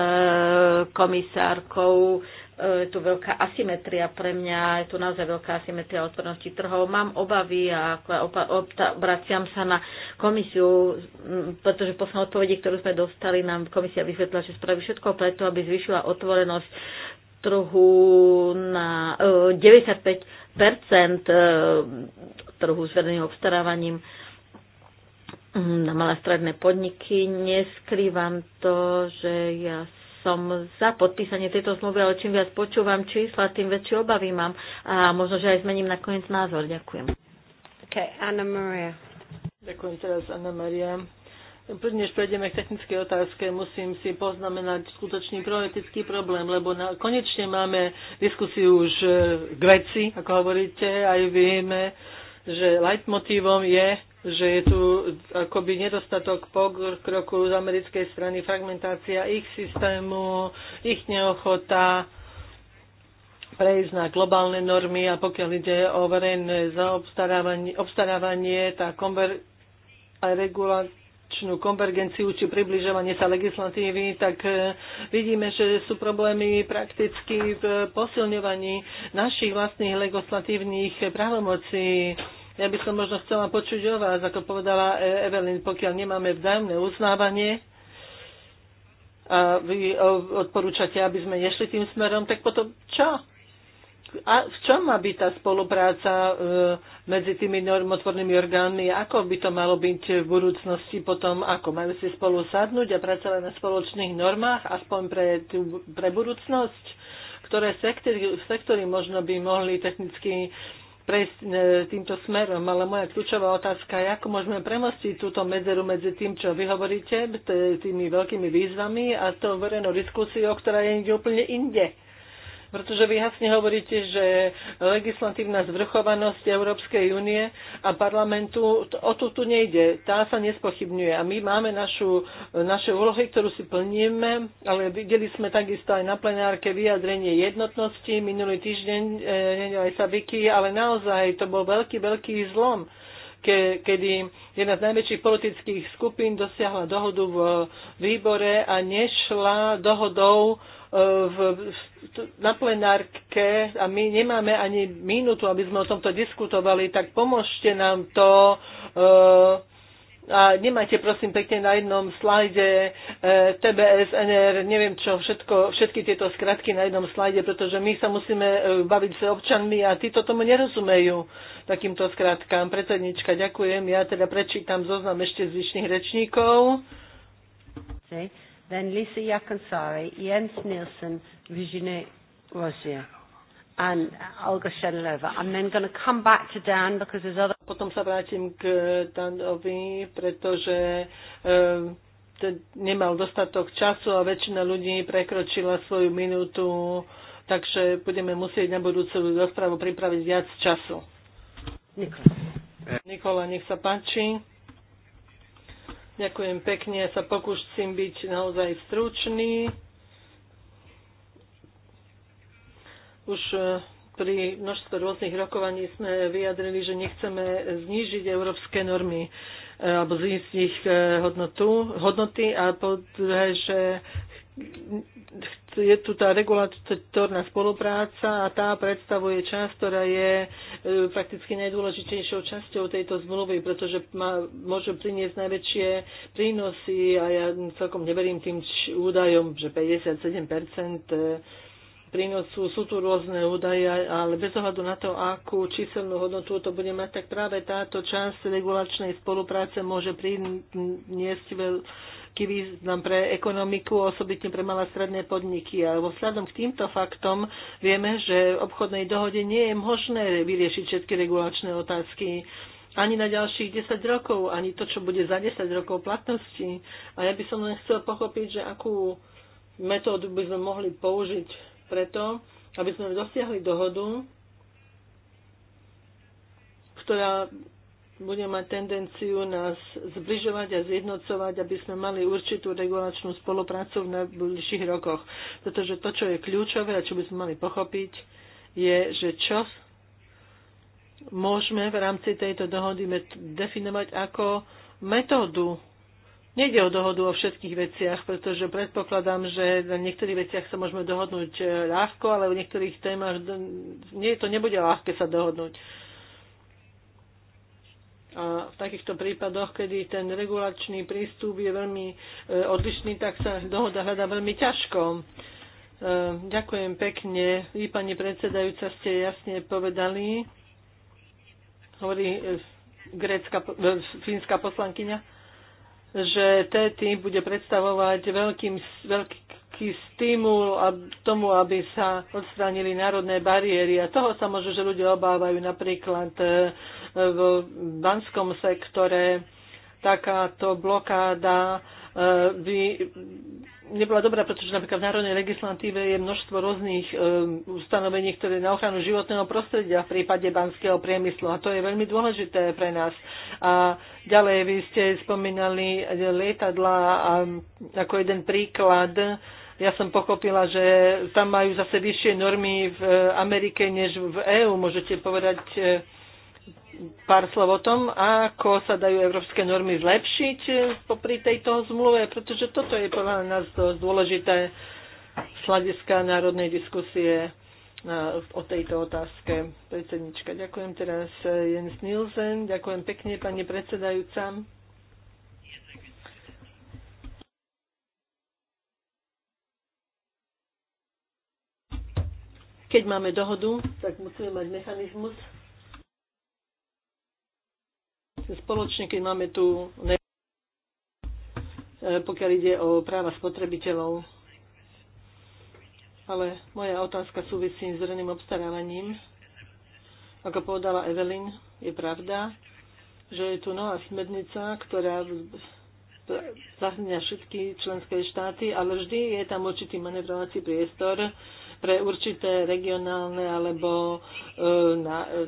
komisárkou e, je tu veľká asymetria pre mňa, je tu naozaj veľká asymetria otvornosti trhov. Mám obavy a obraciam sa na komisiu, pretože posledné odpovedi, ktorú sme dostali, nám komisia vysvetla, že spraví všetko preto, aby zvyšila otvorenosť trhu na 95 e, e, trhu s verejným obstarávaním mm, na malé stredné podniky. Neskrývam to, že ja som za podpísanie tejto zmluvy, ale čím viac počúvam čísla, tým väčšie obavy mám a možno, že aj zmením nakoniec názor. Ďakujem. Okay, Anna Maria. Ďakujem teraz, Anna Maria než prejdeme k technickej otázke, musím si poznamenať skutočný politický problém, lebo na, konečne máme diskusiu už e, k veci, ako hovoríte, aj vieme, že leitmotívom je, že je tu akoby nedostatok pokroku z americkej strany, fragmentácia ich systému, ich neochota prejsť na globálne normy a pokiaľ ide o verejné zaobstarávanie, obstarávanie, tá konver, regulácia čiastočnú konvergenciu či približovanie sa legislatívy, tak e, vidíme, že sú problémy prakticky v posilňovaní našich vlastných legislatívnych právomocí. Ja by som možno chcela počuť o vás, ako povedala e- Evelyn, pokiaľ nemáme vzájomné uznávanie a vy odporúčate, aby sme nešli tým smerom, tak potom čo? a v čom má byť tá spolupráca e, medzi tými normotvornými orgánmi? Ako by to malo byť v budúcnosti potom? Ako majú si spolu sadnúť a pracovať na spoločných normách, aspoň pre, tú, pre budúcnosť? Ktoré sektory, sektory možno by mohli technicky prejsť e, týmto smerom? Ale moja kľúčová otázka je, ako môžeme premostiť túto medzeru medzi tým, čo vy hovoríte, tými veľkými výzvami a to verejnou diskusiou, ktorá je úplne inde pretože vy jasne hovoríte, že legislatívna zvrchovanosť Európskej únie a parlamentu, o tu tu nejde. Tá sa nespochybňuje. A my máme našu, naše úlohy, ktorú si plníme, ale videli sme takisto aj na plenárke vyjadrenie jednotnosti. Minulý týždeň e, aj sa Vicky, ale naozaj to bol veľký, veľký zlom ke, kedy jedna z najväčších politických skupín dosiahla dohodu v výbore a nešla dohodou E, v, na plenárke a my nemáme ani minútu, aby sme o tomto diskutovali, tak pomôžte nám to. E, a nemajte prosím pekne na jednom slajde e, TBS, NR, neviem čo, všetko, všetky tieto skratky na jednom slajde, pretože my sa musíme baviť s občanmi a títo tomu nerozumejú takýmto skratkám. Predsednička, ďakujem. Ja teda prečítam zoznam ešte zvyšných rečníkov. Okay then Lisa Yakansari, Jens Nielsen, Virginie Rozier and Olga Shenlova. I'm then going to come back to Dan because there's other... Potom sa vrátim k eh, Danovi, pretože um, nemal dostatok času a väčšina ľudí prekročila svoju minútu, takže budeme musieť na budúcu rozprávu pripraviť viac času. Nikola. Nikola, nech sa páči. Ďakujem pekne, ja sa pokúšam byť naozaj stručný. Už e, pri množstve rôznych rokovaní sme vyjadrili, že nechceme znížiť európske normy e, alebo zísť ich e, hodnotu, hodnoty a po druhé, že je tu tá regulatorná spolupráca a tá predstavuje časť, ktorá je e, prakticky najdôležitejšou časťou tejto zmluvy, pretože má, môže priniesť najväčšie prínosy a ja celkom neverím tým údajom, že 57 e, prínosu. Sú tu rôzne údaje, ale bez ohľadu na to, akú číselnú hodnotu to bude mať, tak práve táto časť regulačnej spolupráce môže priniesť veľ, obrovský význam pre ekonomiku, osobitne pre malé stredné podniky. A vzhľadom k týmto faktom vieme, že v obchodnej dohode nie je možné vyriešiť všetky regulačné otázky ani na ďalších 10 rokov, ani to, čo bude za 10 rokov platnosti. A ja by som len chcel pochopiť, že akú metódu by sme mohli použiť preto, aby sme dosiahli dohodu, ktorá bude mať tendenciu nás zbližovať a zjednocovať, aby sme mali určitú regulačnú spoluprácu v najbližších rokoch. Pretože to, čo je kľúčové a čo by sme mali pochopiť, je, že čo môžeme v rámci tejto dohody definovať ako metódu. Nejde o dohodu o všetkých veciach, pretože predpokladám, že na niektorých veciach sa môžeme dohodnúť eh, ľahko, ale v niektorých témach mm, nie, to nebude ľahké sa dohodnúť. A v takýchto prípadoch, kedy ten regulačný prístup je veľmi e, odlišný, tak sa dohoda hľadá veľmi ťažko. E, ďakujem pekne. Vy, pani predsedajúca, ste jasne povedali, hovorí e, grécka, fínska poslankyňa, že TTIP bude predstavovať veľký veľký stimul a tomu, aby sa odstránili národné bariéry. A toho sa môže, že ľudia obávajú napríklad v banskom sektore takáto blokáda by e, nebola dobrá, pretože napríklad v národnej legislatíve je množstvo rôznych e, ustanovení, ktoré na ochranu životného prostredia v prípade banského priemyslu a to je veľmi dôležité pre nás. A ďalej vy ste spomínali lietadla a ako jeden príklad. Ja som pochopila, že tam majú zase vyššie normy v Amerike než v EÚ. Môžete povedať, e, pár slov o tom, ako sa dajú európske normy zlepšiť eh, popri tejto zmluve, pretože toto je podľa nás dosť dôležité z hľadiska národnej diskusie eh, o tejto otázke. Predsednička, ďakujem teraz eh, Jens Nielsen, ďakujem pekne pani predsedajúca. Keď máme dohodu, tak musíme mať mechanizmus, vlastne spoločne, keď máme tu, e, pokiaľ ide o práva spotrebiteľov. Ale moja otázka súvisí s zreným obstarávaním. Ako povedala Evelyn, je pravda, že je tu nová smernica, ktorá zahrňa všetky členské štáty, ale vždy je tam určitý manevrovací priestor pre určité regionálne alebo e,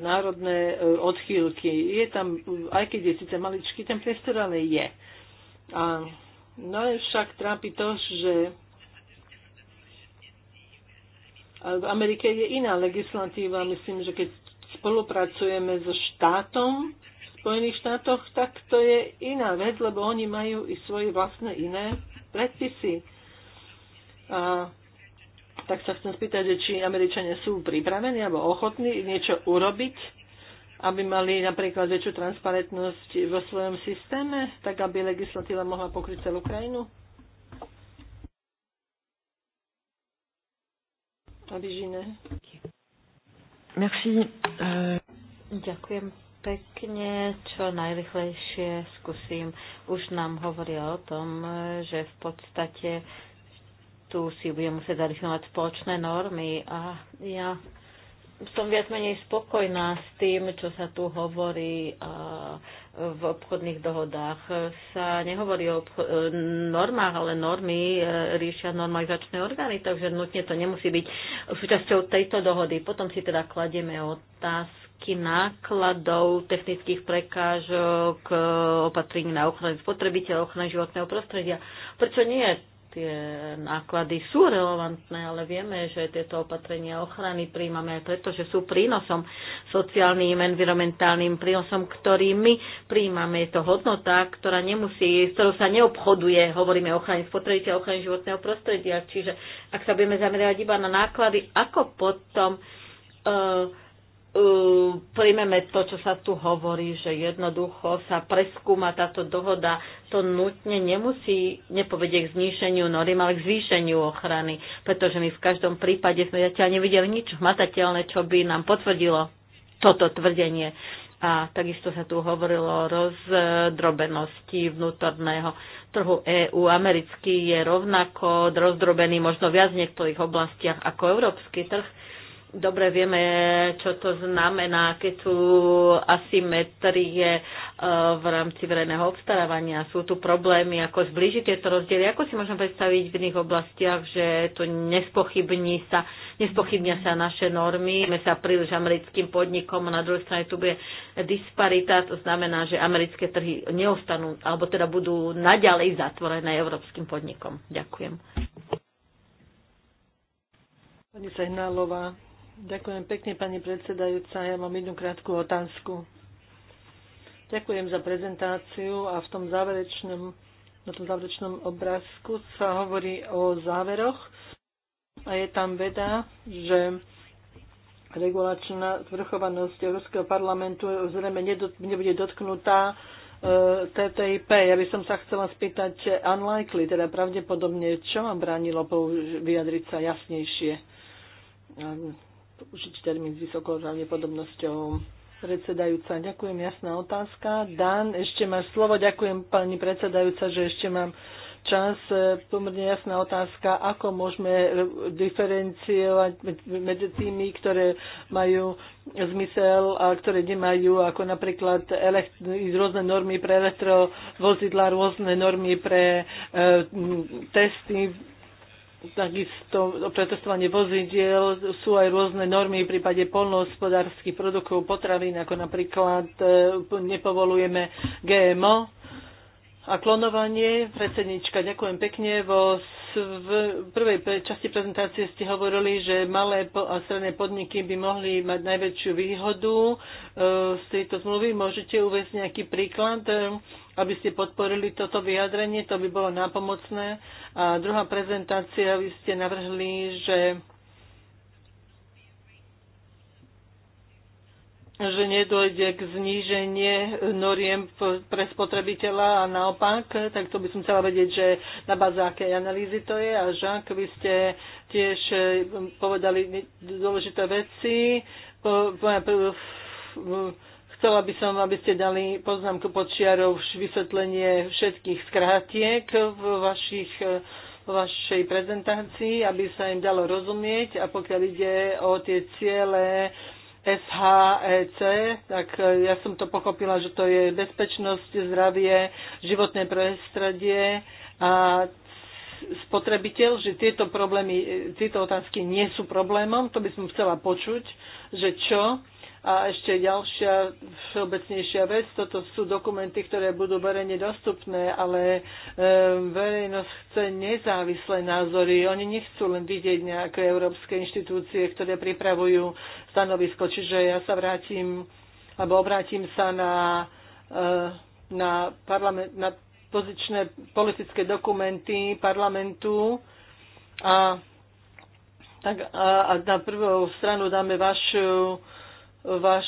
národné e, odchýlky. Je tam, aj keď je síce maličký, ten priestor ale je. A no však trápi to, že v Amerike je iná legislatíva. Myslím, že keď spolupracujeme so štátom, Spojených štátoch, tak to je iná vec, lebo oni majú i svoje vlastné iné predpisy. A tak sa chcem spýtať, či Američania sú pripravení alebo ochotní niečo urobiť, aby mali napríklad väčšiu transparentnosť vo svojom systéme, tak aby legislatíva mohla pokryť celú krajinu? žine. Merci. Eh, ďakujem pekne, čo najrychlejšie skúsim. Už nám hovoria o tom, eh, že v podstate tu si budeme musieť zadefinovať spoločné normy a ja som viac menej spokojná s tým, čo sa tu hovorí v obchodných dohodách. Sa nehovorí o e, normách, ale normy e, riešia normalizačné orgány, takže nutne to nemusí byť súčasťou tejto dohody. Potom si teda kladieme otázky nákladov, technických prekážok, e, opatrení na ochranu spotrebiteľa, ochranu životného prostredia. Prečo nie? tie náklady sú relevantné, ale vieme, že tieto opatrenia ochrany príjmame aj preto, že sú prínosom sociálnym, environmentálnym prínosom, ktorý my príjmame. Je to hodnota, ktorá nemusí, s ktorou sa neobchoduje, hovoríme o ochrane spotrebiteľa, ochrane životného prostredia. Čiže ak sa budeme zamerať iba na náklady, ako potom uh, Eh, príjmeme to, čo sa tu hovorí, že jednoducho sa preskúma táto dohoda, to nutne nemusí, nepovedie k zníšeniu norm, ale k zvýšeniu ochrany, pretože my v každom prípade sme zatiaľ nevideli nič hmatateľné, čo by nám potvrdilo toto tvrdenie. A takisto sa tu hovorilo o rozdrobenosti vnútorného trhu EÚ. Americký je rovnako rozdrobený možno viac v niektorých oblastiach ako európsky trh dobre vieme, čo to znamená, keď sú asymetrie e, v rámci verejného obstarávania. Sú tu problémy, ako zbližiť tieto rozdiely. Ako si môžeme predstaviť v iných oblastiach, že tu nespochybní sa, nespochybnia sa naše normy, sme sa príliš americkým podnikom a na druhej strane tu bude disparita, to znamená, že americké trhy neostanú, alebo teda budú naďalej zatvorené európskym podnikom. Ďakujem. Pani Sehnálová, Ďakujem pekne, pani predsedajúca. Ja mám jednu krátku otázku. Ďakujem za prezentáciu a v tom záverečnom, na tom záverečnom obrázku sa hovorí o záveroch a je tam veda, že regulačná zvrchovanosť Európskeho parlamentu zrejme nebude dotknutá e, TTIP. Ja by som sa chcela spýtať unlikely, teda pravdepodobne, čo vám bránilo vyjadriť sa jasnejšie? Ehm, použiť termín s vysokou pravdepodobnosťou. Predsedajúca, ďakujem, jasná otázka. Dan, ešte máš slovo, ďakujem pani predsedajúca, že ešte mám čas. Pomerne jasná otázka, ako môžeme diferenciovať medzi tými, ktoré majú zmysel a ktoré nemajú, ako napríklad rôzne normy pre elektrovozidla, rôzne normy pre e, testy takisto pretestovanie vozidiel sú aj rôzne normy v prípade polnohospodárských produktov potravín, ako napríklad e, nepovolujeme GMO a klonovanie. Predsednička, ďakujem pekne. Vo v prvej časti prezentácie ste hovorili, že malé a stredné podniky by mohli mať najväčšiu výhodu e, z tejto zmluvy. Môžete uvieť nejaký príklad, e, aby ste podporili toto vyjadrenie? To by bolo nápomocné. A druhá prezentácia, vy ste navrhli, že že nedojde k zníženie noriem pre spotrebiteľa a naopak, tak to by som chcela vedieť, že na baze akej analýzy to je. A ak vy ste tiež eh, povedali dôležité veci. Eh, chcela by som, aby ste dali poznámku pod čiarou vysvetlenie všetkých skrátiek v vašich vašej prezentácii, aby sa im dalo rozumieť a pokiaľ ide o tie ciele SHEC, tak e, ja som to pochopila, že to je bezpečnosť, zdravie, životné prostredie a spotrebiteľ, že tieto problémy, e, tieto otázky nie sú problémom. To by som chcela počuť, že čo a ešte ďalšia všeobecnejšia vec, toto sú dokumenty, ktoré budú verejne dostupné, ale e, verejnosť chce nezávislé názory. Oni nechcú len vidieť nejaké európske inštitúcie, ktoré pripravujú stanovisko. Čiže ja sa vrátim, alebo obrátim sa na, e, na, parlament, na pozičné politické dokumenty parlamentu a, tak, a, a na prvú stranu dáme vašu vaš,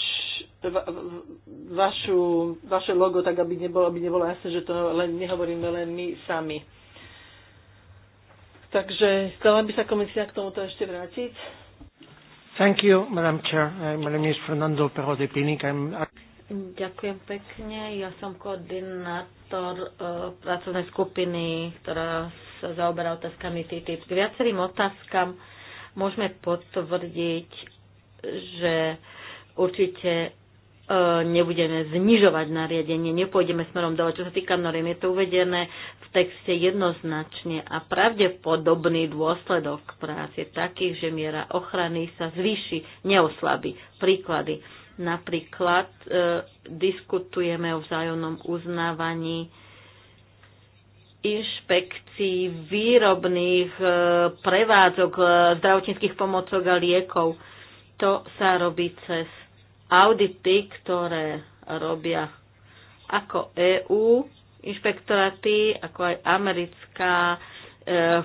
va, vašu, vaše logo, tak aby nebolo, aby nebolo jasné, že to len nehovoríme len my sami. Takže chcela by sa komisia k tomuto ešte vrátiť. Thank you, Madam Chair. Uh, my name is Fernando Perro de Pinic. I'm... Ďakujem pekne. Ja som koordinátor uh, pracovnej skupiny, ktorá sa zaoberá otázkami TTIP. K viacerým otázkam môžeme potvrdiť, že uh, určite e, nebudeme znižovať nariadenie, nepôjdeme smerom dole. Čo sa týka noriem, je to uvedené v texte jednoznačne a pravdepodobný dôsledok prác je taký, že miera ochrany sa zvýši, neoslabí. Príklady. Napríklad e, diskutujeme o vzájomnom uznávaní inšpekcií výrobných e, prevádzok e, zdravotníckých pomocok a liekov. To sa robí cez audity, ktoré robia ako EU inšpektoráty, ako aj americká e,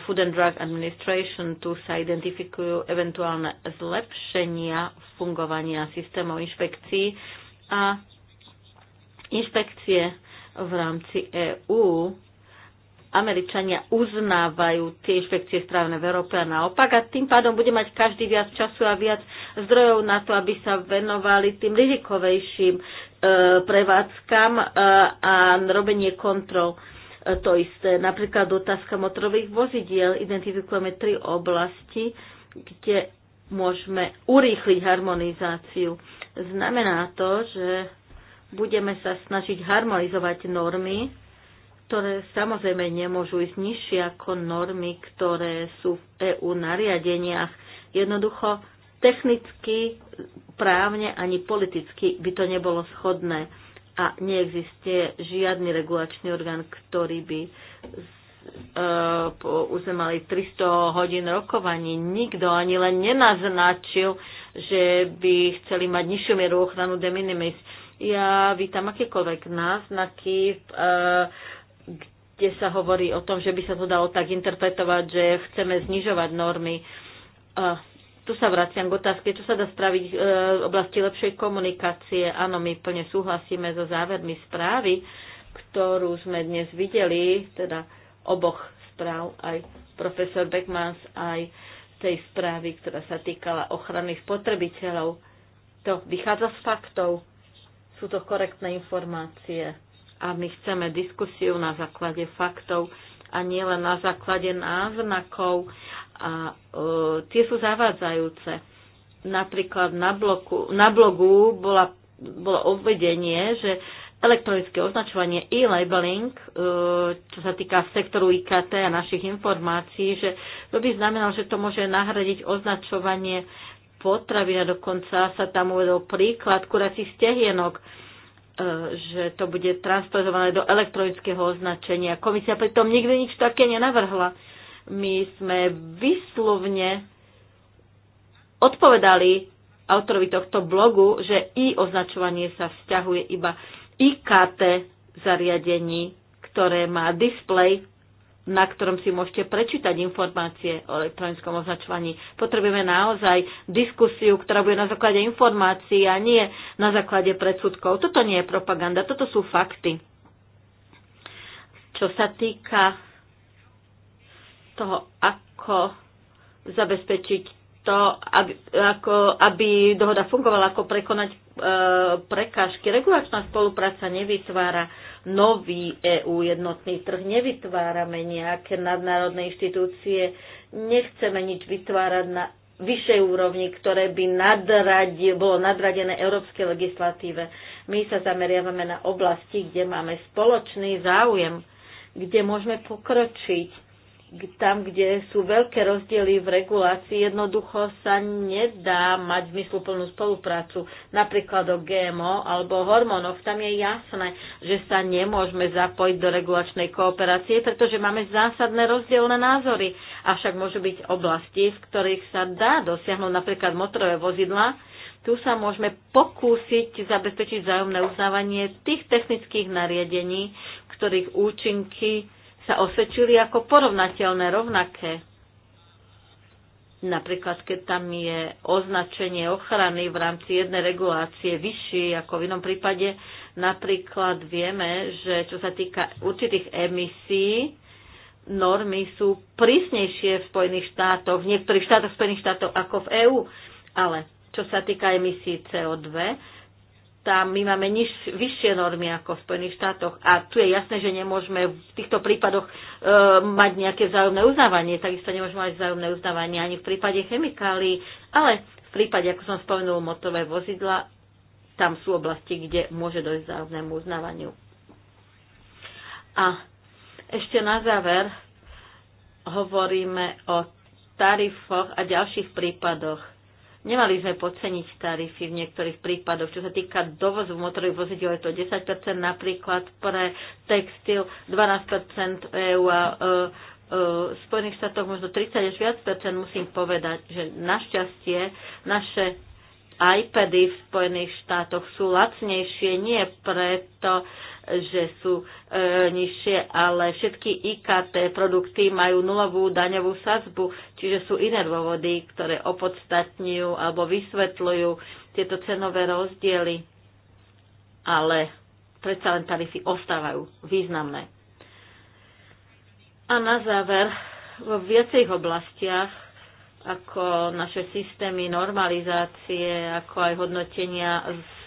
Food and Drug Administration, tu sa identifikujú eventuálne zlepšenia fungovania systémov inšpekcií a inšpekcie v rámci EU. Američania uznávajú tie infekcie strávne v Európe a naopak a tým pádom bude mať každý viac času a viac zdrojov na to, aby sa venovali tým rizikovejším e, prevádzkam e, a robenie kontrol. E, to isté, napríklad otázka motorových vozidiel. Identifikujeme tri oblasti, kde môžeme urýchliť harmonizáciu. Znamená to, že budeme sa snažiť harmonizovať normy, ktoré samozrejme nemôžu ísť nižšie ako normy, ktoré sú v EU nariadeniach. Jednoducho technicky, právne ani politicky by to nebolo schodné a neexistuje žiadny regulačný orgán, ktorý by e, už sme mali 300 hodín rokovaní, nikto ani len nenaznačil, že by chceli mať nižšiu mieru ochranu de minimis. Ja vítam akékoľvek náznaky v e, kde sa hovorí o tom, že by sa to dalo tak interpretovať, že chceme znižovať normy. Tu sa vraciam k otázke, čo sa dá spraviť e, v oblasti lepšej komunikácie. Áno, my plne súhlasíme so závermi správy, ktorú sme dnes videli, teda oboch správ, aj profesor Beckmans, aj tej správy, ktorá sa týkala ochrany spotrebiteľov. To vychádza z faktov. Sú to korektné informácie a my chceme diskusiu na základe faktov a nielen na základe náznakov a e, tie sú zavádzajúce. Napríklad na, bloku, na blogu bola, bolo uvedenie, že elektronické označovanie e-labeling, e, čo sa týka sektoru IKT a našich informácií, že to by znamenalo, že to môže nahradiť označovanie potravy a dokonca sa tam uvedol príklad kuracích stehienok že to bude transportované do elektronického označenia. Komisia pritom nikdy nič také nenavrhla. My sme vyslovne odpovedali autorovi tohto blogu, že i označovanie sa vzťahuje iba IKT zariadení, ktoré má displej na ktorom si môžete prečítať informácie o elektronickom označovaní. Potrebujeme naozaj diskusiu, ktorá bude na základe informácií a nie na základe predsudkov. Toto nie je propaganda, toto sú fakty. Čo sa týka toho, ako zabezpečiť to, aby, ako, aby dohoda fungovala, ako prekonať e, prekážky. Regulačná spolupráca nevytvára nový EU jednotný trh. Nevytvárame nejaké nadnárodné inštitúcie, nechceme nič vytvárať na vyššej úrovni, ktoré by nadradi, bolo nadradené európskej legislatíve. My sa zameriavame na oblasti, kde máme spoločný záujem, kde môžeme pokročiť tam, kde sú veľké rozdiely v regulácii, jednoducho sa nedá mať zmysluplnú spoluprácu. Napríklad o GMO alebo o hormónoch. Tam je jasné, že sa nemôžeme zapojiť do regulačnej kooperácie, pretože máme zásadné rozdielne názory. Avšak môžu byť oblasti, v ktorých sa dá dosiahnuť napríklad motorové vozidla, tu sa môžeme pokúsiť zabezpečiť vzájomné uznávanie tých technických nariadení, ktorých účinky sa osvedčili ako porovnateľné, rovnaké. Napríklad, keď tam je označenie ochrany v rámci jednej regulácie vyššie ako v inom prípade, napríklad vieme, že čo sa týka určitých emisí, normy sú prísnejšie v Spojených štátoch, v niektorých štátoch Spojených štátov ako v EÚ, ale čo sa týka emisí CO2, tam my máme niž, vyššie normy ako v Spojených štátoch a tu je jasné, že nemôžeme v týchto prípadoch e, mať nejaké vzájomné uznávanie, takisto nemôžeme mať vzájomné uznávanie ani v prípade chemikálií, ale v prípade, ako som spomenul, motové vozidla, tam sú oblasti, kde môže dojsť vzájomnému uznávaniu. A ešte na záver hovoríme o tarifoch a ďalších prípadoch Nemali sme podceniť tarify v niektorých prípadoch. Čo sa týka dovozu motorových vozidel, je to 10 napríklad pre textil, 12 EU a e, v e, Spojených štátoch možno 30 až viac percent, musím povedať, že našťastie naše iPady v Spojených štátoch sú lacnejšie, nie preto, že sú e, nižšie, ale všetky IKT produkty majú nulovú daňovú sadzbu, čiže sú iné dôvody, ktoré opodstatňujú alebo vysvetľujú tieto cenové rozdiely. Ale predsa len tarify ostávajú významné. A na záver, vo viacerých oblastiach ako naše systémy normalizácie, ako aj hodnotenia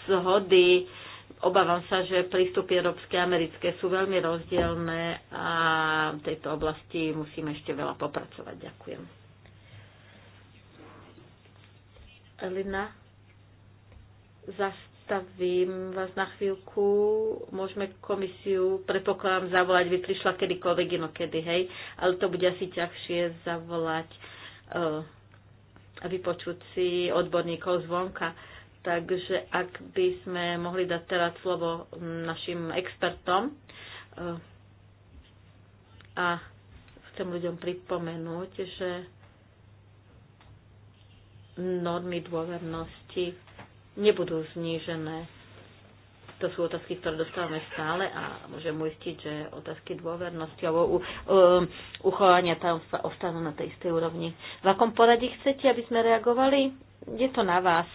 zhody. Obávam sa, že prístupy európske a americké sú veľmi rozdielne a v tejto oblasti musíme ešte veľa popracovať. Ďakujem. Elina, zastavím vás na chvíľku. Môžeme komisiu, predpokladám, zavolať. By prišla kedykoľvek inokedy, hej? Ale to bude asi ťažšie zavolať E, vypočuť si odborníkov zvonka. Takže ak by sme mohli dať teraz slovo našim expertom e, a chcem ľuďom pripomenúť, že normy dôvernosti nebudú znížené to sú otázky, ktoré dostávame stále a môžem uistiť, že otázky dôvernosti alebo u, um, uchovania tajomstva ostanú na tej istej úrovni. V akom poradí chcete, aby sme reagovali? Je to na vás.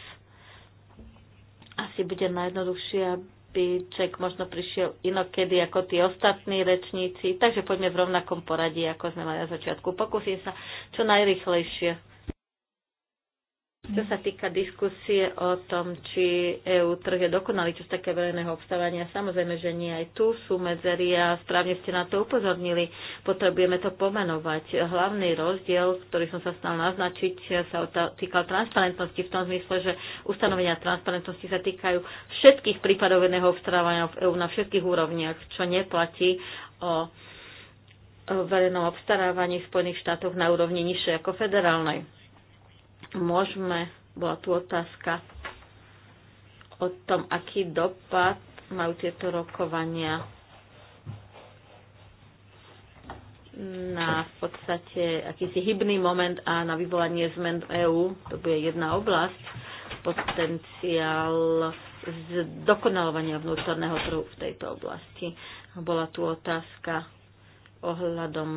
Asi bude najjednoduchšie, aby človek možno prišiel inokedy ako tí ostatní rečníci, takže poďme v rovnakom poradí, ako sme mali na začiatku. Pokúsim sa čo najrychlejšie čo sa týka diskusie o tom, či EU trh je dokonalý, čo z také verejného obstávania, samozrejme, že nie aj tu sú medzery a správne ste na to upozornili. Potrebujeme to pomenovať. Hlavný rozdiel, ktorý som sa stal naznačiť, sa týkal transparentnosti v tom zmysle, že ustanovenia transparentnosti sa týkajú všetkých prípadov verejného obstávania v EU na všetkých úrovniach, čo neplatí o verejnom obstarávaní v Spojených štátoch na úrovni nižšej ako federálnej môžeme, bola tu otázka o tom, aký dopad majú tieto rokovania na v podstate akýsi hybný moment a na vyvolanie zmen v EÚ. To bude jedna oblasť, potenciál zdokonalovania vnútorného trhu v tejto oblasti. Bola tu otázka ohľadom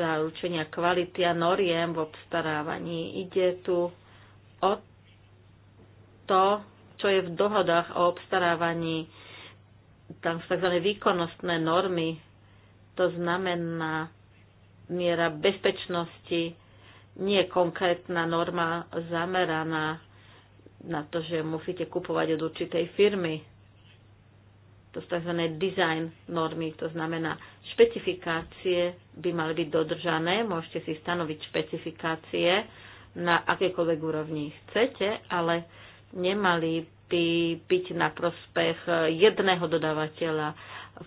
zaručenia kvality a noriem v obstarávaní. Ide tu o to, čo je v dohodách o obstarávaní, tam sú tzv. výkonnostné normy, to znamená miera bezpečnosti, nie konkrétna norma zameraná na to, že musíte kupovať od určitej firmy to sú tzv. design normy, to znamená, špecifikácie by mali byť dodržané, môžete si stanoviť špecifikácie na akékoľvek úrovni chcete, ale nemali by byť na prospech jedného dodávateľa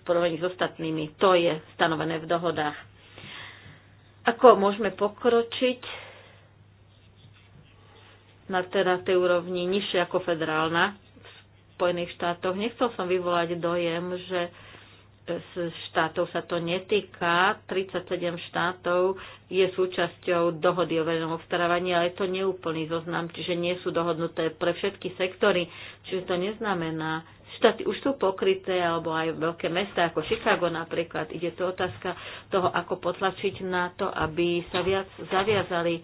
v porovnaní s ostatnými. To je stanovené v dohodách. Ako môžeme pokročiť na teda tej úrovni nižšie ako federálna? Spojených štátoch. Nechcel som vyvolať dojem, že z štátov sa to netýka. 37 štátov je súčasťou dohody o verejnom obstarávaní, ale je to neúplný zoznam, čiže nie sú dohodnuté pre všetky sektory. Čiže to neznamená, štáty už sú pokryté, alebo aj veľké mesta ako Chicago napríklad. Ide to otázka toho, ako potlačiť na to, aby sa viac zaviazali. E,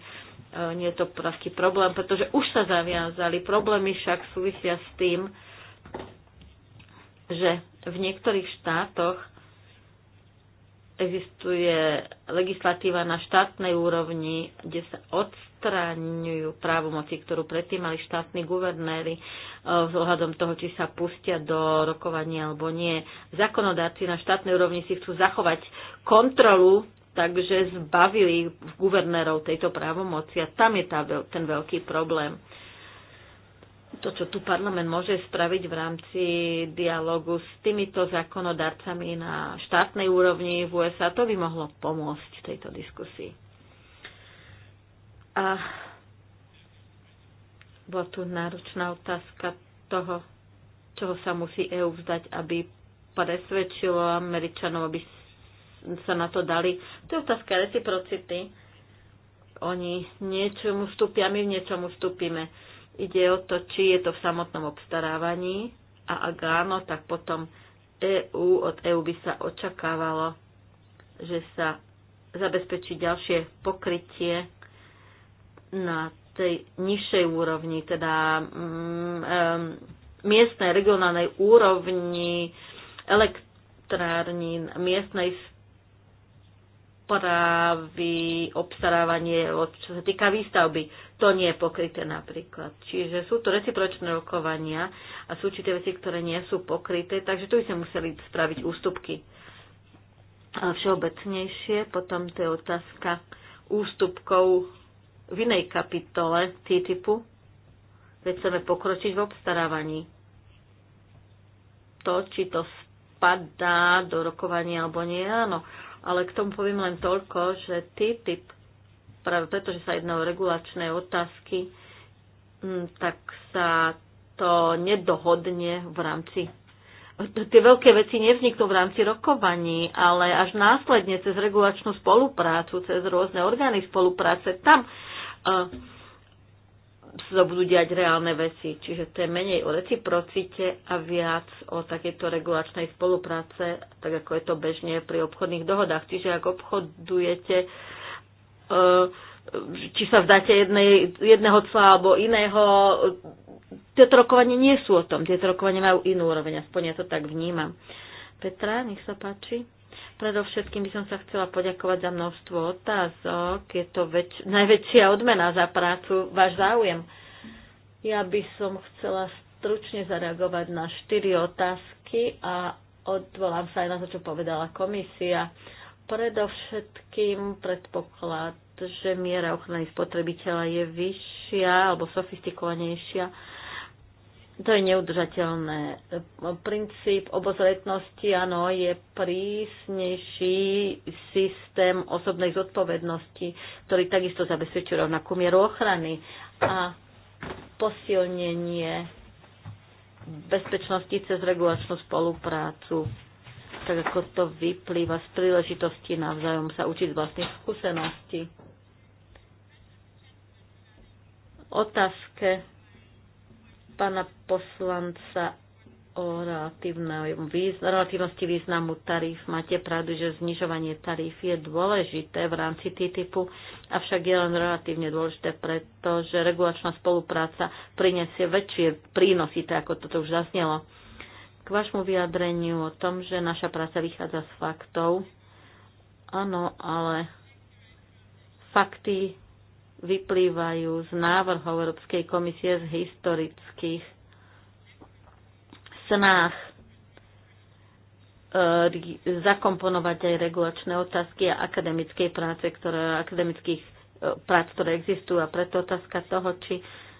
nie je to pravký problém, pretože už sa zaviazali. Problémy však súvisia s tým, že v niektorých štátoch existuje legislatíva na štátnej úrovni, kde sa odstraňujú právomoci, ktorú predtým mali štátni guvernéry e, s ohľadom toho, či sa pustia do rokovania alebo nie. Zakonodáci na štátnej úrovni si chcú zachovať kontrolu, takže zbavili guvernérov tejto právomoci a tam je tá, ten veľký problém to, čo tu parlament môže spraviť v rámci dialogu s týmito zákonodarcami na štátnej úrovni v USA, to by mohlo pomôcť tejto diskusii. A bola tu náročná otázka toho, čoho sa musí EU vzdať, aby presvedčilo Američanov, aby sa na to dali. To je otázka reciprocity. Oni niečomu vstúpia, my v niečomu vstúpime Ide o to, či je to v samotnom obstarávaní a ak áno, tak potom EU, od EU by sa očakávalo, že sa zabezpečí ďalšie pokrytie na tej nižšej úrovni, teda um, miestnej, regionálnej úrovni elektrární, miestnej opravy, obstarávanie, čo sa týka výstavby. To nie je pokryté napríklad. Čiže sú to recipročné rokovania a sú určité veci, ktoré nie sú pokryté, takže tu by sme museli spraviť ústupky všeobecnejšie. Potom to je otázka ústupkov v inej kapitole T-typu, Veď chceme pokročiť v obstarávaní. To, či to spadá do rokovania alebo nie, áno ale k tomu poviem len toľko, že TTIP, práve preto, že sa jedná o regulačné otázky, mm, tak sa to nedohodne v rámci tie veľké veci nevzniknú v rámci rokovaní, ale až následne cez regulačnú spoluprácu, cez rôzne orgány spolupráce, tam uh, sa budú diať reálne veci. Čiže to je menej o reciprocite a viac o takejto regulačnej spolupráce, tak ako je to bežne pri obchodných dohodách. Čiže ak obchodujete, eh, či sa vzdáte jednej, jedného cla alebo iného, tieto rokovanie nie sú o tom. Tieto rokovanie majú inú úroveň, aspoň ja to tak vnímam. Petra, nech sa páči. Predovšetkým by som sa chcela poďakovať za množstvo otázok. Je to väč- najväčšia odmena za prácu, váš záujem. Ja by som chcela stručne zareagovať na štyri otázky a odvolám sa aj na to, čo povedala komisia. Predovšetkým predpoklad, že miera ochrany spotrebiteľa je vyššia alebo sofistikovanejšia to je neudržateľné. Princíp obozretnosti, áno, je prísnejší systém osobnej zodpovednosti, ktorý takisto zabezpečuje rovnakú mieru ochrany a posilnenie bezpečnosti cez regulačnú spoluprácu, tak ako to vyplýva z príležitosti navzájom sa učiť z vlastných skúseností. Otázke pána poslanca o relatívnosti významu tarif. Máte pravdu, že znižovanie tarif je dôležité v rámci TTIPu, avšak je len relatívne dôležité, pretože regulačná spolupráca prinesie väčšie prínosy, tak ako toto už zaznelo. K vašmu vyjadreniu o tom, že naša práca vychádza z faktov. Áno, ale fakty vyplývajú z návrhov Európskej komisie z historických snách e, zakomponovať aj regulačné otázky a akademickej práce, ktoré, akademických e, prác, ktoré existujú. A preto otázka toho, či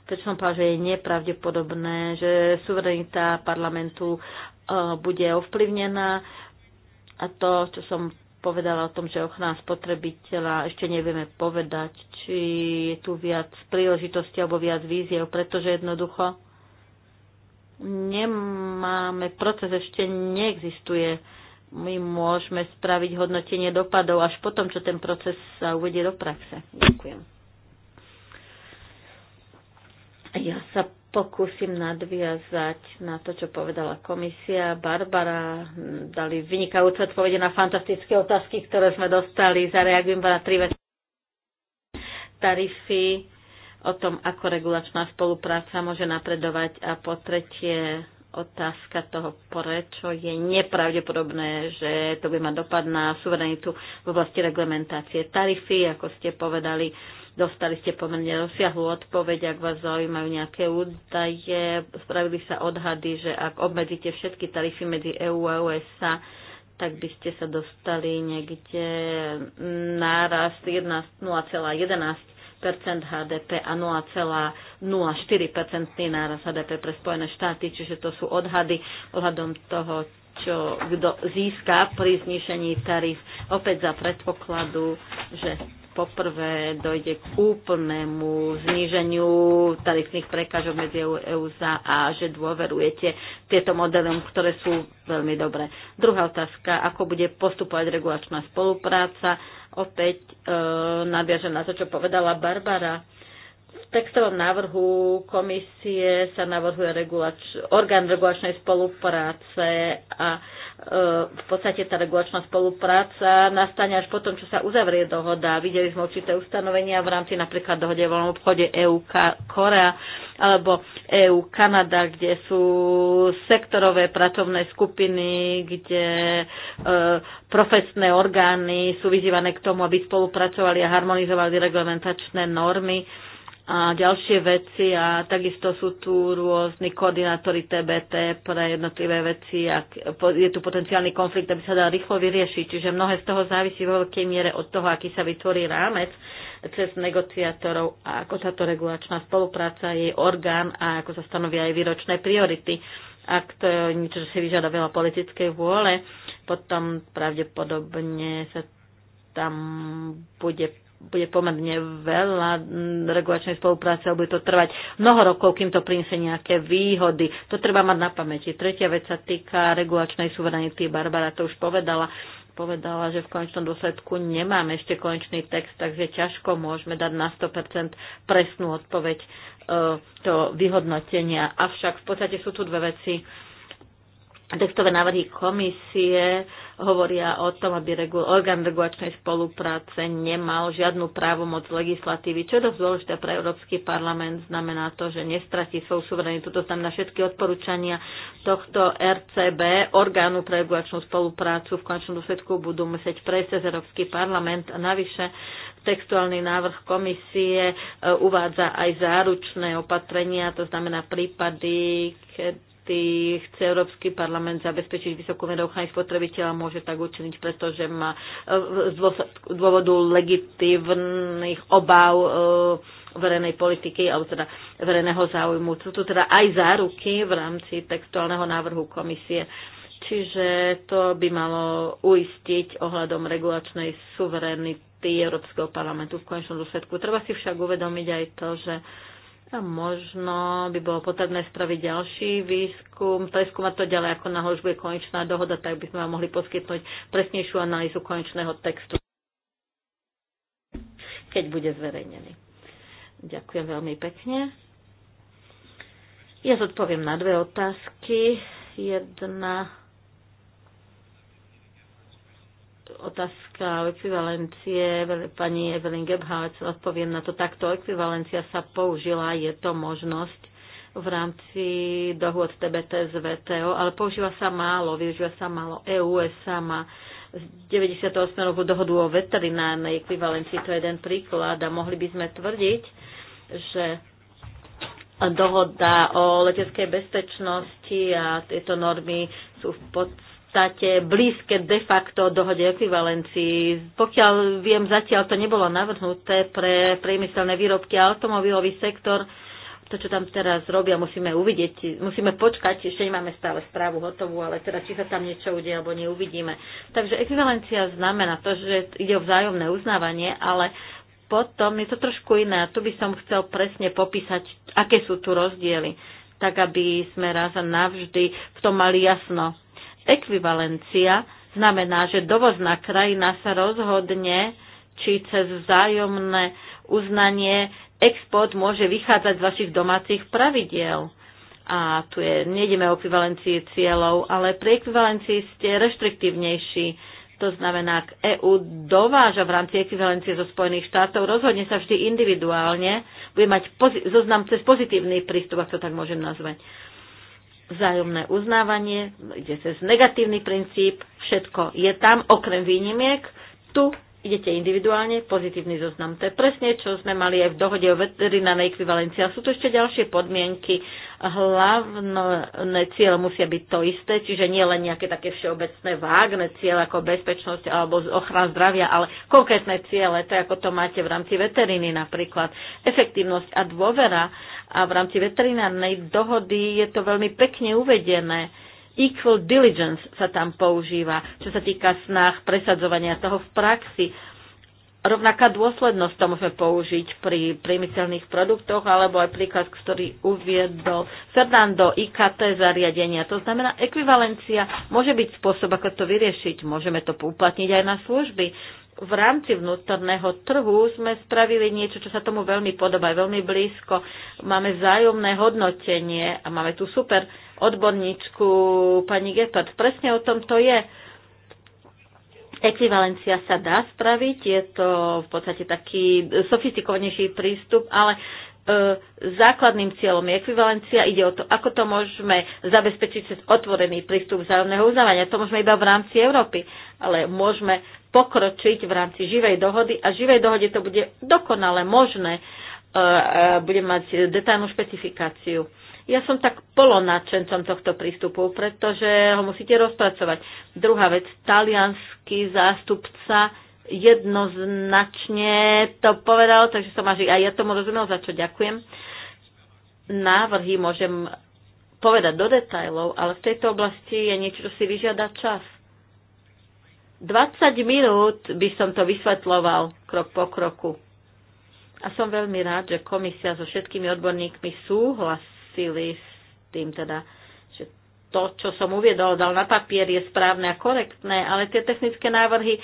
keď som povedal, že je nepravdepodobné, že suverenita parlamentu e, bude ovplyvnená. A to, čo som povedala o tom, že ochrana spotrebiteľa ešte nevieme povedať, či je tu viac príležitosti alebo viac víziev, pretože jednoducho nemáme, proces ešte neexistuje. My môžeme spraviť hodnotenie dopadov až potom, čo ten proces sa uvedie do praxe. Ďakujem. Ja sa pokúsim nadviazať na to, čo povedala komisia. Barbara hm, dali vynikajúce odpovede na fantastické otázky, ktoré sme dostali. Zareagujem na tri veci. Tarify, o tom, ako regulačná spolupráca môže napredovať a po tretie otázka toho, prečo je nepravdepodobné, že to by mať dopad na suverenitu v oblasti reglementácie. Tarify, ako ste povedali, Dostali ste pomerne rozsiahlu odpoveď, ak vás zaujímajú nejaké údaje. Spravili sa odhady, že ak obmedzíte všetky tarify medzi EU a USA, tak by ste sa dostali niekde nárast 0,11 HDP a 0,04 nárast HDP pre Spojené štáty, čiže to sú odhady ohľadom toho, čo kto získa pri znišení tarif, opäť za predpokladu, že Poprvé dojde k úplnému zníženiu tarifných prekážok medzi EUSA e a že dôverujete tieto modelom, ktoré sú veľmi dobré. Druhá otázka, ako bude postupovať regulačná spolupráca. Opäť e, nadviažem na to, čo povedala Barbara. E, v textovom návrhu komisie sa navrhuje regulač, orgán regulačnej spolupráce a e, v podstate tá regulačná spolupráca nastane až potom, čo sa uzavrie dohoda. Videli sme určité ustanovenia v rámci napríklad dohode o voľnom obchode EU-Korea alebo EU-Kanada, kde sú sektorové pracovné skupiny, kde e, profesné orgány sú vyzývané k tomu, aby spolupracovali a harmonizovali reglementačné normy a ďalšie veci a takisto sú tu rôzni koordinátori TBT pre jednotlivé veci a je tu potenciálny konflikt, aby sa dal rýchlo vyriešiť. Čiže mnohé z toho závisí vo veľkej miere od toho, aký sa vytvorí rámec cez negociátorov a ako táto regulačná spolupráca, jej orgán a ako sa stanovia aj výročné priority. Ak to je niečo, čo si vyžiada veľa politickej vôle, potom pravdepodobne sa tam bude bude pomerne veľa mm, regulačnej spolupráce a bude to trvať mnoho rokov, kým to prinese nejaké výhody. To treba mať na pamäti. Tretia vec sa týka regulačnej suverenity. Barbara to už povedala povedala, že v konečnom dôsledku nemáme ešte konečný text, takže ťažko môžeme dať na 100% presnú odpoveď e, to vyhodnotenia. Avšak v podstate sú tu dve veci. Textové návrhy komisie e, hovoria o tom, aby regu- orgán regulačnej spolupráce nemal žiadnu právomoc legislatívy, čo je dosť dôležité pre Európsky parlament. Znamená to, že nestratí svoju suverenitu. To znamená všetky odporúčania tohto RCB, orgánu pre regulačnú spoluprácu, v končnom dôsledku budú musieť prejsť cez Európsky parlament. A navyše textuálny návrh komisie e, uvádza aj záručné opatrenia, to znamená prípady, keď štáty chce Európsky parlament zabezpečiť vysokú mieru ochrany spotrebiteľa, môže tak učiniť, pretože má e, z dôvodu legitívnych obav e, verejnej politiky alebo teda verejného záujmu. Sú tu teda aj záruky v rámci textuálneho návrhu komisie. Čiže to by malo uistiť ohľadom regulačnej suverenity Európskeho parlamentu v konečnom dôsledku. Treba si však uvedomiť aj to, že tam možno by bolo potrebné spraviť ďalší výskum, preskúmať to ďalej, ako na už bude konečná dohoda, tak by sme vám mohli poskytnúť presnejšiu analýzu konečného textu, keď bude zverejnený. Ďakujem veľmi pekne. Ja zodpoviem na dve otázky. Jedna otázka o ekvivalencie, pani Evelyn Gebhavec, odpoviem na to takto. Ekvivalencia sa použila, je to možnosť v rámci dohôd TBT z VTO, ale používa sa málo, využíva sa málo. EU sa má z 98. roku dohodu o veterinárnej ekvivalencii, to je jeden príklad a mohli by sme tvrdiť, že dohoda o leteckej bezpečnosti a tieto normy sú v podstate podstate blízke de facto dohode ekvivalencii. Pokiaľ viem, zatiaľ to nebolo navrhnuté pre priemyselné výrobky a automobilový sektor. To, čo tam teraz robia, musíme uvidieť, musíme počkať, ešte nemáme stále správu hotovú, ale teraz či sa tam niečo udeje alebo neuvidíme. Takže ekvivalencia znamená to, že ide o vzájomné uznávanie, ale potom je to trošku iné. Tu by som chcel presne popísať, aké sú tu rozdiely tak aby sme raz a navždy v tom mali jasno Ekvivalencia znamená, že dovozná krajina sa rozhodne, či cez vzájomné uznanie export môže vychádzať z vašich domácich pravidiel. A tu je, nejdeme o ekvivalencii cieľov, ale pri ekvivalencii ste reštriktívnejší. To znamená, ak EU dováža v rámci ekvivalencie zo Spojených štátov, rozhodne sa vždy individuálne, bude mať pozi- zoznam cez pozitívny prístup, ak to tak môžem nazvať vzájomné uznávanie, ide cez negatívny princíp, všetko je tam, okrem výnimiek. Tu idete individuálne, pozitívny zoznam. To je presne, čo sme mali aj v dohode o veterinárnej ekvivalencii. A sú tu ešte ďalšie podmienky. Hlavné cieľ musia byť to isté, čiže nie len nejaké také všeobecné vágne cieľ ako bezpečnosť alebo ochrana zdravia, ale konkrétne ciele, to ako to máte v rámci veteriny napríklad. Efektívnosť a dôvera a v rámci veterinárnej dohody je to veľmi pekne uvedené Equal diligence sa tam používa, čo sa týka snah presadzovania toho v praxi. Rovnaká dôslednosť to môžeme použiť pri priemyselných produktoch, alebo aj príklad, ktorý uviedol Fernando IKT zariadenia. To znamená, ekvivalencia môže byť spôsob, ako to vyriešiť. Môžeme to uplatniť aj na služby. V rámci vnútorného trhu sme spravili niečo, čo sa tomu veľmi podobá, veľmi blízko. Máme vzájomné hodnotenie a máme tu super odborníčku pani Gepard. Presne o tom to je. Ekvivalencia sa dá spraviť, je to v podstate taký sofistikovanejší prístup, ale e, základným cieľom je ekvivalencia, ide o to, ako to môžeme zabezpečiť cez otvorený prístup vzájomného uznávania. To môžeme iba v rámci Európy, ale môžeme pokročiť v rámci živej dohody a živej dohode to bude dokonale možné, e, e, bude mať detailnú špecifikáciu. Ja som tak polonáčencom tohto prístupu, pretože ho musíte rozpracovať. Druhá vec, talianský zástupca jednoznačne to povedal, takže som až, a ja tomu rozumel, za čo ďakujem. Návrhy môžem povedať do detajlov, ale v tejto oblasti je niečo, čo si vyžiada čas. 20 minút by som to vysvetloval krok po kroku. A som veľmi rád, že komisia so všetkými odborníkmi súhlasí súhlasili s tým teda, že to, čo som uviedol, dal na papier, je správne a korektné, ale tie technické návrhy, e,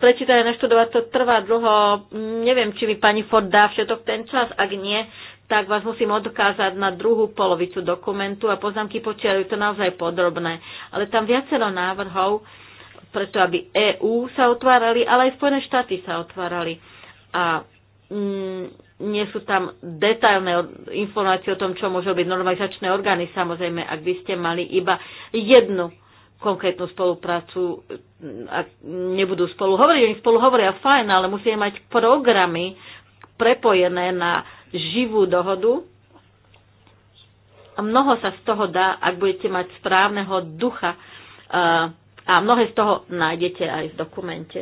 prečítať a naštudovať, to trvá dlho. Neviem, či mi pani Ford dá všetok ten čas. Ak nie, tak vás musím odkázať na druhú polovicu dokumentu a poznámky počiarujú to naozaj podrobné. Ale tam viacero návrhov, preto aby EÚ sa otvárali, ale aj Spojené štáty sa otvárali. A mm, nie sú tam detailné informácie o tom, čo môžu byť normalizačné orgány. Samozrejme, ak by ste mali iba jednu konkrétnu spoluprácu mm, a nebudú spolu hovoriť, oni spolu hovoria fajn, ale musíme mať programy prepojené na živú dohodu. A mnoho sa z toho dá, ak budete mať správneho ducha eh, a mnohé z toho nájdete aj v dokumente.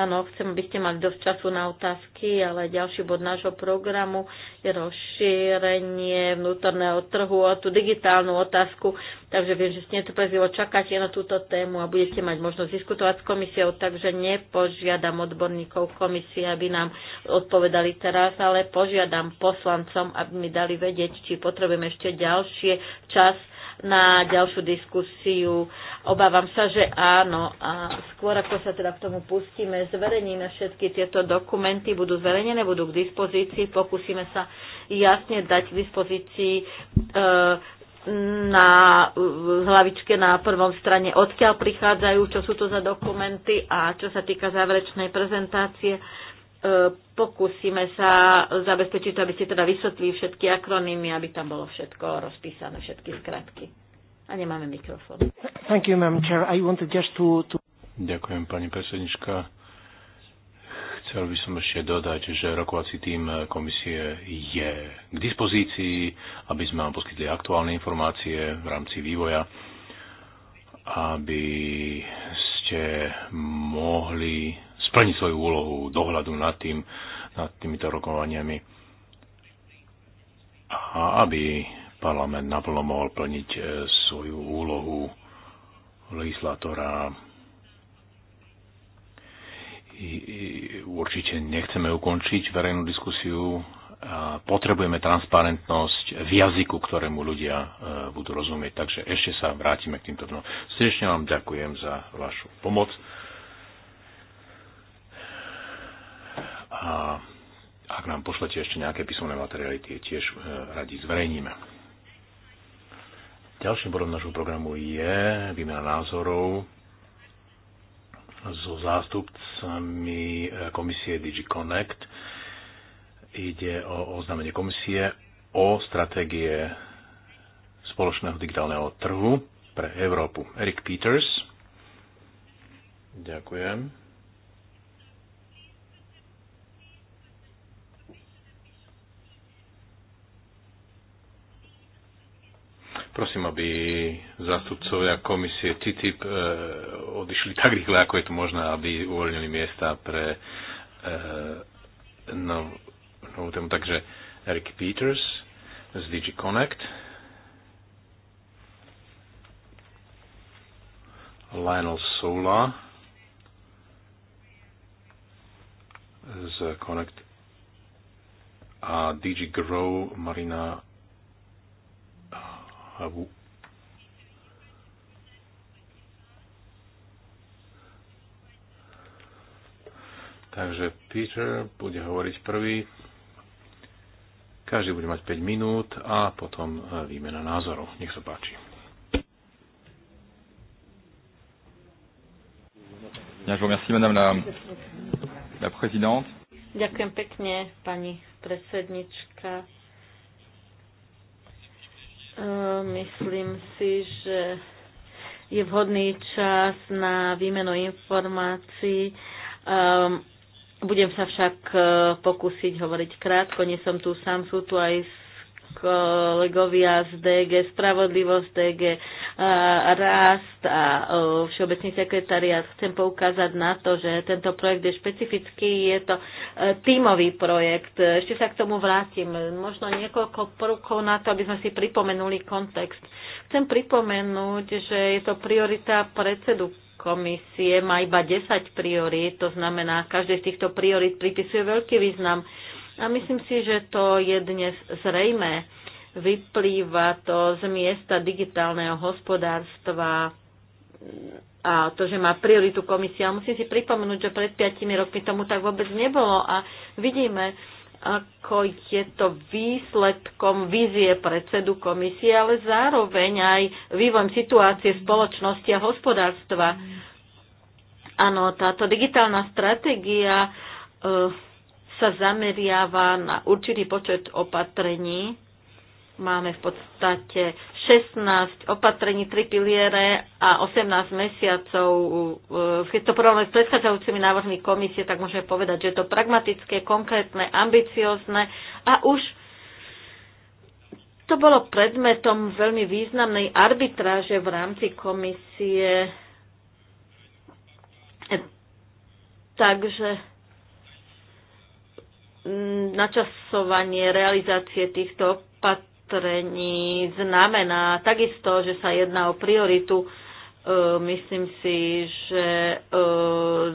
Áno, chcem, aby ste mali dosť času na otázky, ale ďalší bod nášho programu je rozšírenie vnútorného trhu a tú digitálnu otázku, takže viem, že ste prezivo čakáte na túto tému a budete mať možnosť diskutovať s komisiou, takže nepožiadam odborníkov komisie, aby nám odpovedali teraz, ale požiadam poslancom, aby mi dali vedieť, či potrebujeme ešte ďalšie čas na ďalšiu diskusiu. Obávam sa, že áno. A skôr ako sa teda k tomu pustíme, zverejníme všetky tieto dokumenty, budú zverejnené, budú k dispozícii, pokúsime sa jasne dať k dispozícii e, na hlavičke na prvom strane, odkiaľ prichádzajú, čo sú to za dokumenty a čo sa týka záverečnej prezentácie, E, pokúsime sa zabezpečiť to, aby ste teda vysvetli všetky akronymy, aby tam bolo všetko rozpísané, všetky skratky. A nemáme mikrofón. Thank you, Chair. I wanted just to, to... Ďakujem, pani predsednička. Chcel by som ešte dodať, že rokovací tým komisie je k dispozícii, aby sme vám poskytli aktuálne informácie v rámci vývoja, aby ste mohli splní svoju úlohu dohľadu nad, tým, nad týmito rokovaniami a aby parlament naplno mohol plniť e, svoju úlohu legislátora. Určite nechceme ukončiť verejnú diskusiu. A potrebujeme transparentnosť v jazyku, ktorému ľudia e, budú rozumieť. Takže ešte sa vrátime k týmto dnom. Srdečne vám ďakujem za vašu pomoc. A ak nám pošlete ešte nejaké písomné materiály, tie tiež e, radi zverejníme. Ďalším bodom našho programu je výmena názorov so zástupcami e, komisie DigiConnect. Ide o oznámenie komisie o stratégie spoločného digitálneho trhu pre Európu. Eric Peters. Ďakujem. Prosím, aby zastupcovia komisie TTIP e, odišli tak rýchle, ako je to možné, aby uvoľnili miesta pre e, nov, novú tému. Takže Eric Peters z DG Connect. Lionel Sola z Connect a DG Grow Marina à vous. Takže Peter bude hovoriť prvý. Každý bude mať 5 minút a potom e, výmena názorov. Nech sa páči. Ďakujem pekne, pani predsednička. Ehm, myslím si, že je vhodný čas na výmenu informácií. Ehm, budem sa však eh, pokúsiť hovoriť krátko, nie som tu sám, sú tu aj kolegovia z DG Spravodlivosť, DG Rast a Všeobecný sekretariat. Chcem poukázať na to, že tento projekt je špecifický, je to e, tímový projekt. Ešte sa k tomu vrátim. Možno niekoľko prvkov na to, aby sme si pripomenuli kontext. Chcem pripomenúť, že je to priorita predsedu komisie má iba 10 priorít, to znamená, každej z týchto priorít pripisuje veľký význam a myslím si, že to je dnes zrejme Vyplýva to z miesta digitálneho hospodárstva a to, že má prioritu komisia. Musím si pripomenúť, že pred 5 rokmi tomu tak vôbec nebolo a vidíme, ako je to výsledkom vízie predsedu komisie, ale zároveň aj vývojom situácie spoločnosti a hospodárstva. Áno, táto digitálna stratégia uh, sa zameriava na určitý počet opatrení. Máme v podstate 16 opatrení, 3 piliere a 18 mesiacov. E, keď to porovnáme s predchádzajúcimi návrhmi komisie, tak môžeme povedať, že je to pragmatické, konkrétne, ambiciozne a už to bolo predmetom veľmi významnej arbitráže v rámci komisie. E, takže načasovanie realizácie týchto opatrení znamená takisto, že sa jedná o prioritu. E, myslím si, že e,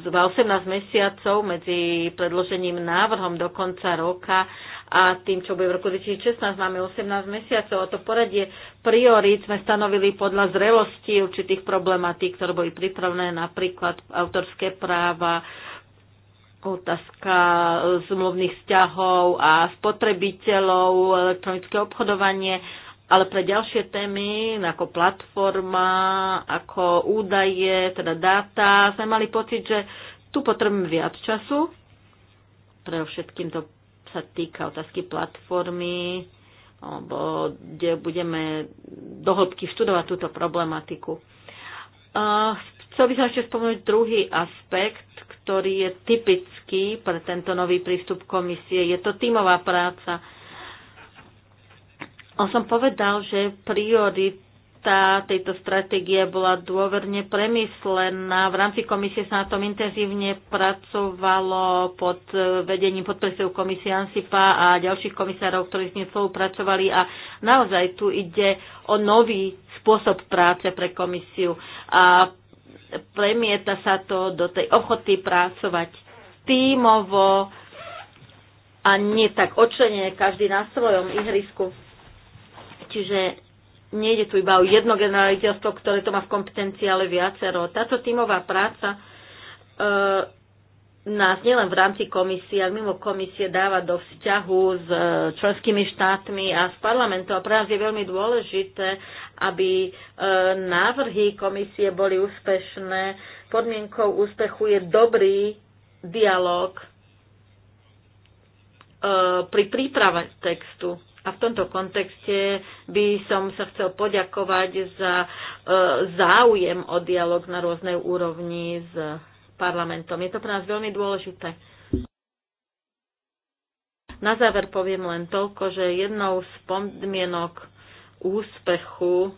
za 18 mesiacov medzi predložením návrhom do konca roka a tým, čo bude v roku 2016, máme 18 mesiacov a to poradie priorít sme stanovili podľa zrelosti určitých problematík, ktoré boli pripravené, napríklad autorské práva, otázka e, zmluvných vzťahov a spotrebiteľov, elektronické obchodovanie, ale pre ďalšie témy, ako platforma, ako údaje, teda dáta, sme mali pocit, že tu potrebujeme viac času. Pre všetkým to sa týka otázky platformy, alebo kde budeme dohlbky študovať túto problematiku. Chcel by som ešte spomenúť druhý aspekt, ktorý je typický pre tento nový prístup komisie. Je to tímová práca. On som povedal, že priorita tejto stratégie bola dôverne premyslená. V rámci komisie sa na tom intenzívne pracovalo pod vedením podpredsedu komisie ANSIPA a ďalších komisárov, ktorí s ním spolupracovali a naozaj tu ide o nový spôsob práce pre komisiu. A premieta sa to do tej ochoty pracovať tímovo a nie tak očenie, každý na svojom ihrisku. Čiže nejde tu iba o jedno generaliteľstvo, ktoré to má v kompetencii, ale viacero. Táto tímová práca e, nás nielen v rámci komisie, ale mimo komisie dáva do vzťahu s e, členskými štátmi a s parlamentom. A pre nás je veľmi dôležité, aby e, návrhy komisie boli úspešné. Podmienkou úspechu je dobrý dialog e, pri príprave textu. A v tomto kontexte by som sa chcel poďakovať za záujem o dialog na rôznej úrovni s parlamentom. Je to pre nás veľmi dôležité. Na záver poviem len toľko, že jednou z podmienok úspechu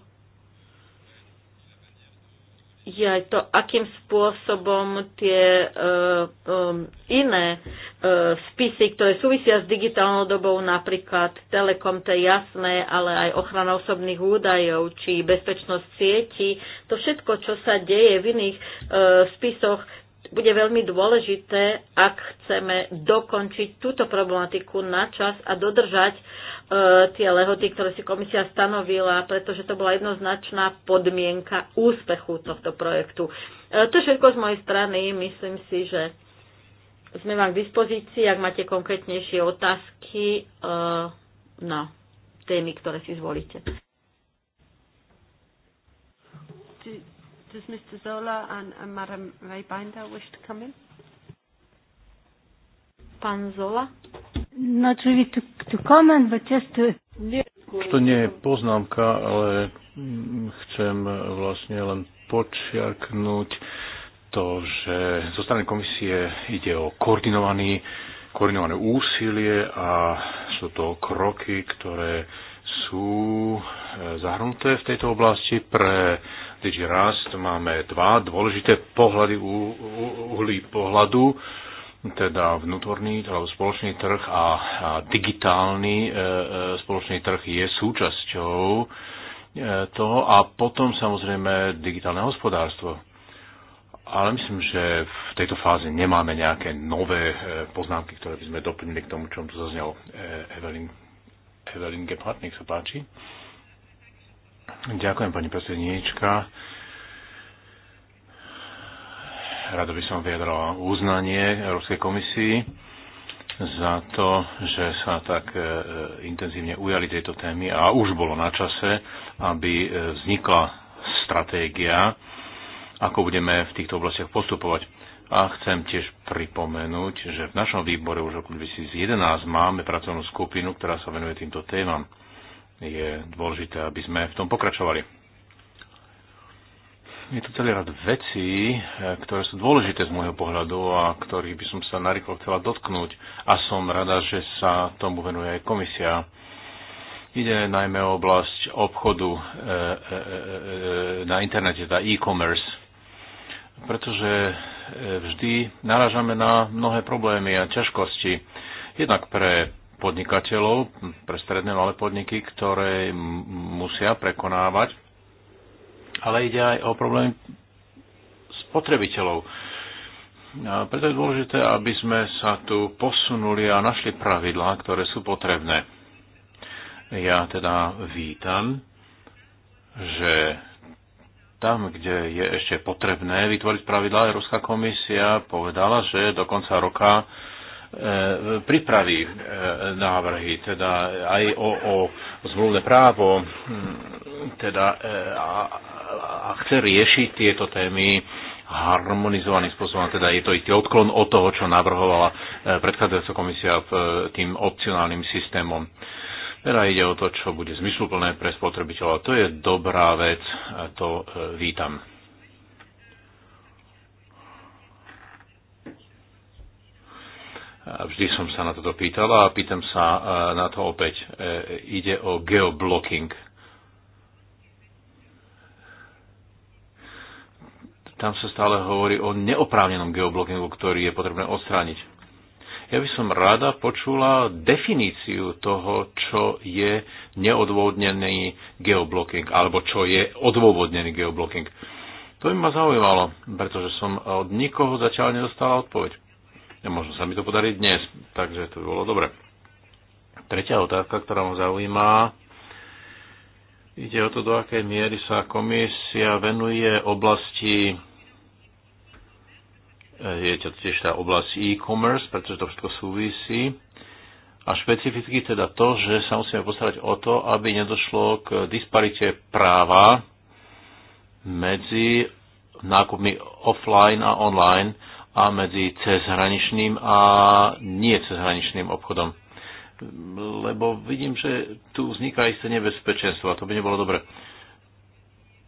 je aj to, akým spôsobom tie uh, um, iné uh, spisy, ktoré súvisia s digitálnou dobou, napríklad Telekom, to je jasné, ale aj ochrana osobných údajov či bezpečnosť sieti, to všetko, čo sa deje v iných uh, spisoch, bude veľmi dôležité, ak chceme dokončiť túto problematiku na čas a dodržať e, tie lehoty, ktoré si komisia stanovila, pretože to bola jednoznačná podmienka úspechu tohto projektu. E, to všetko z mojej strany. Myslím si, že sme vám k dispozícii, ak máte konkrétnejšie otázky e, na témy, ktoré si zvolíte. Does Mr. Zola and, and Madam Ray Binder wish to come in? Pan Zola? Not really to, to comment, but just to... To nie je poznámka, ale chcem vlastne len počiarknúť to, že zo strany komisie ide o koordinovaný, koordinované úsilie a sú to kroky, ktoré sú eh, zahrnuté v tejto oblasti pre raz tu máme dva dôležité pohľady uhlí pohľadu, teda vnútorný teda spoločný trh a, a digitálny e, e, spoločný trh je súčasťou e, toho a potom samozrejme digitálne hospodárstvo. Ale myslím, že v tejto fáze nemáme nejaké nové e, poznámky, ktoré by sme doplnili k tomu, čo tu zaznelo. E, Evelyn, Evelyn Gephardt, nech sa páči. Uh, Ďakujem, pani predsedníčka. Rado by som vyjadral uznanie Európskej komisii za to, že sa tak e, intenzívne ujali tejto témy a už bolo na čase, aby e, vznikla stratégia, ako budeme v týchto oblastiach postupovať. A chcem tiež pripomenúť, že v našom výbore už roku 2011 máme pracovnú skupinu, ktorá sa venuje týmto témam je dôležité, aby sme v tom pokračovali. Je tu celý rad vecí, eh, ktoré sú dôležité z môjho pohľadu a ktorých by som sa narýchlo chcela dotknúť a som rada, že sa tomu venuje aj komisia. Ide najmä o oblasť obchodu eh, eh, na internete, tá teda e-commerce, pretože vždy naražame na mnohé problémy a ťažkosti, jednak pre podnikateľov, pre stredné malé podniky, ktoré musia prekonávať, ale ide aj o problémy spotrebiteľov. A preto je dôležité, aby sme sa tu posunuli a našli pravidlá, ktoré sú potrebné. Ja teda vítam, že tam, kde je ešte potrebné vytvoriť pravidlá, Európska komisia povedala, že do konca roka E, pripraví e, návrhy, teda aj o, o zvolné právo, teda e, a, a chce riešiť tieto témy harmonizovaným spôsobom, teda je to i odklon od toho, čo navrhovala predchádzajúca komisia v tým opcionálnym systémom. Teda ide o to, čo bude zmysluplné pre spotrebiteľa. To je dobrá vec, to vítam. Vždy som sa na toto pýtal a pýtam sa e, na to opäť. E, ide o geoblocking. Tam sa stále hovorí o neoprávnenom geoblockingu, ktorý je potrebné odstrániť. Ja by som rada počula definíciu toho, čo je neodôvodnený geoblocking, alebo čo je odôvodnený geoblocking. To by ma zaujímalo, pretože som od nikoho zatiaľ nedostala odpoveď. A možno sa mi to podarí dnes, takže to by bolo dobre. Tretia otázka, ktorá ma zaujíma, ide o to, do akej miery sa komisia venuje oblasti eh, je to tiež tá oblasť e-commerce, pretože to všetko súvisí. A špecificky teda to, že sa musíme postarať o to, aby nedošlo k disparite práva medzi nákupmi offline a online, a medzi cezhraničným a nie cezhraničným obchodom. Lebo vidím, že tu vzniká isté nebezpečenstvo a to by nebolo dobre.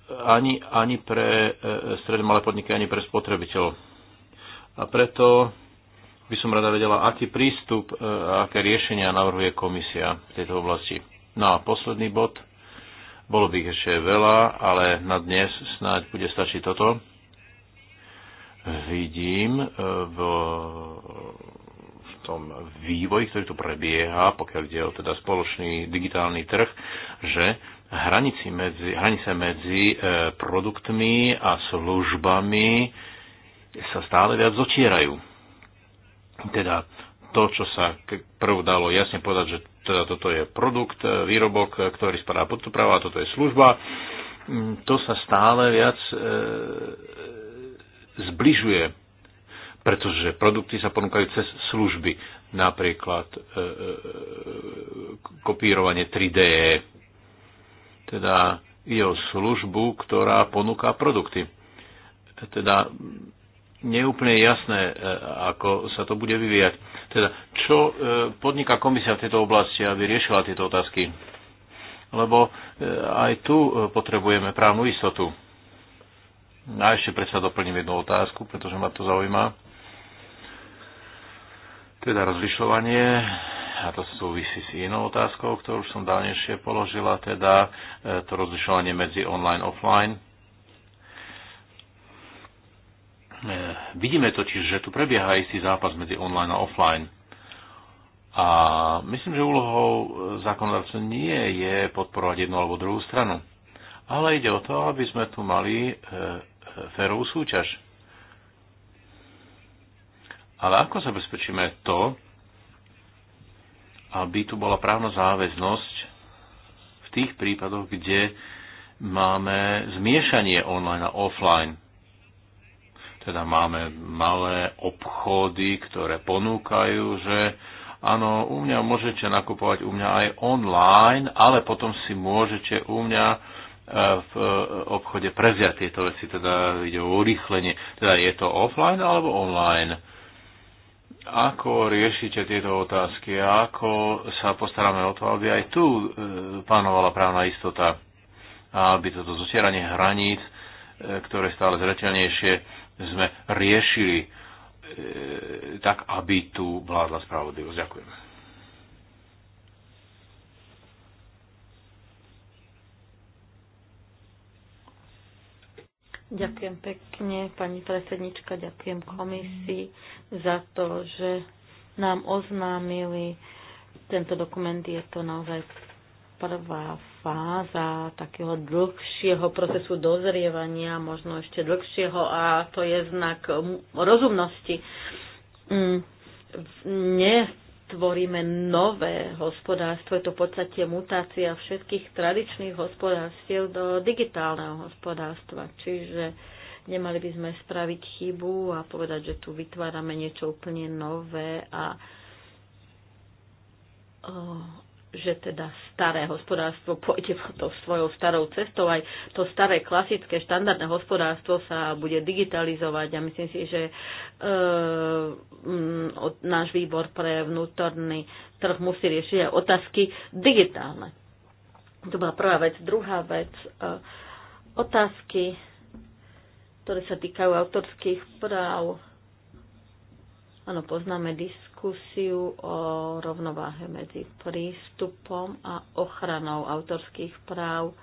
Ani, ani pre e, e, stredné malé podniky, ani pre spotrebiteľov. A preto by som rada vedela, aký prístup, e, aké riešenia navrhuje komisia v tejto oblasti. No a posledný bod, bolo by ich ešte veľa, ale na dnes snáď bude stačiť toto vidím e, v, v tom vývoji, ktorý tu prebieha, pokiaľ ide o teda spoločný digitálny trh, že medzi, hranice medzi e, produktmi a službami sa stále viac zotierajú. Teda to, čo sa prv dalo jasne povedať, že teda toto je produkt, e, výrobok, ktorý spadá pod tú práva, a toto je služba, to sa stále viac zbližuje, pretože produkty sa ponúkajú cez služby, napríklad e, e, e kopírovanie 3D. Teda ide o službu, ktorá ponúka produkty. Teda neúplne jasné, e, ako sa to bude vyvíjať. Teda, čo e, podniká komisia v tejto oblasti, aby riešila tieto otázky? Lebo aj tu potrebujeme právnu istotu. A ešte predsa doplním jednu otázku, pretože ma to zaujíma. Teda rozlišovanie, a to súvisí s inou otázkou, ktorú som dávnejšie položila, teda e, to rozlišovanie medzi online a offline. E, vidíme totiž, že tu prebieha istý zápas medzi online a offline. A myslím, že úlohou e, zákonodavcu nie je podporovať jednu alebo druhú stranu. Ale ide o to, aby sme tu mali férovú súťaž. Ale ako zabezpečíme to, aby tu bola právna záväznosť v tých prípadoch, kde máme zmiešanie online a offline. Teda máme malé obchody, ktoré ponúkajú, že áno, u mňa môžete nakupovať u mňa aj online, ale potom si môžete u mňa v e, obchode prevziať tieto veci, teda ide o urýchlenie. Teda je to offline alebo online? Ako riešite tieto otázky? Ako sa postaráme o to, aby aj tu e, panovala právna istota? Aby toto zotieranie hraníc, e, ktoré stále zreteľnejšie sme riešili tak, aby tu vládla spravodlivosť. Ďakujem. Ďakujem pekne, pani predsednička, ďakujem komisii za to, že nám oznámili tento dokument. Je to naozaj prvá fáza takého dlhšieho procesu dozrievania, možno ešte dlhšieho a to je znak mm, rozumnosti. Mm, ne tvoríme nové hospodárstvo. Je to v podstate mutácia všetkých tradičných hospodárstiev do digitálneho hospodárstva. Čiže nemali by sme spraviť chybu a povedať, že tu vytvárame niečo úplne nové a že teda staré hospodárstvo pôjde [laughs] to svojou starou cestou. Aj to staré, klasické, štandardné hospodárstvo sa bude digitalizovať a myslím si, že e, eh, m, mm, od, náš výbor pre vnútorný trh musí riešiť aj otázky digitálne. To bola prvá vec. Druhá vec, e, otázky, ktoré sa týkajú autorských práv. Áno, poznáme disk diskusiu o rovnováhe medzi prístupom a ochranou autorských práv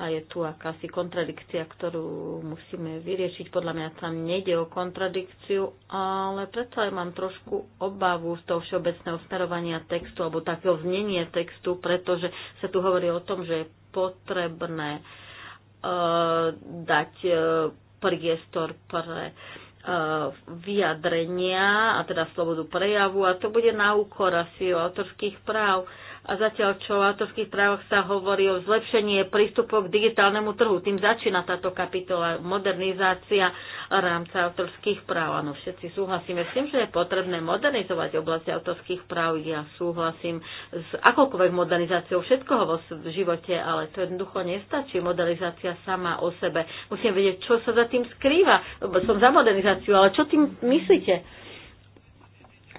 a je tu akási kontradikcia, ktorú musíme vyriešiť. Podľa mňa tam nejde o kontradikciu, ale predsa aj mám trošku obavu z toho všeobecného smerovania textu alebo takého znenia textu, pretože sa tu hovorí o tom, že je potrebné uh, dať uh, priestor pre uh, Eh, vyjadrenia a teda slobodu prejavu a to bude na úkor asi autorských práv. A zatiaľ čo o autorských právoch sa hovorí o zlepšenie prístupu k digitálnemu trhu, tým začína táto kapitola modernizácia rámca autorských práv. Áno, všetci súhlasíme s tým, že je potrebné modernizovať oblasti autorských práv. Ja súhlasím s akoukoľvek modernizáciou všetkoho vo živote, ale to jednoducho nestačí. Modernizácia sama o sebe. Musím vedieť, čo sa za tým skrýva. Som za modernizáciu, ale čo tým myslíte?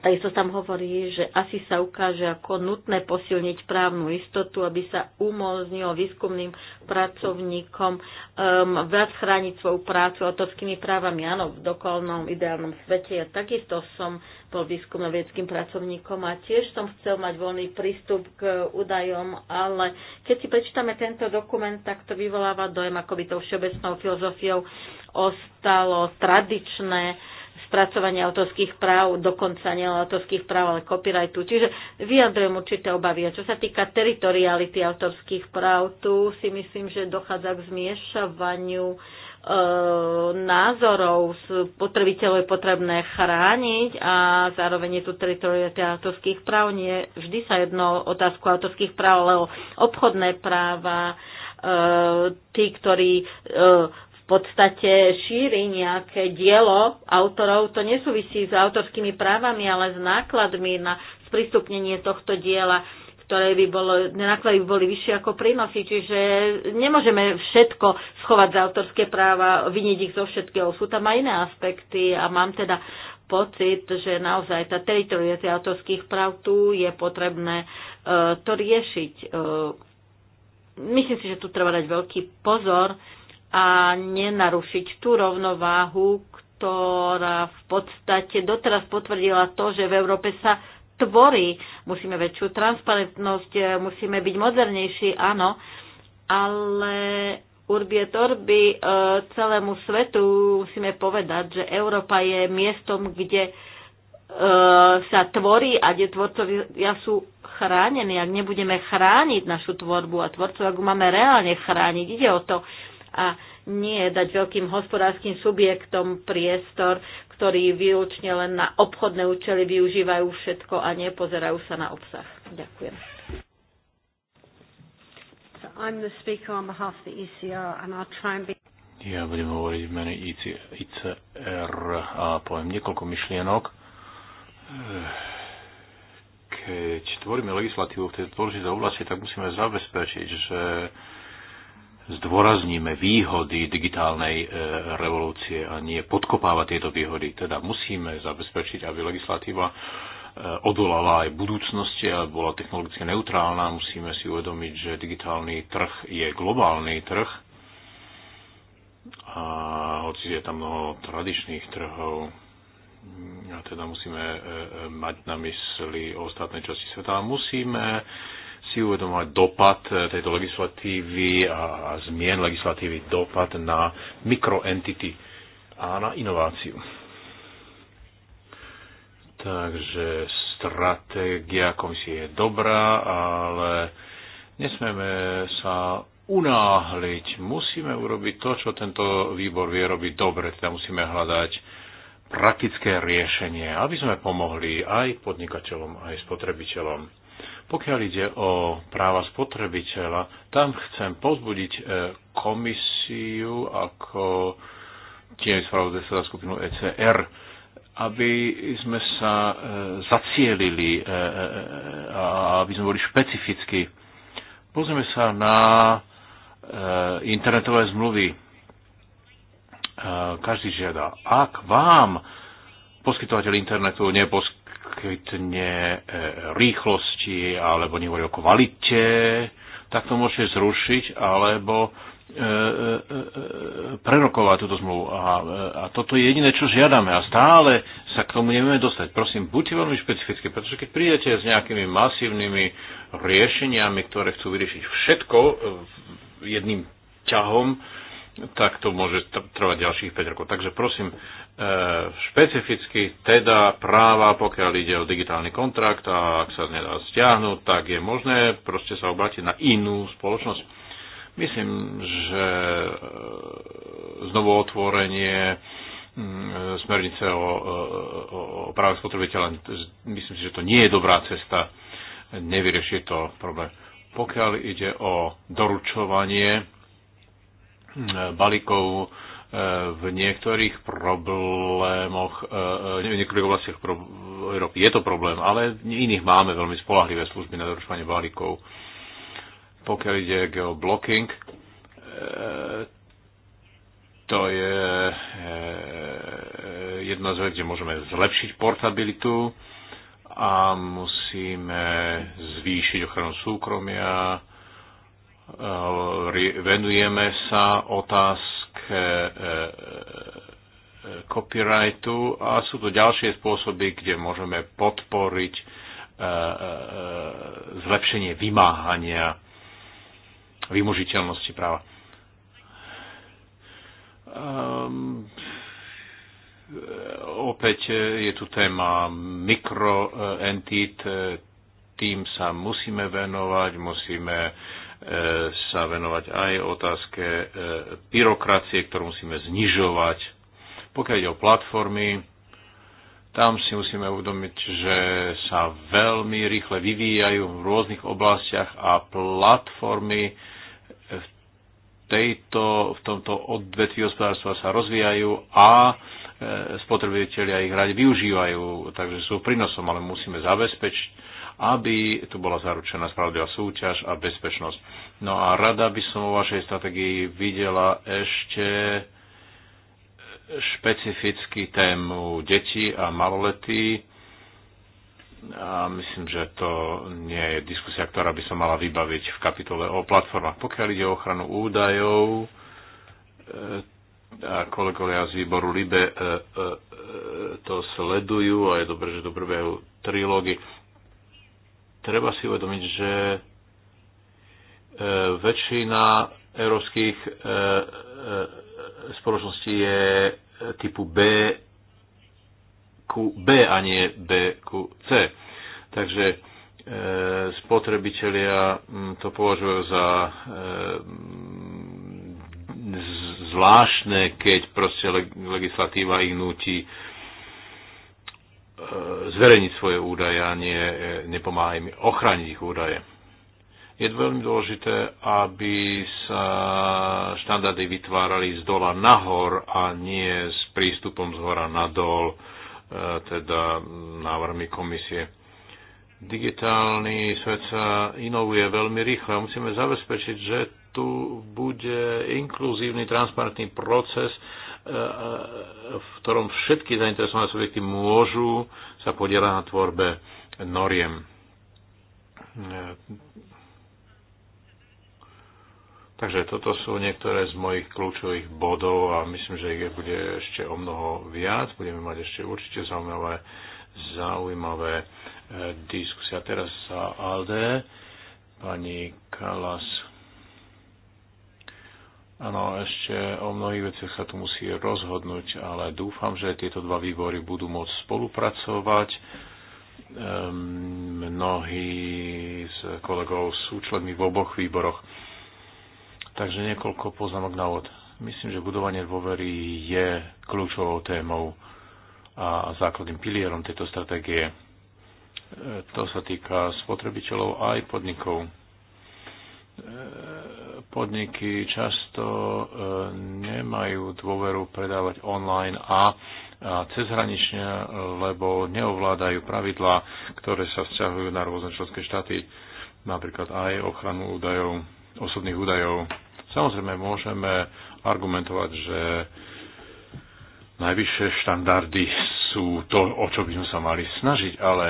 Takisto tam hovorí, že asi sa ukáže ako nutné posilniť právnu istotu, aby sa umožnilo výskumným pracovníkom um, viac chrániť svoju prácu autorskými právami. Áno, v dokolnom ideálnom svete. Ja takisto som bol výskumnovedeckým pracovníkom a tiež som chcel mať voľný prístup k údajom, ale keď si prečítame tento dokument, tak to vyvoláva dojem, ako by tou všeobecnou filozofiou ostalo tradičné spracovania autorských práv, dokonca nie autorských práv, ale copyrightu. Čiže vyjadrujem určité obavy. A čo sa týka teritoriality autorských práv, tu si myslím, že dochádza k zmiešavaniu e, názorov potrebiteľov je potrebné chrániť a zároveň je tu teritorialita autorských práv. Nie vždy sa jedno otázku autorských práv, ale o obchodné práva, e, tí, ktorí e, podstate šíri nejaké dielo autorov, to nesúvisí s autorskými právami, ale s nákladmi na sprístupnenie tohto diela ktoré by bolo, náklady by boli vyššie ako prínosy, čiže nemôžeme všetko schovať za autorské práva, vyniť ich zo všetkého. Sú tam aj iné aspekty a mám teda pocit, že naozaj tá tých autorských práv tu je potrebné uh, to riešiť. Uh, myslím si, že tu treba dať veľký pozor, a nenarušiť tú rovnováhu, ktorá v podstate doteraz potvrdila to, že v Európe sa tvorí. Musíme väčšiu transparentnosť, e, musíme byť modernejší, áno, ale urbie et celému svetu musíme povedať, že Európa je miestom, kde e, sa tvorí a kde tvorcovia sú chránení. Ak nebudeme chrániť našu tvorbu a tvorcov, ak máme reálne chrániť, ide o to, a nie dať veľkým hospodárskym subjektom priestor, ktorí výlučne len na obchodné účely využívajú všetko a nepozerajú sa na obsah. Ďakujem. E ja budem hovoriť v mene ICR a poviem niekoľko myšlienok. Keď tvoríme legislatívu v tejto dôležitej oblasti, tak musíme zabezpečiť, že zdôrazníme výhody digitálnej e, revolúcie a nie podkopáva tieto výhody. Teda musíme zabezpečiť, aby legislatíva e, odolala aj budúcnosti a bola technologicky neutrálna. Musíme si uvedomiť, že digitálny trh je globálny trh. A hoci je tam mnoho tradičných trhov, a teda musíme e, mať na mysli ostatné časti sveta. Musíme si uvedomovať dopad eh, tejto legislatívy a zmien legislatívy, dopad na mikroentity a na inováciu. Takže stratégia komisie je dobrá, ale nesmieme sa unáhliť. Musíme urobiť to, čo tento výbor vie robiť dobre, teda musíme hľadať praktické riešenie, aby sme pomohli aj podnikateľom, aj spotrebiteľom pokiaľ ide o práva spotrebiteľa, tam chcem pozbudiť e, komisiu ako tiež za skupinu ECR, aby sme sa e, zacielili e, a aby sme boli špecificky. Pozrieme sa na internetové zmluvy. Každý žiada. Ak vám poskytovateľ internetu neposkytuje poskytne e, rýchlosti alebo nehovorí o kvalite, tak to môžete zrušiť alebo e, e, prerokovať túto zmluvu. A, a toto je jediné, čo žiadame. A stále sa k tomu nevieme dostať. Prosím, buďte veľmi špecifické, pretože keď prídete s nejakými masívnymi riešeniami, ktoré chcú vyriešiť všetko jedným ťahom, tak to môže trvať ďalších 5 rokov. Takže prosím, e, špecificky teda práva, pokiaľ ide o digitálny kontrakt a ak sa nedá stiahnuť, tak je možné proste sa obrátiť na inú spoločnosť. Myslím, že e, znovu otvorenie mm, smernice o, e, o, o právach spotrebiteľa, myslím si, že to nie je dobrá cesta, nevyrieši to problém. Pokiaľ ide o doručovanie, balíkov e, v niektorých problémoch, e, e, v niektorých oblastiach Európy je to problém, ale v iných máme veľmi spolahlivé služby na doručovanie balíkov. Pokiaľ ide geoblocking, to je jedna z vecí, kde môžeme zlepšiť portabilitu a musíme zvýšiť ochranu súkromia, venujeme sa otázke e, e, e, copyrightu a sú to ďalšie spôsoby, kde môžeme podporiť zlepšenie vymáhania vymožiteľnosti práva. Um, opäť je tu téma mikroentit, tým sa musíme venovať, musíme sa venovať aj otázke e, byrokracie, ktorú musíme znižovať. Pokiaľ ide o platformy, tam si musíme uvedomiť, že sa veľmi rýchle vyvíjajú v rôznych oblastiach a platformy v, tejto, v tomto odvetví hospodárstva sa rozvíjajú a e, spotrebitelia ich radi využívajú, takže sú prínosom, ale musíme zabezpečiť, aby tu bola zaručená spravodlivá súťaž a bezpečnosť. No a rada by som vo vašej strategii videla ešte špecificky tému detí a maloletí. A myslím, že to nie je diskusia, ktorá by sa mala vybaviť v kapitole o platformách. Pokiaľ ide o ochranu údajov, e, a kolegovia z výboru LIBE e, e, to sledujú a je dobré, že do prvého trilógy Treba si uvedomiť, že e, väčšina európskych e, e, spoločností je typu B ku B a nie B ku C. Takže e, spotrebitelia to považujú za e, zvláštne, keď proste legislatíva ich nutí E, zverejniť svoje údaje a nie, e, nepomáha im ochraniť ich údaje. Je veľmi dôležité, aby sa štandardy vytvárali z dola nahor a nie s prístupom z hora na e, teda návrhmi komisie. Digitálny svet sa inovuje veľmi rýchle a musíme zabezpečiť, že tu bude inkluzívny, transparentný proces, E, e, v ktorom všetky zainteresované subjekty môžu sa podielať na tvorbe noriem. E, takže toto sú niektoré z mojich kľúčových bodov a myslím, že ich bude ešte o mnoho viac. Budeme mať ešte určite zaujímavé, zaujímavé diskusia. Teraz sa Alde, pani Kalas Áno, ešte o mnohých veciach sa tu musí rozhodnúť, ale dúfam, že tieto dva výbory budú môcť spolupracovať. Ehm, mnohí z kolegov sú členmi v oboch výboroch. Takže niekoľko poznámok na úvod. Myslím, že budovanie dôvery je kľúčovou témou a základným pilierom tejto stratégie. E, to sa týka spotrebiteľov aj podnikov E, podniky často e, nemajú dôveru predávať online a cezhranične, e, lebo neovládajú pravidlá, ktoré sa vzťahujú na rôzne členské štáty, napríklad aj ochranu údajov, osobných údajov. Samozrejme, môžeme argumentovať, že najvyššie štandardy sú to, o čo by sme sa mali snažiť, ale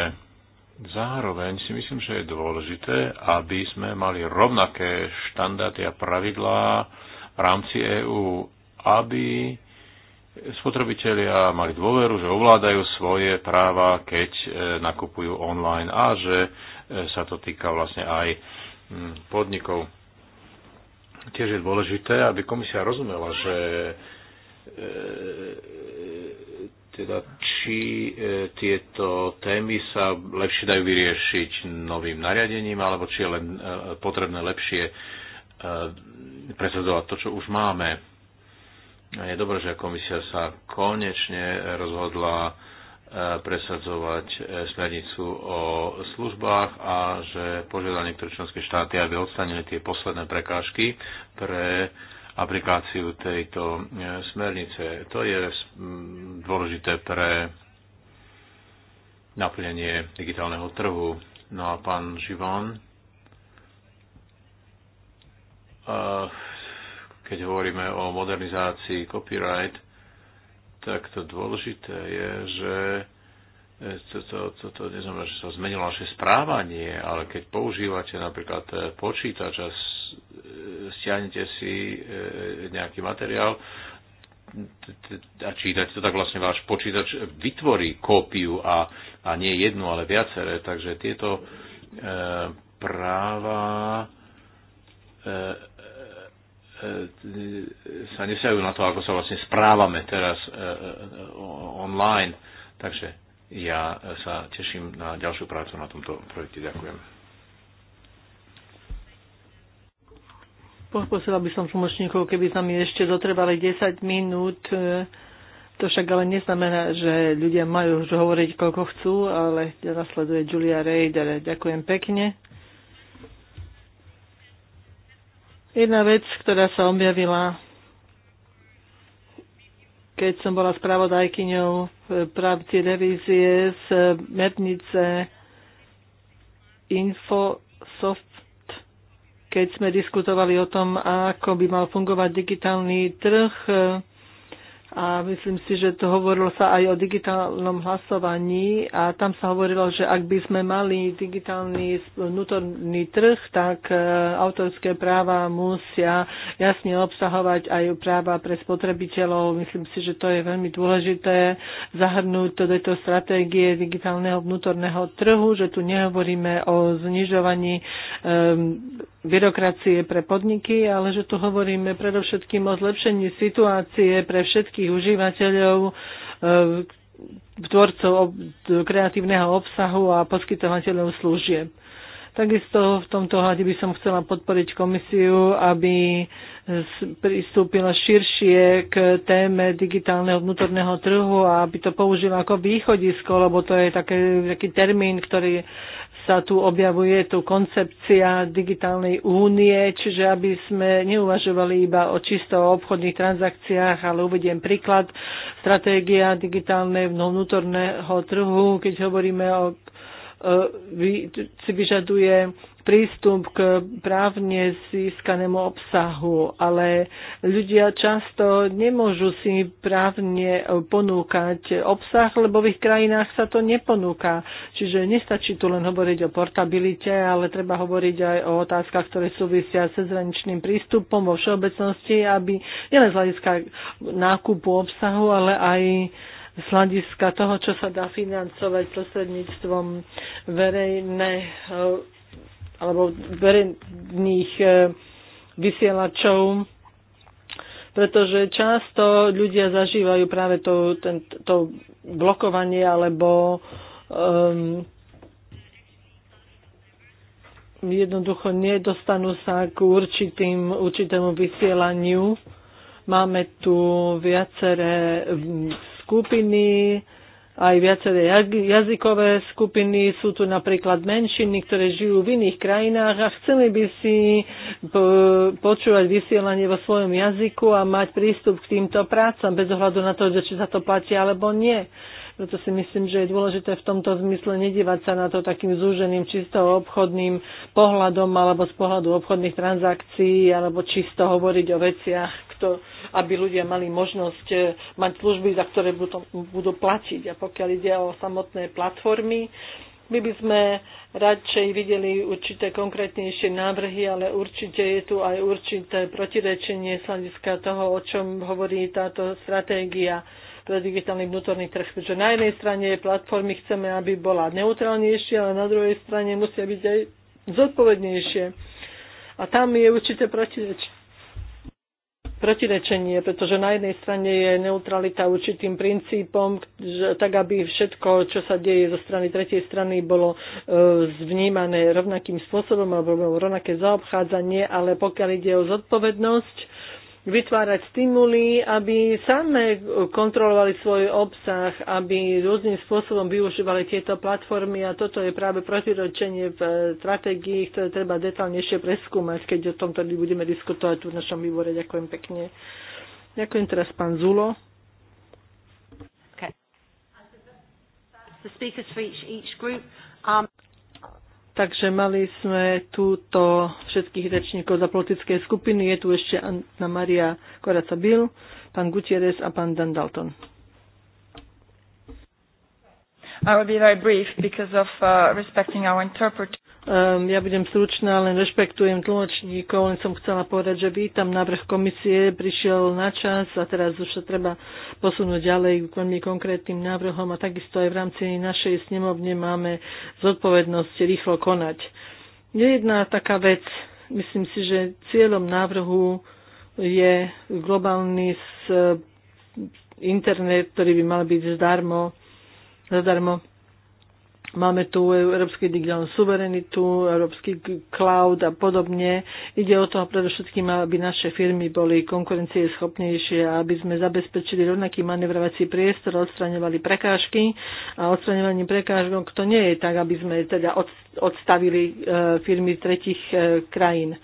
Zároveň si myslím, že je dôležité, aby sme mali rovnaké štandardy a pravidlá v rámci EÚ, aby spotrebitelia mali dôveru, že ovládajú svoje práva, keď e, nakupujú online a že e, sa to týka vlastne aj mm, podnikov. Tiež je dôležité, aby komisia rozumela, že e, teda či e, tieto témy sa lepšie dajú vyriešiť novým nariadením, alebo či je len e, potrebné lepšie e, presadzovať to, čo už máme. Je dobré, že komisia sa konečne rozhodla presadzovať smernicu o službách a že požiada niektoré členské štáty, aby odstranili tie posledné prekážky pre aplikáciu tejto e, smernice. To je mm, dôležité pre naplnenie digitálneho trhu. No a pán Živan, keď hovoríme o modernizácii copyright, tak to dôležité je, že toto, e, to, to, to neznamená, že sa zmenilo naše správanie, ale keď používate napríklad e, počítač a stiahnete si e, nejaký materiál a čítať to, tak vlastne váš počítač vytvorí kópiu a, a nie jednu, ale viaceré. Takže tieto e, práva e, e, sa nesajú na to, ako sa vlastne správame teraz e, e, online. Takže ja sa teším na ďalšiu prácu na tomto projekte. Ďakujem. Poprosila by som tlmočníkov, keby sa mi ešte dotrebali 10 minút. To však ale neznamená, že ľudia majú už hovoriť, koľko chcú, ale ja nasleduje Julia Rejder. Ďakujem pekne. Jedna vec, ktorá sa objavila, keď som bola spravodajkyňou v pravci revízie z Mernice Info Soft keď sme diskutovali o tom, ako by mal fungovať digitálny trh, a myslím si, že to hovorilo sa aj o digitálnom hlasovaní a tam sa hovorilo, že ak by sme mali digitálny vnútorný trh, tak e, autorské práva musia jasne obsahovať aj práva pre spotrebiteľov. Myslím si, že to je veľmi dôležité zahrnúť do tejto stratégie digitálneho vnútorného trhu, že tu nehovoríme o znižovaní um, byrokracie pre podniky, ale že tu hovoríme predovšetkým o zlepšení situácie pre všetkých koncových užívateľov, e, tvorcov kreatívneho obsahu a poskytovateľov služieb. Takisto v tomto hľade by som chcela podporiť komisiu, aby pristúpila širšie k téme digitálneho vnútorného trhu a aby to použila ako východisko, lebo to je také, taký termín, ktorý sa tu objavuje tu koncepcia digitálnej únie, čiže aby sme neuvažovali iba o čisto obchodných transakciách, ale uvediem príklad. Stratégia digitálnej vnútorného trhu, keď hovoríme o e, si vyžaduje prístup k právne získanému obsahu, ale ľudia často nemôžu si právne ponúkať obsah, lebo v ich krajinách sa to neponúka. Čiže nestačí tu len hovoriť o portabilite, ale treba hovoriť aj o otázkach, ktoré súvisia s zraničným prístupom vo všeobecnosti, aby nielen z hľadiska nákupu obsahu, ale aj z hľadiska toho, čo sa dá financovať prostredníctvom verejnej alebo verejných e, vysielačov, pretože často ľudia zažívajú práve to, ten, to blokovanie alebo um, jednoducho nedostanú sa k určitým, určitému vysielaniu. Máme tu viaceré skupiny, aj viaceré jazykové skupiny, sú tu napríklad menšiny, ktoré žijú v iných krajinách a chceli by si počúvať vysielanie vo svojom jazyku a mať prístup k týmto prácam bez ohľadu na to, či sa to platí alebo nie. Preto si myslím, že je dôležité v tomto zmysle nedívať sa na to takým zúženým čisto obchodným pohľadom alebo z pohľadu obchodných transakcií alebo čisto hovoriť o veciach, kto, aby ľudia mali možnosť eh, mať služby, za ktoré budú, budú platiť. A pokiaľ ide o samotné platformy, my by sme radšej videli určité konkrétnejšie návrhy, ale určite je tu aj určité protirečenie z hľadiska toho, o čom hovorí táto stratégia pre digitálny vnútorný trh. pretože na jednej strane platformy chceme, aby bola neutrálnejšia, ale na druhej strane musia byť aj zodpovednejšie. A tam je určité protireč protirečenie, pretože na jednej strane je neutralita určitým princípom, že, tak aby všetko, čo sa deje zo strany tretej strany, bolo e, vnímané rovnakým spôsobom alebo rovnaké zaobchádzanie, ale pokiaľ ide o zodpovednosť, vytvárať stimuly, aby same kontrolovali svoj obsah, aby rôznym spôsobom využívali tieto platformy a toto je práve protiročenie v eh, stratégii, ktoré treba detálnejšie preskúmať, keď o tomto budeme diskutovať tu v našom výbore. Ďakujem pekne. Ďakujem teraz pán Zulo. Okay. Um... Takže mali sme túto všetkých rečníkov za politické skupiny. Je tu ešte Anna Maria Koraca Bil, pán Gutierrez a pán Dan Dalton. I will be very brief because of uh, respecting our interpreter. Ehm, ja budem stručná, len rešpektujem tlmočníkov, len som chcela povedať, že vítam návrh komisie, prišiel na čas a teraz už sa treba posunúť ďalej k veľmi konkrétnym návrhom a takisto aj v rámci našej snemovne máme zodpovednosť rýchlo konať. Je jedna taká vec, myslím si, že cieľom návrhu je globálny internet, ktorý by mal byť zdarmo, zadarmo Máme tu Európsky digitálnu suverenitu, Európsky cloud a podobne. Ide o to predovšetkým, aby naše firmy boli konkurencieschopnejšie a aby sme zabezpečili rovnaký manevrovací priestor, odstraňovali prekážky a odstraňovanie prekážok to nie je tak, aby sme teda odstavili e, firmy tretich e, krajín. E,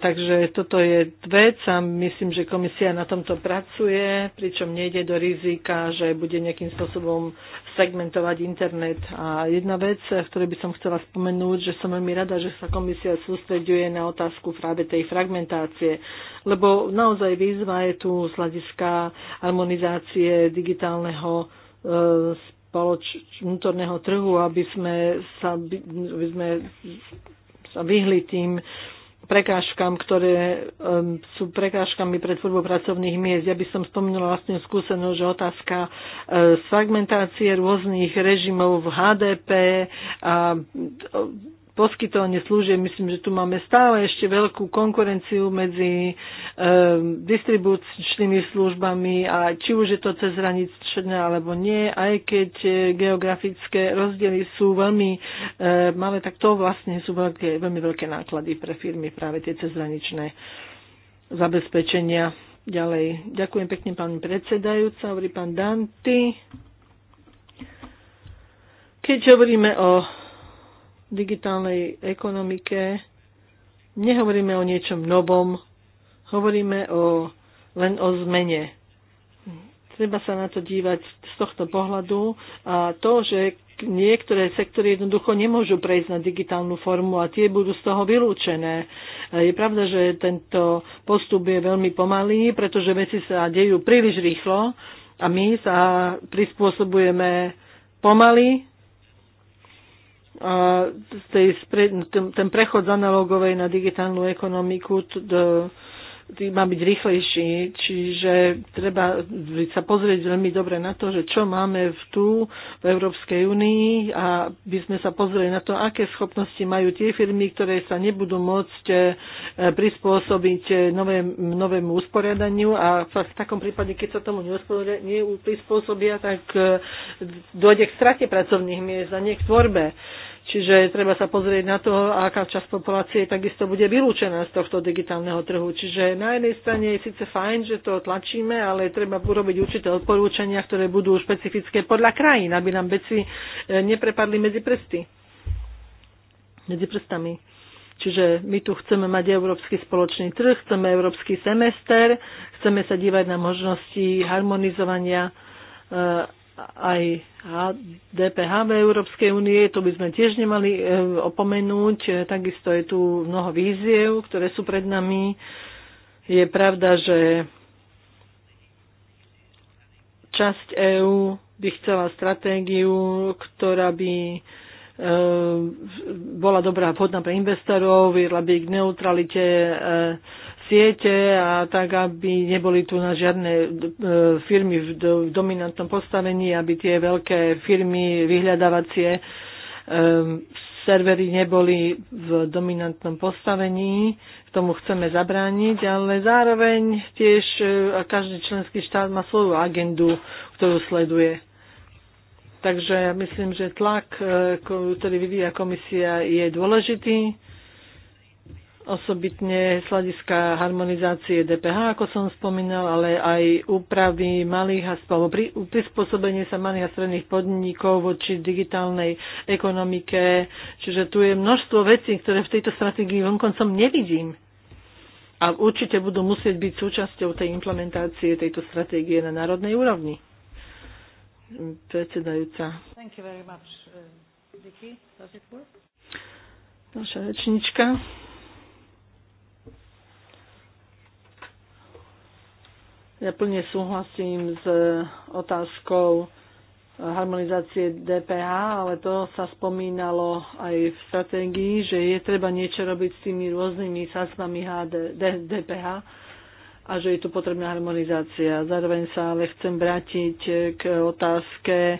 takže toto je vec a myslím, že komisia na tomto pracuje, pričom nejde do rizika, že bude nejakým spôsobom segmentovať internet. A jedna vec, ktorú by som chcela spomenúť, že som veľmi rada, že sa komisia sústreďuje na otázku práve tej fragmentácie, lebo naozaj výzva je tu z hľadiska harmonizácie digitálneho eh, spoloč, vnútorného trhu, aby sme sa, aby sme sa vyhli tým prekážkam, ktoré um, sú prekážkami pre tvorbu pracovných miest. Ja by som spomenula vlastne skúsenosť, že otázka uh, fragmentácie rôznych režimov v HDP a uh, poskytovanie služieb. Myslím, že tu máme stále ešte veľkú konkurenciu medzi e, distribučnými službami a či už je to cez hraničné alebo nie, aj keď e, geografické rozdiely sú veľmi e, malé, tak to vlastne sú veľké, veľmi veľké náklady pre firmy práve tie cezhraničné zabezpečenia. Ďalej. Ďakujem pekne pani predsedajúca, hovorí pán Danty. Keď hovoríme o digitálnej ekonomike nehovoríme o niečom novom, hovoríme o, len o zmene. Treba sa na to dívať z tohto pohľadu a to, že niektoré sektory jednoducho nemôžu prejsť na digitálnu formu a tie budú z toho vylúčené. Je pravda, že tento postup je veľmi pomalý, pretože veci sa dejú príliš rýchlo a my sa prispôsobujeme pomaly tej, ten prechod z analogovej na digitálnu ekonomiku má byť rýchlejší, čiže treba sa pozrieť veľmi dobre na to, že čo máme v tu v Európskej únii a by sme sa pozreli na to, aké schopnosti majú tie firmy, ktoré sa nebudú môcť e, prispôsobiť e, novém, novému usporiadaniu a v takom prípade, keď sa tomu neprispôsobia, tak e, dojde k strate pracovných miest a nie k tvorbe. Čiže treba sa pozrieť na to, aká časť populácie takisto bude vylúčená z tohto digitálneho trhu. Čiže na jednej strane je síce fajn, že to tlačíme, ale treba urobiť určité odporúčania, ktoré budú špecifické podľa krajín, aby nám veci e, neprepadli medzi prsty. Medzi prstami. Čiže my tu chceme mať európsky spoločný trh, chceme európsky semester, chceme sa dívať na možnosti harmonizovania e, aj DPH v Európskej únie, to by sme tiež nemali e, opomenúť. E, takisto je tu mnoho víziev, ktoré sú pred nami. Je pravda, že časť EÚ by chcela stratégiu, ktorá by e, bola dobrá vhodná pre investorov, viedla by k neutralite siete a tak, aby neboli tu na žiadne e, firmy v dominantnom postavení, aby tie veľké firmy vyhľadávacie e, servery neboli v dominantnom postavení, k tomu chceme zabrániť, ale zároveň tiež e, každý členský štát má svoju agendu, ktorú sleduje. Takže ja myslím, že tlak, ktorý vyvíja komisia, je dôležitý osobitne sladiska harmonizácie DPH, ako som spomínal, ale aj úpravy malých a alebo pri, prispôsobenie sa malých a stredných podnikov voči digitálnej ekonomike. Čiže tu je množstvo vecí, ktoré v tejto stratégii vonkoncom nevidím. A určite budú musieť byť súčasťou tej implementácie tejto stratégie na národnej úrovni. Predsedajúca. Thank you very much, uh, Vicky. Does it work? Naša rečnička. Ja plne súhlasím s e, otázkou e, harmonizácie DPH, ale to sa spomínalo aj v stratégii, že je treba niečo robiť s tými rôznymi sasnami HD, DPH a že je tu potrebná harmonizácia. Zároveň sa ale chcem vrátiť e, k otázke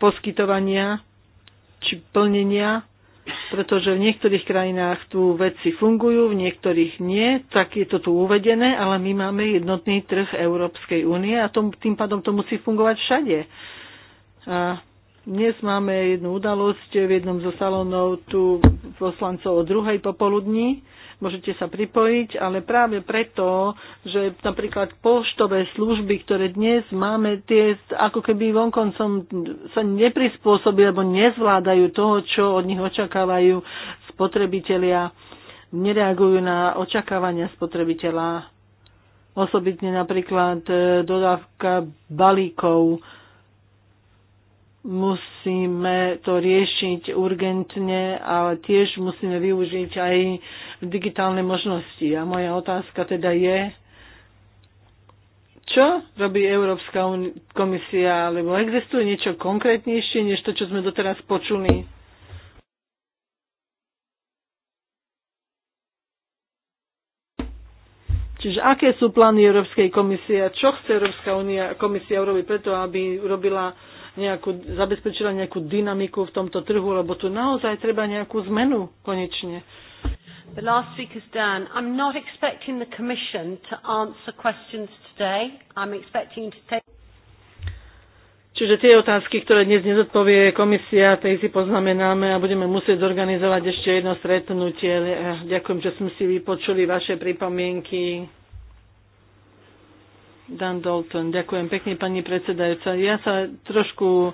poskytovania či plnenia pretože v niektorých krajinách tu veci fungujú, v niektorých nie, tak je to tu uvedené, ale my máme jednotný trh Európskej únie a tom, tým pádom to musí fungovať všade. A dnes máme jednu udalosť v jednom zo salónov tu poslancov o druhej popoludní. Môžete sa pripojiť, ale práve preto, že napríklad poštové služby, ktoré dnes máme, tie ako keby vonkoncom sa neprispôsobili alebo nezvládajú toho, čo od nich očakávajú spotrebitelia, nereagujú na očakávania spotrebiteľa. Osobitne napríklad e, dodávka balíkov musíme to riešiť urgentne, a tiež musíme využiť aj digitálne možnosti. A moja otázka teda je, čo robí Európska komisia, alebo existuje niečo konkrétnejšie, než to, čo sme doteraz počuli? Čiže aké sú plány Európskej komisie, a čo chce Európska komisia urobiť preto, aby robila nejakú, zabezpečila nejakú dynamiku v tomto trhu, lebo tu naozaj treba nejakú zmenu konečne. The last is Dan. I'm not expecting the Commission to answer questions today. I'm expecting to take... Čiže tie otázky, ktoré dnes nezodpovie komisia, tej si poznamenáme a budeme musieť zorganizovať ešte jedno stretnutie. Ďakujem, že sme si vypočuli vaše pripomienky. Dan Dalton. Ďakujem pekne, pani predsedajúca. Ja sa trošku e,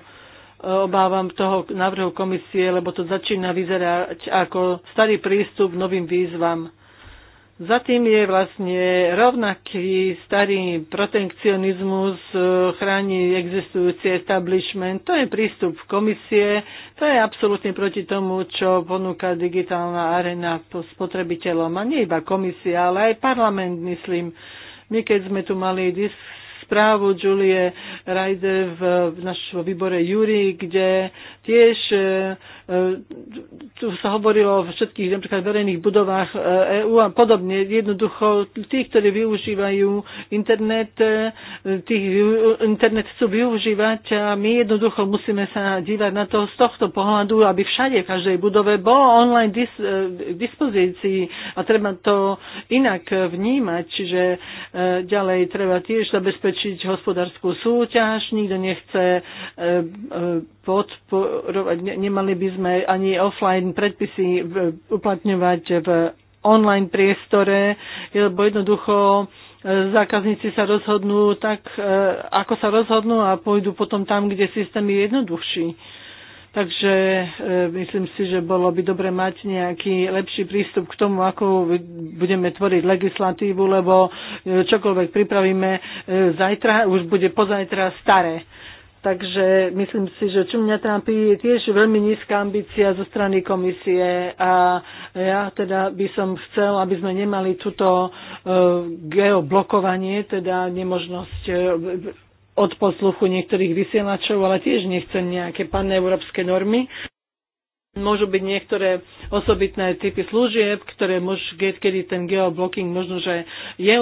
obávam toho návrhu komisie, lebo to začína vyzerať ako starý prístup novým výzvam. Za tým je vlastne rovnaký starý protekcionizmus, e, chráni existujúci establishment. To je prístup komisie, to je absolútne proti tomu, čo ponúka digitálna arena spotrebiteľom. A nie iba komisia, ale aj parlament, myslím my keď sme tu mali dis- správu Julie Rajde v, v našom výbore Júri, kde tiež e, e, tu sa hovorilo o všetkých napríklad verejných budovách EÚ e a podobne. Jednoducho tí, ktorí využívajú internet, tých internet chcú využívať a my jednoducho musíme sa dívať na to z tohto pohľadu, aby všade, v každej budove bolo online dis, k dispozícii a treba to inak vnímať, čiže ďalej treba tiež zabezpečiť zväčšiť hospodárskú súťaž, nikto nechce e, e, podporovať, nemali by sme ani offline predpisy e, uplatňovať v online priestore, lebo jednoducho zákazníci sa rozhodnú tak, ako sa rozhodnú a pôjdu potom tam, kde systém je jednoduchší. Takže e, myslím si, že bolo by dobre mať nejaký lepší prístup k tomu, ako budeme tvoriť legislatívu, lebo e, čokoľvek pripravíme e, zajtra, už bude pozajtra staré. Takže myslím si, že čo mňa trápi, je tiež veľmi nízka ambícia zo strany komisie a ja teda by som chcel, aby sme nemali túto geoblokovanie, teda nemožnosť od posluchu niektorých vysielačov, ale tiež nechcem nejaké paneurópske normy. Môžu byť niektoré osobitné typy služieb, ktoré môž, kedy ten geoblocking možno, že je,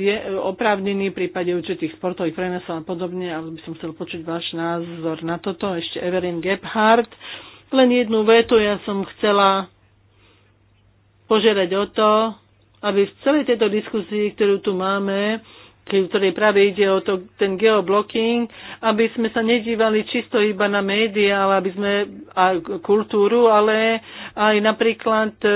je oprávnený v prípade určitých sportových prenosov a podobne, ale by som chcel počuť váš názor na toto. Ešte Evelyn Gebhardt. Len jednu vetu ja som chcela požiadať o to, aby v celej tejto diskusii, ktorú tu máme, ktorej práve ide o to, ten geoblocking, aby sme sa nedívali čisto iba na médiá, ale aby sme a kultúru, ale aj napríklad e,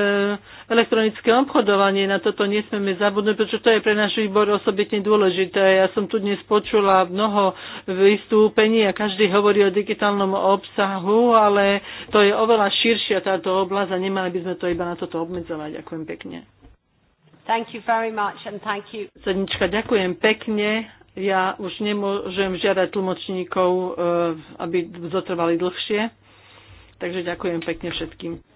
elektronické obchodovanie. Na toto nesmeme zabudnúť, pretože to je pre náš výbor osobitne dôležité. Ja som tu dnes počula mnoho vystúpení a každý hovorí o digitálnom obsahu, ale to je oveľa širšia táto oblasť a nemali by sme to iba na toto obmedzovať. Ďakujem pekne. Thank you very much and thank you. Sednička, ďakujem pekne. Ja už nemôžem žiadať tlmočníkov, eh, aby zotrvali dlhšie. Takže ďakujem pekne všetkým.